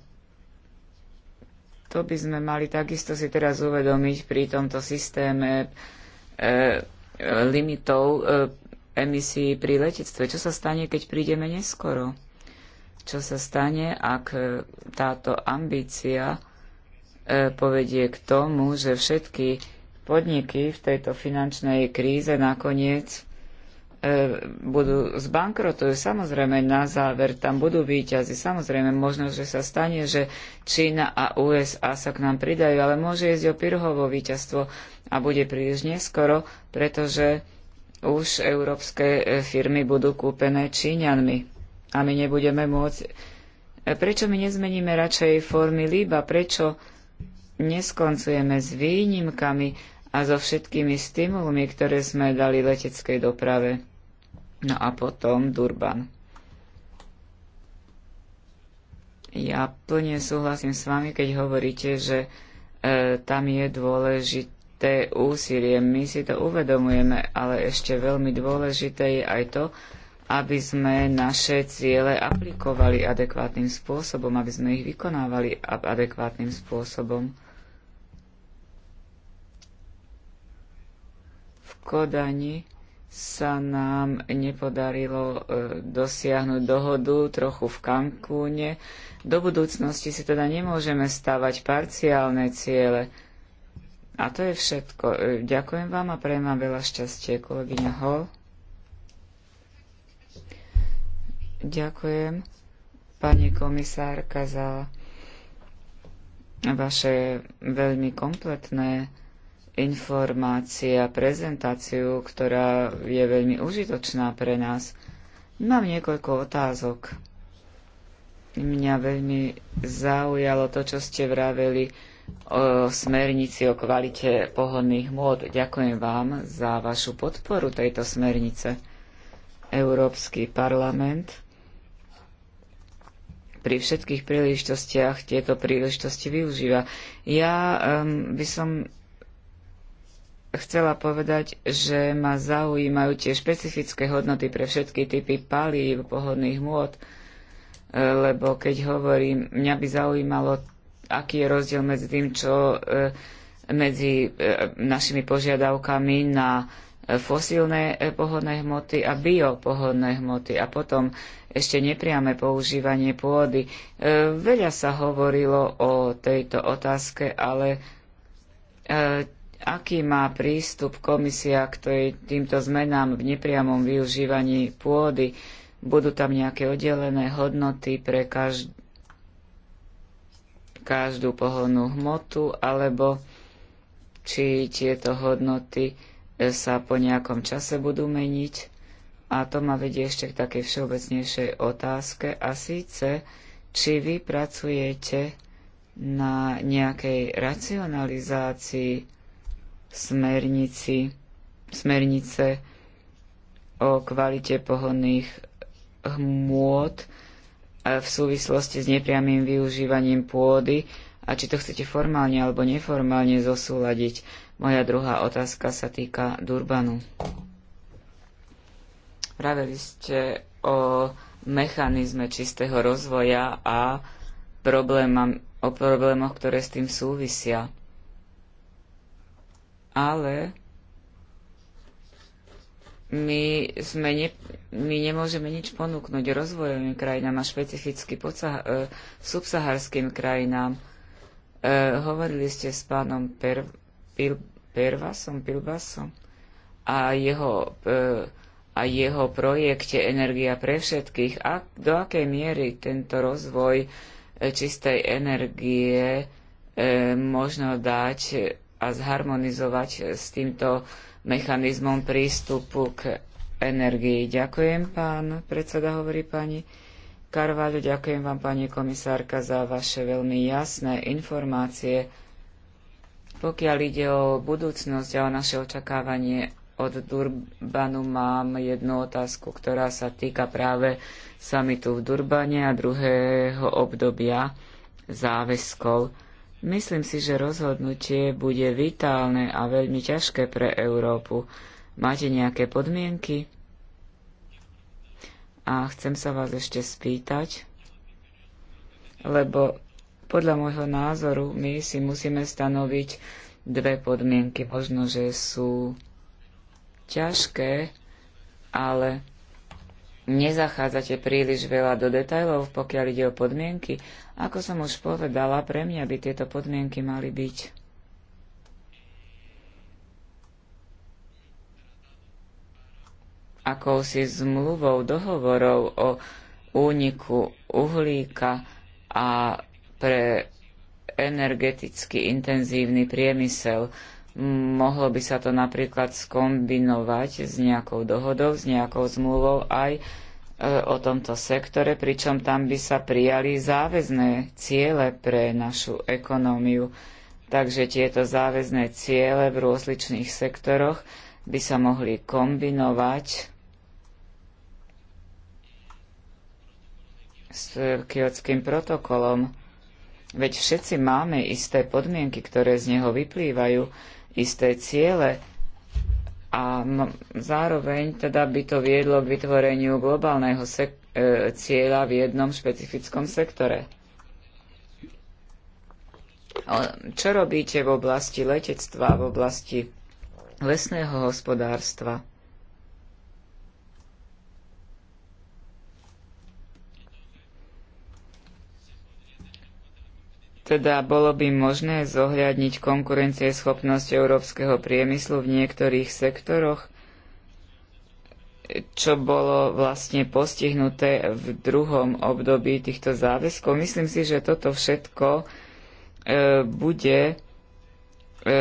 to by sme mali takisto si teraz uvedomiť pri tomto systéme e, e, limitov e, emisí pri letectve. Čo sa stane, keď prídeme neskoro? Čo sa stane, ak e, táto ambícia e, povedie k tomu, že všetky podniky v tejto finančnej kríze nakoniec E, budú zbankrotujú, samozrejme na záver tam budú výťazi, samozrejme možno, že sa stane, že Čína a USA sa k nám pridajú, ale môže ísť o pirhovo víťazstvo a bude príliš neskoro, pretože už európske e, firmy budú kúpené Číňanmi a my nebudeme môcť. E, prečo my nezmeníme radšej formy líba? Prečo neskoncujeme s výnimkami a so všetkými stimulmi, ktoré sme dali leteckej doprave? No a potom Durban. Ja plne súhlasím s vami, keď hovoríte, že e, tam je dôležité úsilie. My si to uvedomujeme, ale ešte veľmi dôležité je aj to, aby sme naše ciele aplikovali adekvátnym spôsobom, aby sme ich vykonávali adekvátnym spôsobom. V Kodani sa nám nepodarilo e, dosiahnuť dohodu trochu v Cancúne. Do budúcnosti si teda nemôžeme stavať parciálne ciele. A to je všetko. E, ďakujem vám a prejem vám veľa šťastie, kolegyňa Hall. Ďakujem, pani komisárka, za vaše veľmi kompletné a prezentáciu, ktorá je veľmi užitočná pre nás. Mám niekoľko otázok. Mňa veľmi zaujalo to, čo ste vraveli o smernici o kvalite pohodných môd. Ďakujem vám za vašu podporu tejto smernice. Európsky parlament pri všetkých príležitostiach tieto príležitosti využíva. Ja um, by som chcela povedať, že ma zaujímajú tie špecifické hodnoty pre všetky typy palív, pohodných môd, e, lebo keď hovorím, mňa by zaujímalo, aký je rozdiel medzi tým, čo e, medzi e, našimi požiadavkami na fosílne pohodné hmoty a biopohodné hmoty a potom ešte nepriame používanie pôdy. Veľa sa hovorilo o tejto otázke, ale aký má prístup komisia k týmto zmenám v nepriamom využívaní pôdy? Budú tam nejaké oddelené hodnoty pre každ- každú pohodnú hmotu, alebo či tieto hodnoty e, sa po nejakom čase budú meniť? A to ma vedie ešte k takej všeobecnejšej otázke, a síce, či vy pracujete na nejakej racionalizácii smernici, smernice o kvalite pohonných hmôt e, v súvislosti s nepriamým využívaním pôdy a či to chcete formálne alebo neformálne zosúľadiť. Moja druhá otázka sa týka Durbanu. Pravili ste o mechanizme čistého rozvoja a o problémoch, ktoré s tým súvisia ale my, sme ne, my nemôžeme nič ponúknuť rozvojovým krajinám a špecificky podsah, e, subsaharským krajinám. E, hovorili ste s pánom per, Pil, Pervasom, Pilbasom a jeho, e, a jeho projekte Energia pre všetkých. A do akej miery tento rozvoj e, čistej energie e, možno dať a zharmonizovať s týmto mechanizmom prístupu k energii. Ďakujem, pán predseda, hovorí pani Karvaľu. Ďakujem vám, pani komisárka, za vaše veľmi jasné informácie. Pokiaľ ide o budúcnosť a o naše očakávanie od Durbanu, mám jednu otázku, ktorá sa týka práve samitu v Durbane a druhého obdobia záväzkov Myslím si, že rozhodnutie bude vitálne a veľmi ťažké pre Európu. Máte nejaké podmienky? A chcem sa vás ešte spýtať, lebo podľa môjho názoru my si musíme stanoviť dve podmienky. Možno, že sú ťažké, ale nezachádzate príliš veľa do detajlov, pokiaľ ide o podmienky. Ako som už povedala, pre mňa by tieto podmienky mali byť. si zmluvou dohovorov o úniku uhlíka a pre energeticky intenzívny priemysel. Mohlo by sa to napríklad skombinovať s nejakou dohodou, s nejakou zmluvou aj e, o tomto sektore, pričom tam by sa prijali záväzné ciele pre našu ekonómiu. Takže tieto záväzné ciele v rôzličných sektoroch by sa mohli kombinovať s kiotským protokolom. Veď všetci máme isté podmienky, ktoré z neho vyplývajú isté ciele a zároveň teda by to viedlo k vytvoreniu globálneho e, cieľa v jednom špecifickom sektore. Čo robíte v oblasti letectva, v oblasti lesného hospodárstva? teda bolo by možné zohľadniť konkurencieschopnosť európskeho priemyslu v niektorých sektoroch, čo bolo vlastne postihnuté v druhom období týchto záväzkov. Myslím si, že toto všetko e, bude, e,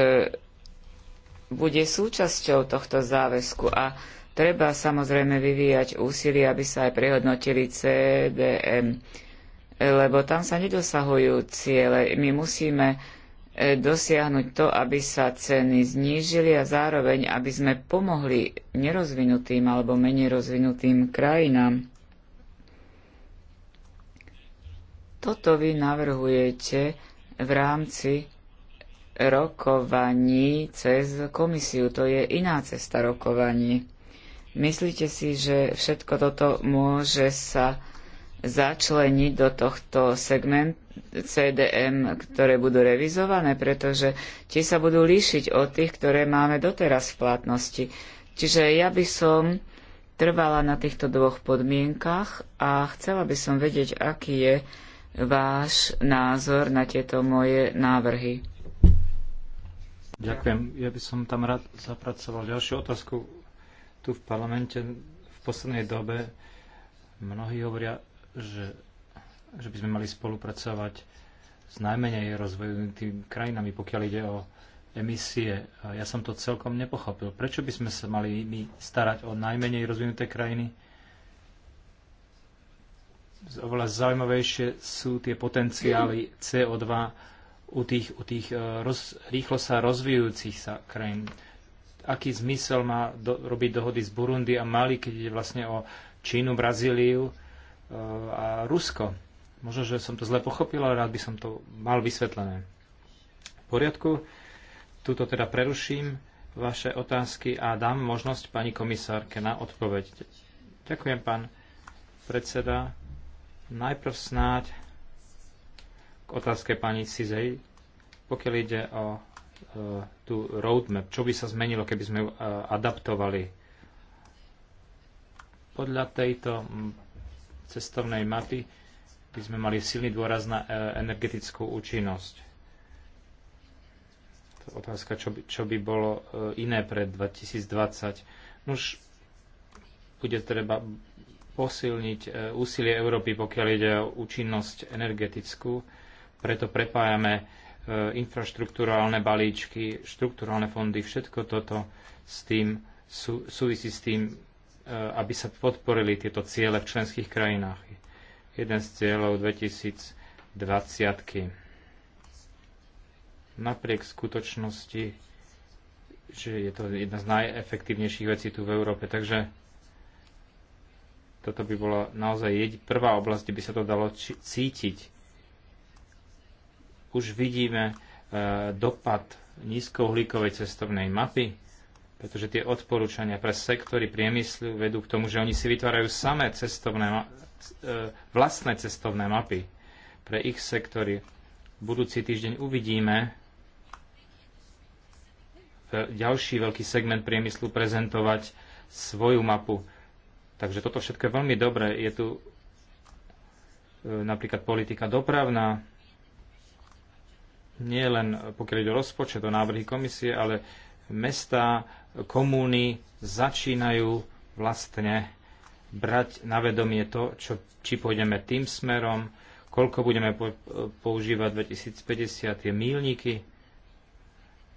bude súčasťou tohto záväzku a treba samozrejme vyvíjať úsilie, aby sa aj prehodnotili CDM lebo tam sa nedosahujú ciele. My musíme e, dosiahnuť to, aby sa ceny znížili a zároveň, aby sme pomohli nerozvinutým alebo menej rozvinutým krajinám. Toto vy navrhujete v rámci rokovaní cez komisiu. To je iná cesta rokovaní. Myslíte si, že všetko toto môže sa začleniť do tohto segmentu CDM, ktoré budú revizované, pretože tie sa budú líšiť od tých, ktoré máme doteraz v platnosti. Čiže ja by som trvala na týchto dvoch podmienkach a chcela by som vedieť, aký je váš názor na tieto moje návrhy. Ďakujem. Ja by som tam rád zapracoval ďalšiu otázku. Tu v parlamente v poslednej dobe mnohí hovoria že, že by sme mali spolupracovať s najmenej rozvojovými krajinami, pokiaľ ide o emisie. Ja som to celkom nepochopil. Prečo by sme sa mali my starať o najmenej rozvinuté krajiny? Oveľa zaujímavejšie sú tie potenciály CO2 u tých, u tých e, roz, rýchlo sa rozvíjúcich sa krajín. Aký zmysel má do, robiť dohody z Burundi a Mali, keď ide vlastne o Čínu, Brazíliu, Eh, a Rusko. Možno, že som to zle pochopil, ale rád by som to mal vysvetlené. V poriadku, tuto teda preruším vaše otázky a dám možnosť pani komisárke na odpoveď. Ďakujem, pán predseda. Najprv snáď k otázke pani Cizej, pokiaľ ide o e, tú roadmap, čo by sa zmenilo, keby sme ju e, adaptovali. Podľa tejto hm, cestovnej mapy by sme mali silný dôraz na e, energetickú účinnosť. To je otázka, čo by, čo by bolo e, iné pre 2020. Už bude treba posilniť e, úsilie Európy, pokiaľ ide o účinnosť energetickú. Preto prepájame infraštruktúrálne balíčky, štrukturálne fondy, všetko toto s tým, sú, súvisí s tým, Eh, aby sa podporili tieto ciele v členských krajinách. Jeden z cieľov 2020. -ky. Napriek skutočnosti, že je to jedna z najefektívnejších vecí tu v Európe, takže toto by bola naozaj prvá oblasť, kde by sa to dalo cítiť. Už vidíme e, dopad nízkouhlíkovej cestovnej mapy, pretože tie odporúčania pre sektory priemyslu vedú k tomu, že oni si vytvárajú samé cestovné, e, vlastné cestovné mapy pre ich sektory. Budúci týždeň uvidíme e, ďalší veľký segment priemyslu prezentovať svoju mapu. Takže toto všetko je veľmi dobré. Je tu e, napríklad politika dopravná, nie len pokiaľ ide o rozpočet, o návrhy komisie, ale mestá, komúny začínajú vlastne brať na vedomie to, čo, či pôjdeme tým smerom, koľko budeme po, používať 2050, tie mílniky,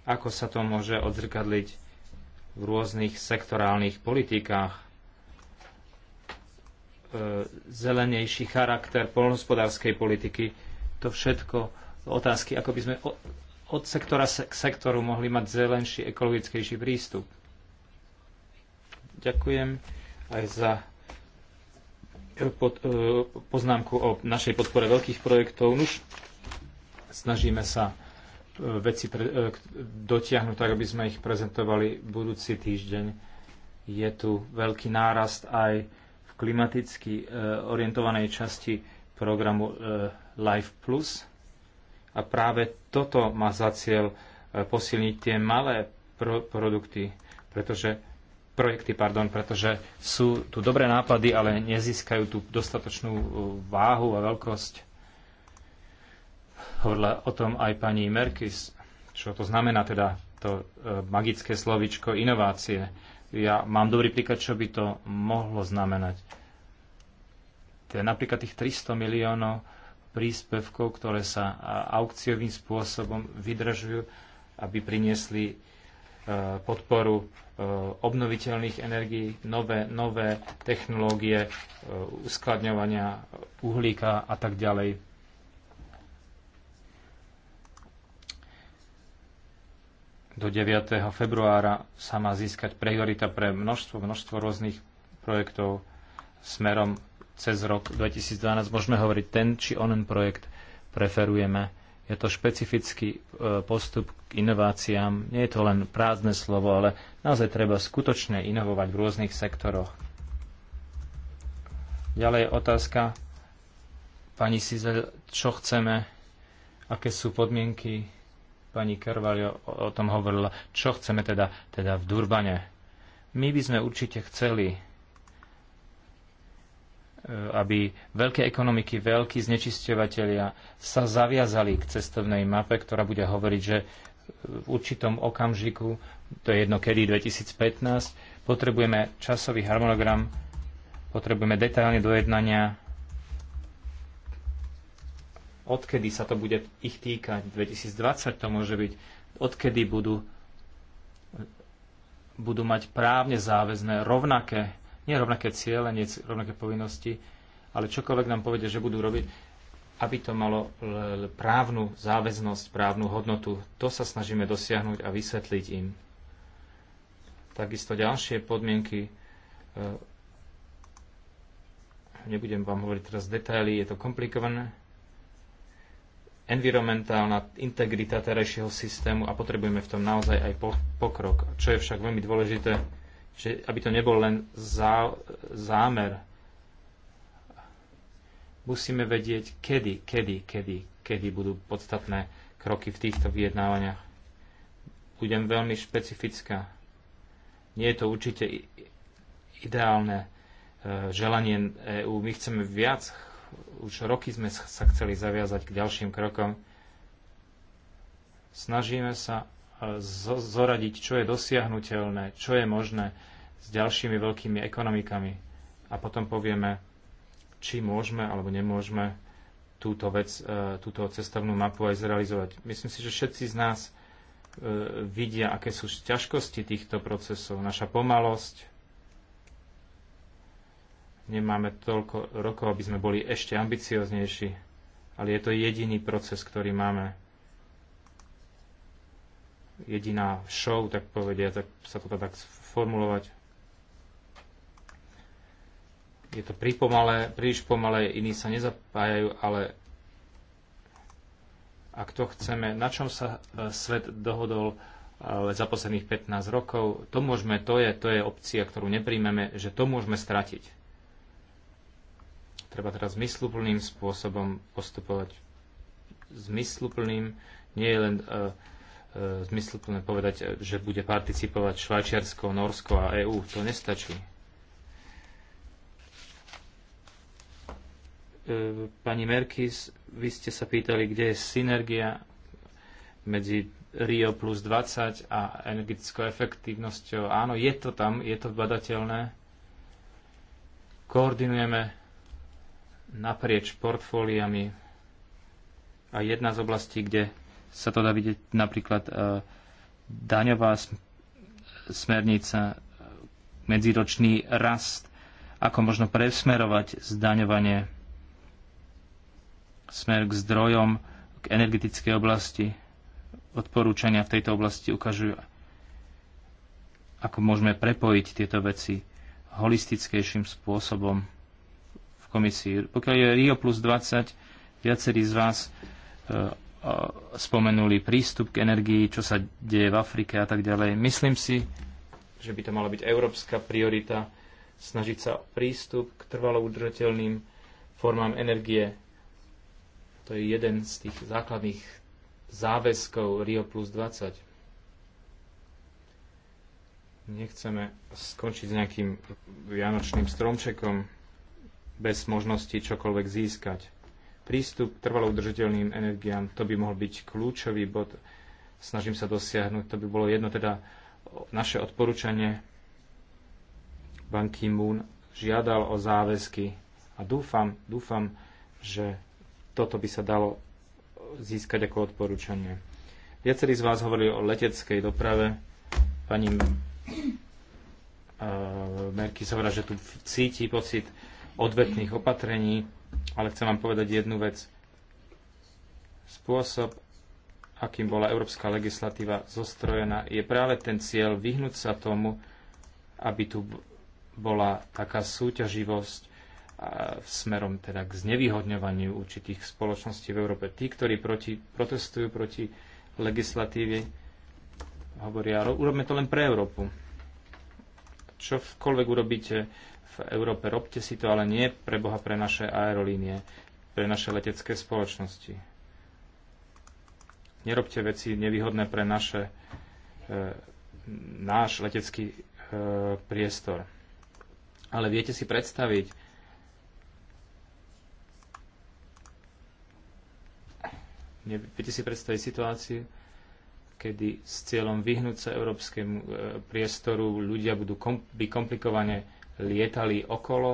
ako sa to môže odzrkadliť v rôznych sektorálnych politikách. E, zelenejší charakter polnospodárskej politiky, to všetko otázky, ako by sme od sektora k sektoru mohli mať zelenší, ekologickejší prístup. Ďakujem aj za eh, pod, eh, poznámku o našej podpore veľkých projektov. Už snažíme sa eh, veci pre, dotiahnuť tak, aby sme ich prezentovali budúci týždeň. Je tu veľký nárast aj v klimaticky orientovanej časti programu Life Plus a práve toto má za cieľ e, posilniť tie malé pro- produkty, pretože projekty, pardon, pretože sú tu dobré nápady, ale nezískajú tú dostatočnú e, váhu a veľkosť. Hovorila o tom aj pani Merkis, čo to znamená teda to e, magické slovičko inovácie. Ja mám dobrý príklad, čo by to mohlo znamenať. Teda napríklad tých 300 miliónov príspevkov, ktoré sa aukciovým spôsobom vydražujú, aby priniesli e, podporu e, obnoviteľných energií, nové, nové technológie e, uskladňovania uhlíka a tak ďalej. Do 9. februára sa má získať priorita pre množstvo, množstvo rôznych projektov smerom cez rok 2012 môžeme hovoriť ten či onen projekt preferujeme. Je to špecifický e, postup k inováciám. Nie je to len prázdne slovo, ale naozaj treba skutočne inovovať v rôznych sektoroch. Ďalej otázka pani Sizel, čo chceme, aké sú podmienky. Pani Kervalio o tom hovorila, čo chceme teda, teda v Durbane. My by sme určite chceli Eh, aby veľké ekonomiky, veľkí znečisťovateľia sa zaviazali k cestovnej mape, ktorá bude hovoriť, že eh, v určitom okamžiku, to je jedno kedy, 2015, potrebujeme časový harmonogram, potrebujeme detailne dojednania, odkedy sa to bude ich týkať, 2020 to môže byť, odkedy budú, eh, budú mať právne záväzné rovnaké nie rovnaké ciele, nie rovnaké povinnosti, ale čokoľvek nám povedia, že budú robiť, aby to malo právnu záväznosť, právnu hodnotu. To sa snažíme dosiahnuť a vysvetliť im. Takisto ďalšie podmienky e, nebudem vám hovoriť teraz detaily, je to komplikované. Environmentálna integrita terajšieho systému a potrebujeme v tom naozaj aj pokrok. Čo je však veľmi dôležité, že aby to nebol len zá, zámer. Musíme vedieť, kedy, kedy, kedy, kedy budú podstatné kroky v týchto vyjednávaniach. Budem veľmi špecifická. Nie je to určite ideálne e, želanie EÚ. My chceme viac, už roky sme sa chceli zaviazať k ďalším krokom. Snažíme sa zoradiť, čo je dosiahnutelné, čo je možné s ďalšími veľkými ekonomikami. A potom povieme, či môžeme alebo nemôžeme túto vec, e, túto cestovnú mapu aj zrealizovať. Myslím si, že všetci z nás e, vidia, aké sú ťažkosti týchto procesov, naša pomalosť. Nemáme toľko rokov, aby sme boli ešte ambicioznejší, ale je to jediný proces, ktorý máme jediná show, tak povedia, tak sa to dá tak formulovať. Je to pripomalé, príliš pomalé, iní sa nezapájajú, ale ak to chceme, na čom sa e, svet dohodol za posledných 15 rokov, to môžeme, to je, to je opcia, ktorú nepríjmeme, že to môžeme stratiť. Treba teraz zmysluplným spôsobom postupovať. Zmysluplným nie je len uh, zmysluplné povedať, že bude participovať Švajčiarsko, Norsko a EÚ. To nestačí. E, pani Merkis, vy ste sa pýtali, kde je synergia medzi Rio plus 20 a energetickou efektívnosťou. Áno, je to tam, je to badateľné. Koordinujeme naprieč portfóliami a jedna z oblastí, kde sa to dá vidieť napríklad e, daňová smernica, e, medziročný rast, ako možno presmerovať zdaňovanie smer k zdrojom, k energetickej oblasti. Odporúčania v tejto oblasti ukazujú, ako môžeme prepojiť tieto veci holistickejším spôsobom v komisii. Pokiaľ je Rio plus 20, viacerí z vás e, spomenuli prístup k energii, čo sa deje v Afrike a tak ďalej. Myslím si, že by to mala byť európska priorita snažiť sa prístup k trvalo udržateľným formám energie. To je jeden z tých základných záväzkov Rio plus 20. Nechceme skončiť s nejakým vianočným stromčekom bez možnosti čokoľvek získať prístup k trvalo udržateľným energiám, to by mohol byť kľúčový bod. Snažím sa dosiahnuť, to by bolo jedno teda naše odporúčanie. Ban Ki-moon žiadal o záväzky a dúfam, dúfam, že toto by sa dalo získať ako odporúčanie. Viacerí z vás hovorili o leteckej doprave. Pani uh, eh, Merky sa hovorila, že tu cíti pocit odvetných opatrení, ale chcem vám povedať jednu vec. Spôsob, akým bola európska legislatíva zostrojená, je práve ten cieľ vyhnúť sa tomu, aby tu bola taká súťaživosť smerom teda k znevýhodňovaniu určitých spoločností v Európe. Tí, ktorí proti, protestujú proti legislatíve, hovoria, urobme to len pre Európu. Čokoľvek urobíte, v Európe. Robte si to, ale nie pre Boha pre naše aerolínie, pre naše letecké spoločnosti. Nerobte veci nevýhodné pre naše, e, náš letecký e, priestor. Ale viete si predstaviť, viete si predstaviť situáciu, kedy s cieľom vyhnúť sa európskemu e, priestoru ľudia budú kom, by komplikovane lietali okolo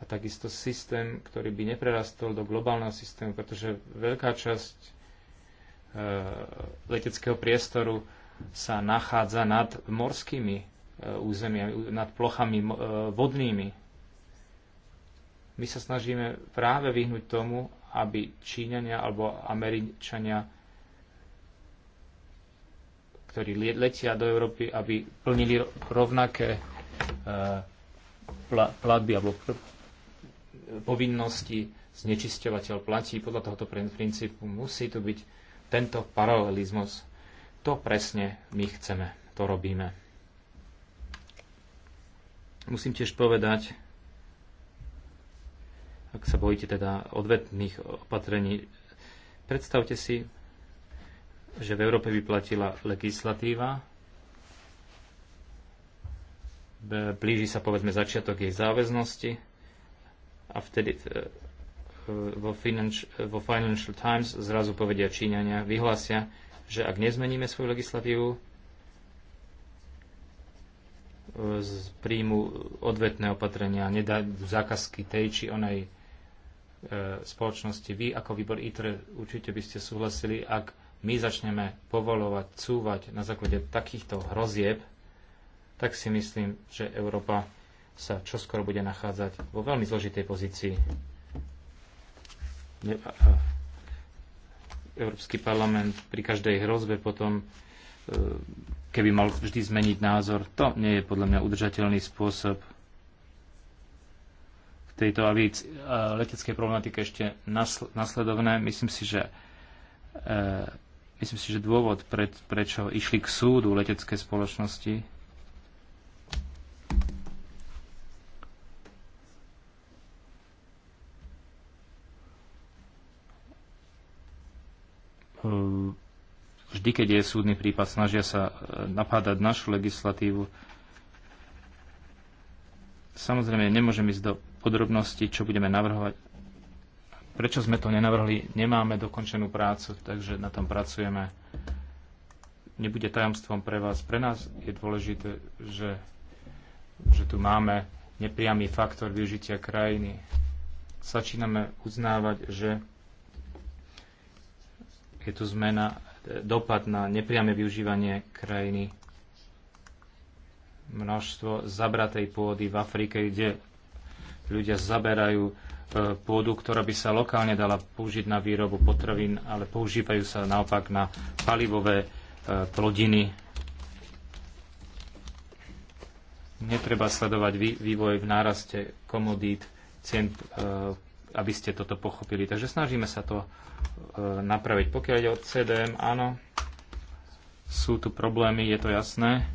a takisto systém, ktorý by neprerastol do globálneho systému, pretože veľká časť e, leteckého priestoru sa nachádza nad morskými e, územiami, nad plochami e, vodnými. My sa snažíme práve vyhnúť tomu, aby Číňania alebo Američania, ktorí letia do Európy, aby plnili rovnaké e, platby alebo povinnosti znečisťovateľ platí. Podľa tohoto princípu musí tu byť tento paralelizmus. To presne my chceme, to robíme. Musím tiež povedať, ak sa bojíte teda odvetných opatrení, predstavte si, že v Európe by platila legislatíva, blíži sa povedzme začiatok jej záväznosti a vtedy eh, vo, eh, vo Financial Times zrazu povedia Číňania, vyhlásia, že ak nezmeníme svoju legislatívu, eh, z príjmu odvetné opatrenia, nedá zákazky tej či onej spoločnosti. Vy ako výbor ITR určite by ste súhlasili, ak my začneme povolovať, cúvať na základe takýchto hrozieb, tak si myslím, že Európa sa čoskoro bude nachádzať vo veľmi zložitej pozícii. Európsky parlament pri každej hrozbe potom, e, keby mal vždy zmeniť názor, to nie je podľa mňa udržateľný spôsob v tejto a víc leteckej problematike ešte nasledovné. Myslím si, že e, myslím si, že dôvod, prečo išli k súdu letecké spoločnosti, Ehm, vždy, keď je súdny prípad, snažia sa eh, napádať našu legislatívu. Samozrejme, nemôžem ísť do podrobností, čo budeme navrhovať. Prečo sme to nenavrhli? Nemáme dokončenú prácu, takže na tom pracujeme. Nebude tajomstvom pre vás. Pre nás je dôležité, že, že tu máme nepriamy faktor využitia krajiny. Začíname uznávať, že je tu zmena, e, dopad na nepriame využívanie krajiny. Množstvo zabratej pôdy v Afrike, kde ľudia zaberajú e, pôdu, ktorá by sa lokálne dala použiť na výrobu potravín, ale používajú sa naopak na palivové e, plodiny. Netreba sledovať vývoj v náraste komodít, cien aby ste toto pochopili. Takže snažíme sa to e, napraviť. Pokiaľ ide o CDM, áno, sú tu problémy, je to jasné,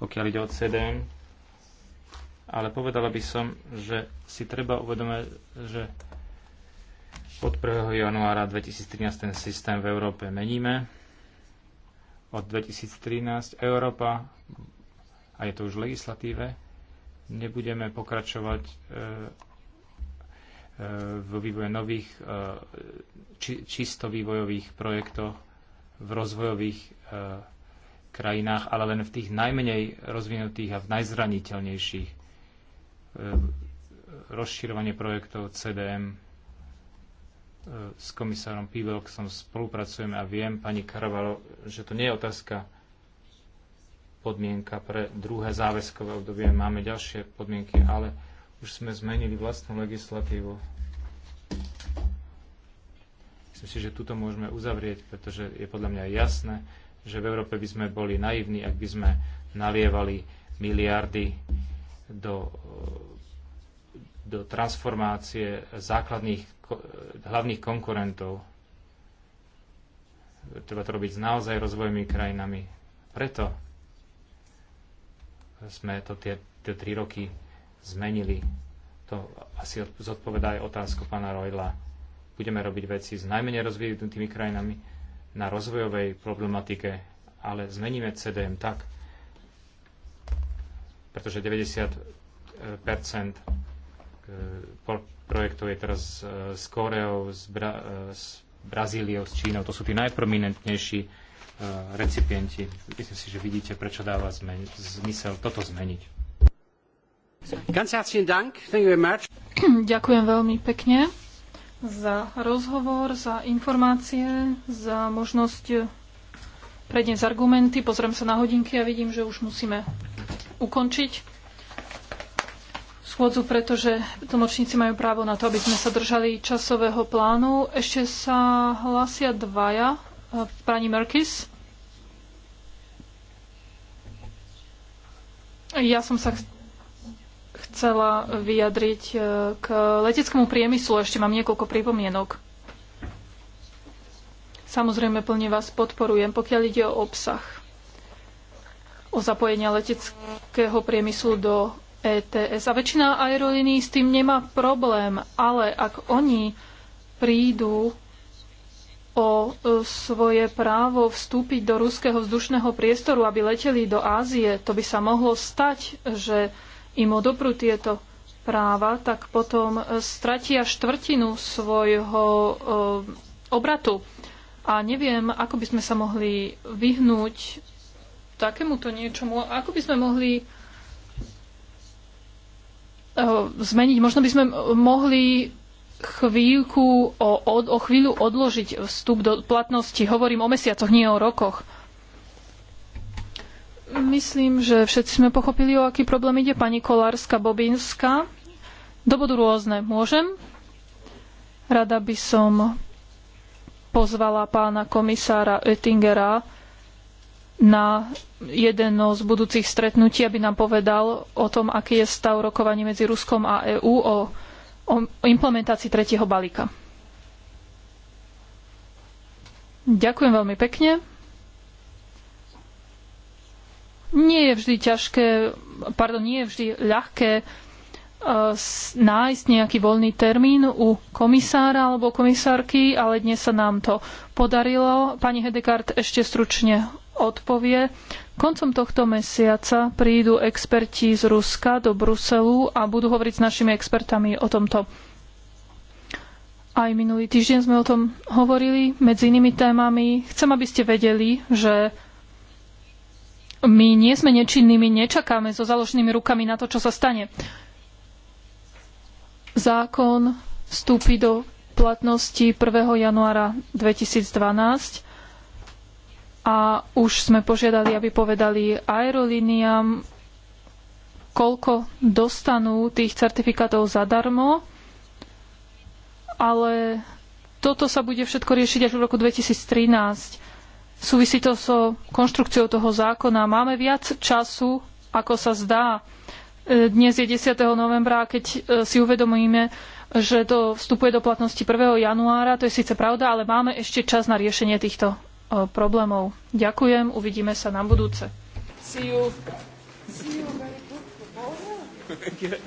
pokiaľ ide o CDM. Ale povedala by som, že si treba uvedomiť, že od 1. januára 2013 ten systém v Európe meníme. Od 2013 Európa, a je to už v legislatíve, nebudeme pokračovať e, vo vývoje nových e, či, čisto vývojových projektoch v rozvojových e, krajinách, ale len v tých najmenej rozvinutých a v najzraniteľnejších. E, rozširovanie projektov CDM s komisárom som spolupracujeme a viem, pani Karvalo, že to nie je otázka podmienka pre druhé záväzkové obdobie. Máme ďalšie podmienky, ale už sme zmenili vlastnú legislatívu. Myslím si, že tuto môžeme uzavrieť, pretože je podľa mňa jasné, že v Európe by sme boli naivní, ak by sme nalievali miliardy do, do transformácie základných hlavných konkurentov. Treba to robiť s naozaj rozvojmi krajinami. Preto sme to tie, tie tri roky zmenili. To asi zodpovedá aj otázku pána Rojla. Budeme robiť veci s najmenej rozvinutými krajinami na rozvojovej problematike, ale zmeníme CDM tak, pretože 90 eh, projektov je teraz eh, s Koreou, s, Bra- eh, s Brazíliou, s Čínou. To sú tí najprominentnejší recipienti. Myslím si, že vidíte, prečo dáva zmen- zmysel toto zmeniť. Ďakujem veľmi pekne za rozhovor, za informácie, za možnosť predniesť argumenty. Pozriem sa na hodinky a vidím, že už musíme ukončiť schôdzu, pretože tlmočníci majú právo na to, aby sme sa držali časového plánu. Ešte sa hlásia dvaja. Eh, pani Merkis. Ja som sa chcela vyjadriť e, k leteckému priemyslu. Ešte mám niekoľko pripomienok. Samozrejme, plne vás podporujem, pokiaľ ide o obsah o zapojenia leteckého priemyslu do ETS. A väčšina aerolínií s tým nemá problém, ale ak oni prídu o e, svoje právo vstúpiť do ruského vzdušného priestoru, aby leteli do Ázie, to by sa mohlo stať, že im odobrú tieto práva, tak potom e, stratia štvrtinu svojho e, obratu. A neviem, ako by sme sa mohli vyhnúť takémuto niečomu, ako by sme mohli e, zmeniť. Možno by sme mohli chvíľku o, o, chvíľu odložiť vstup do platnosti. Hovorím o mesiacoch, nie o rokoch. Myslím, že všetci sme pochopili, o aký problém ide. Pani Kolárska, Bobinská. Do bodu rôzne. Môžem? Rada by som pozvala pána komisára Oettingera na jedno z budúcich stretnutí, aby nám povedal o tom, aký je stav rokovaní medzi Ruskom a EÚ o, o implementácii tretieho balíka. Ďakujem veľmi pekne nie je vždy ťažké, pardon, nie je vždy ľahké e, nájsť nejaký voľný termín u komisára alebo komisárky, ale dnes sa nám to podarilo. Pani Hedekart ešte stručne odpovie. Koncom tohto mesiaca prídu experti z Ruska do Bruselu a budú hovoriť s našimi expertami o tomto. Aj minulý týždeň sme o tom hovorili medzi inými témami. Chcem, aby ste vedeli, že my nie sme nečinní, my nečakáme so založenými rukami na to, čo sa stane. Zákon vstúpi do platnosti 1. januára 2012 a už sme požiadali, aby povedali aerolíniám, koľko dostanú tých certifikátov zadarmo, ale toto sa bude všetko riešiť až v roku 2013 Súvisí to so konštrukciou toho zákona. Máme viac času, ako sa zdá. E, dnes je 10. novembra keď e, si uvedomíme, že to vstupuje do platnosti 1. januára, to je síce pravda, ale máme ešte čas na riešenie týchto e, problémov. Ďakujem, uvidíme sa na budúce. See you. See you.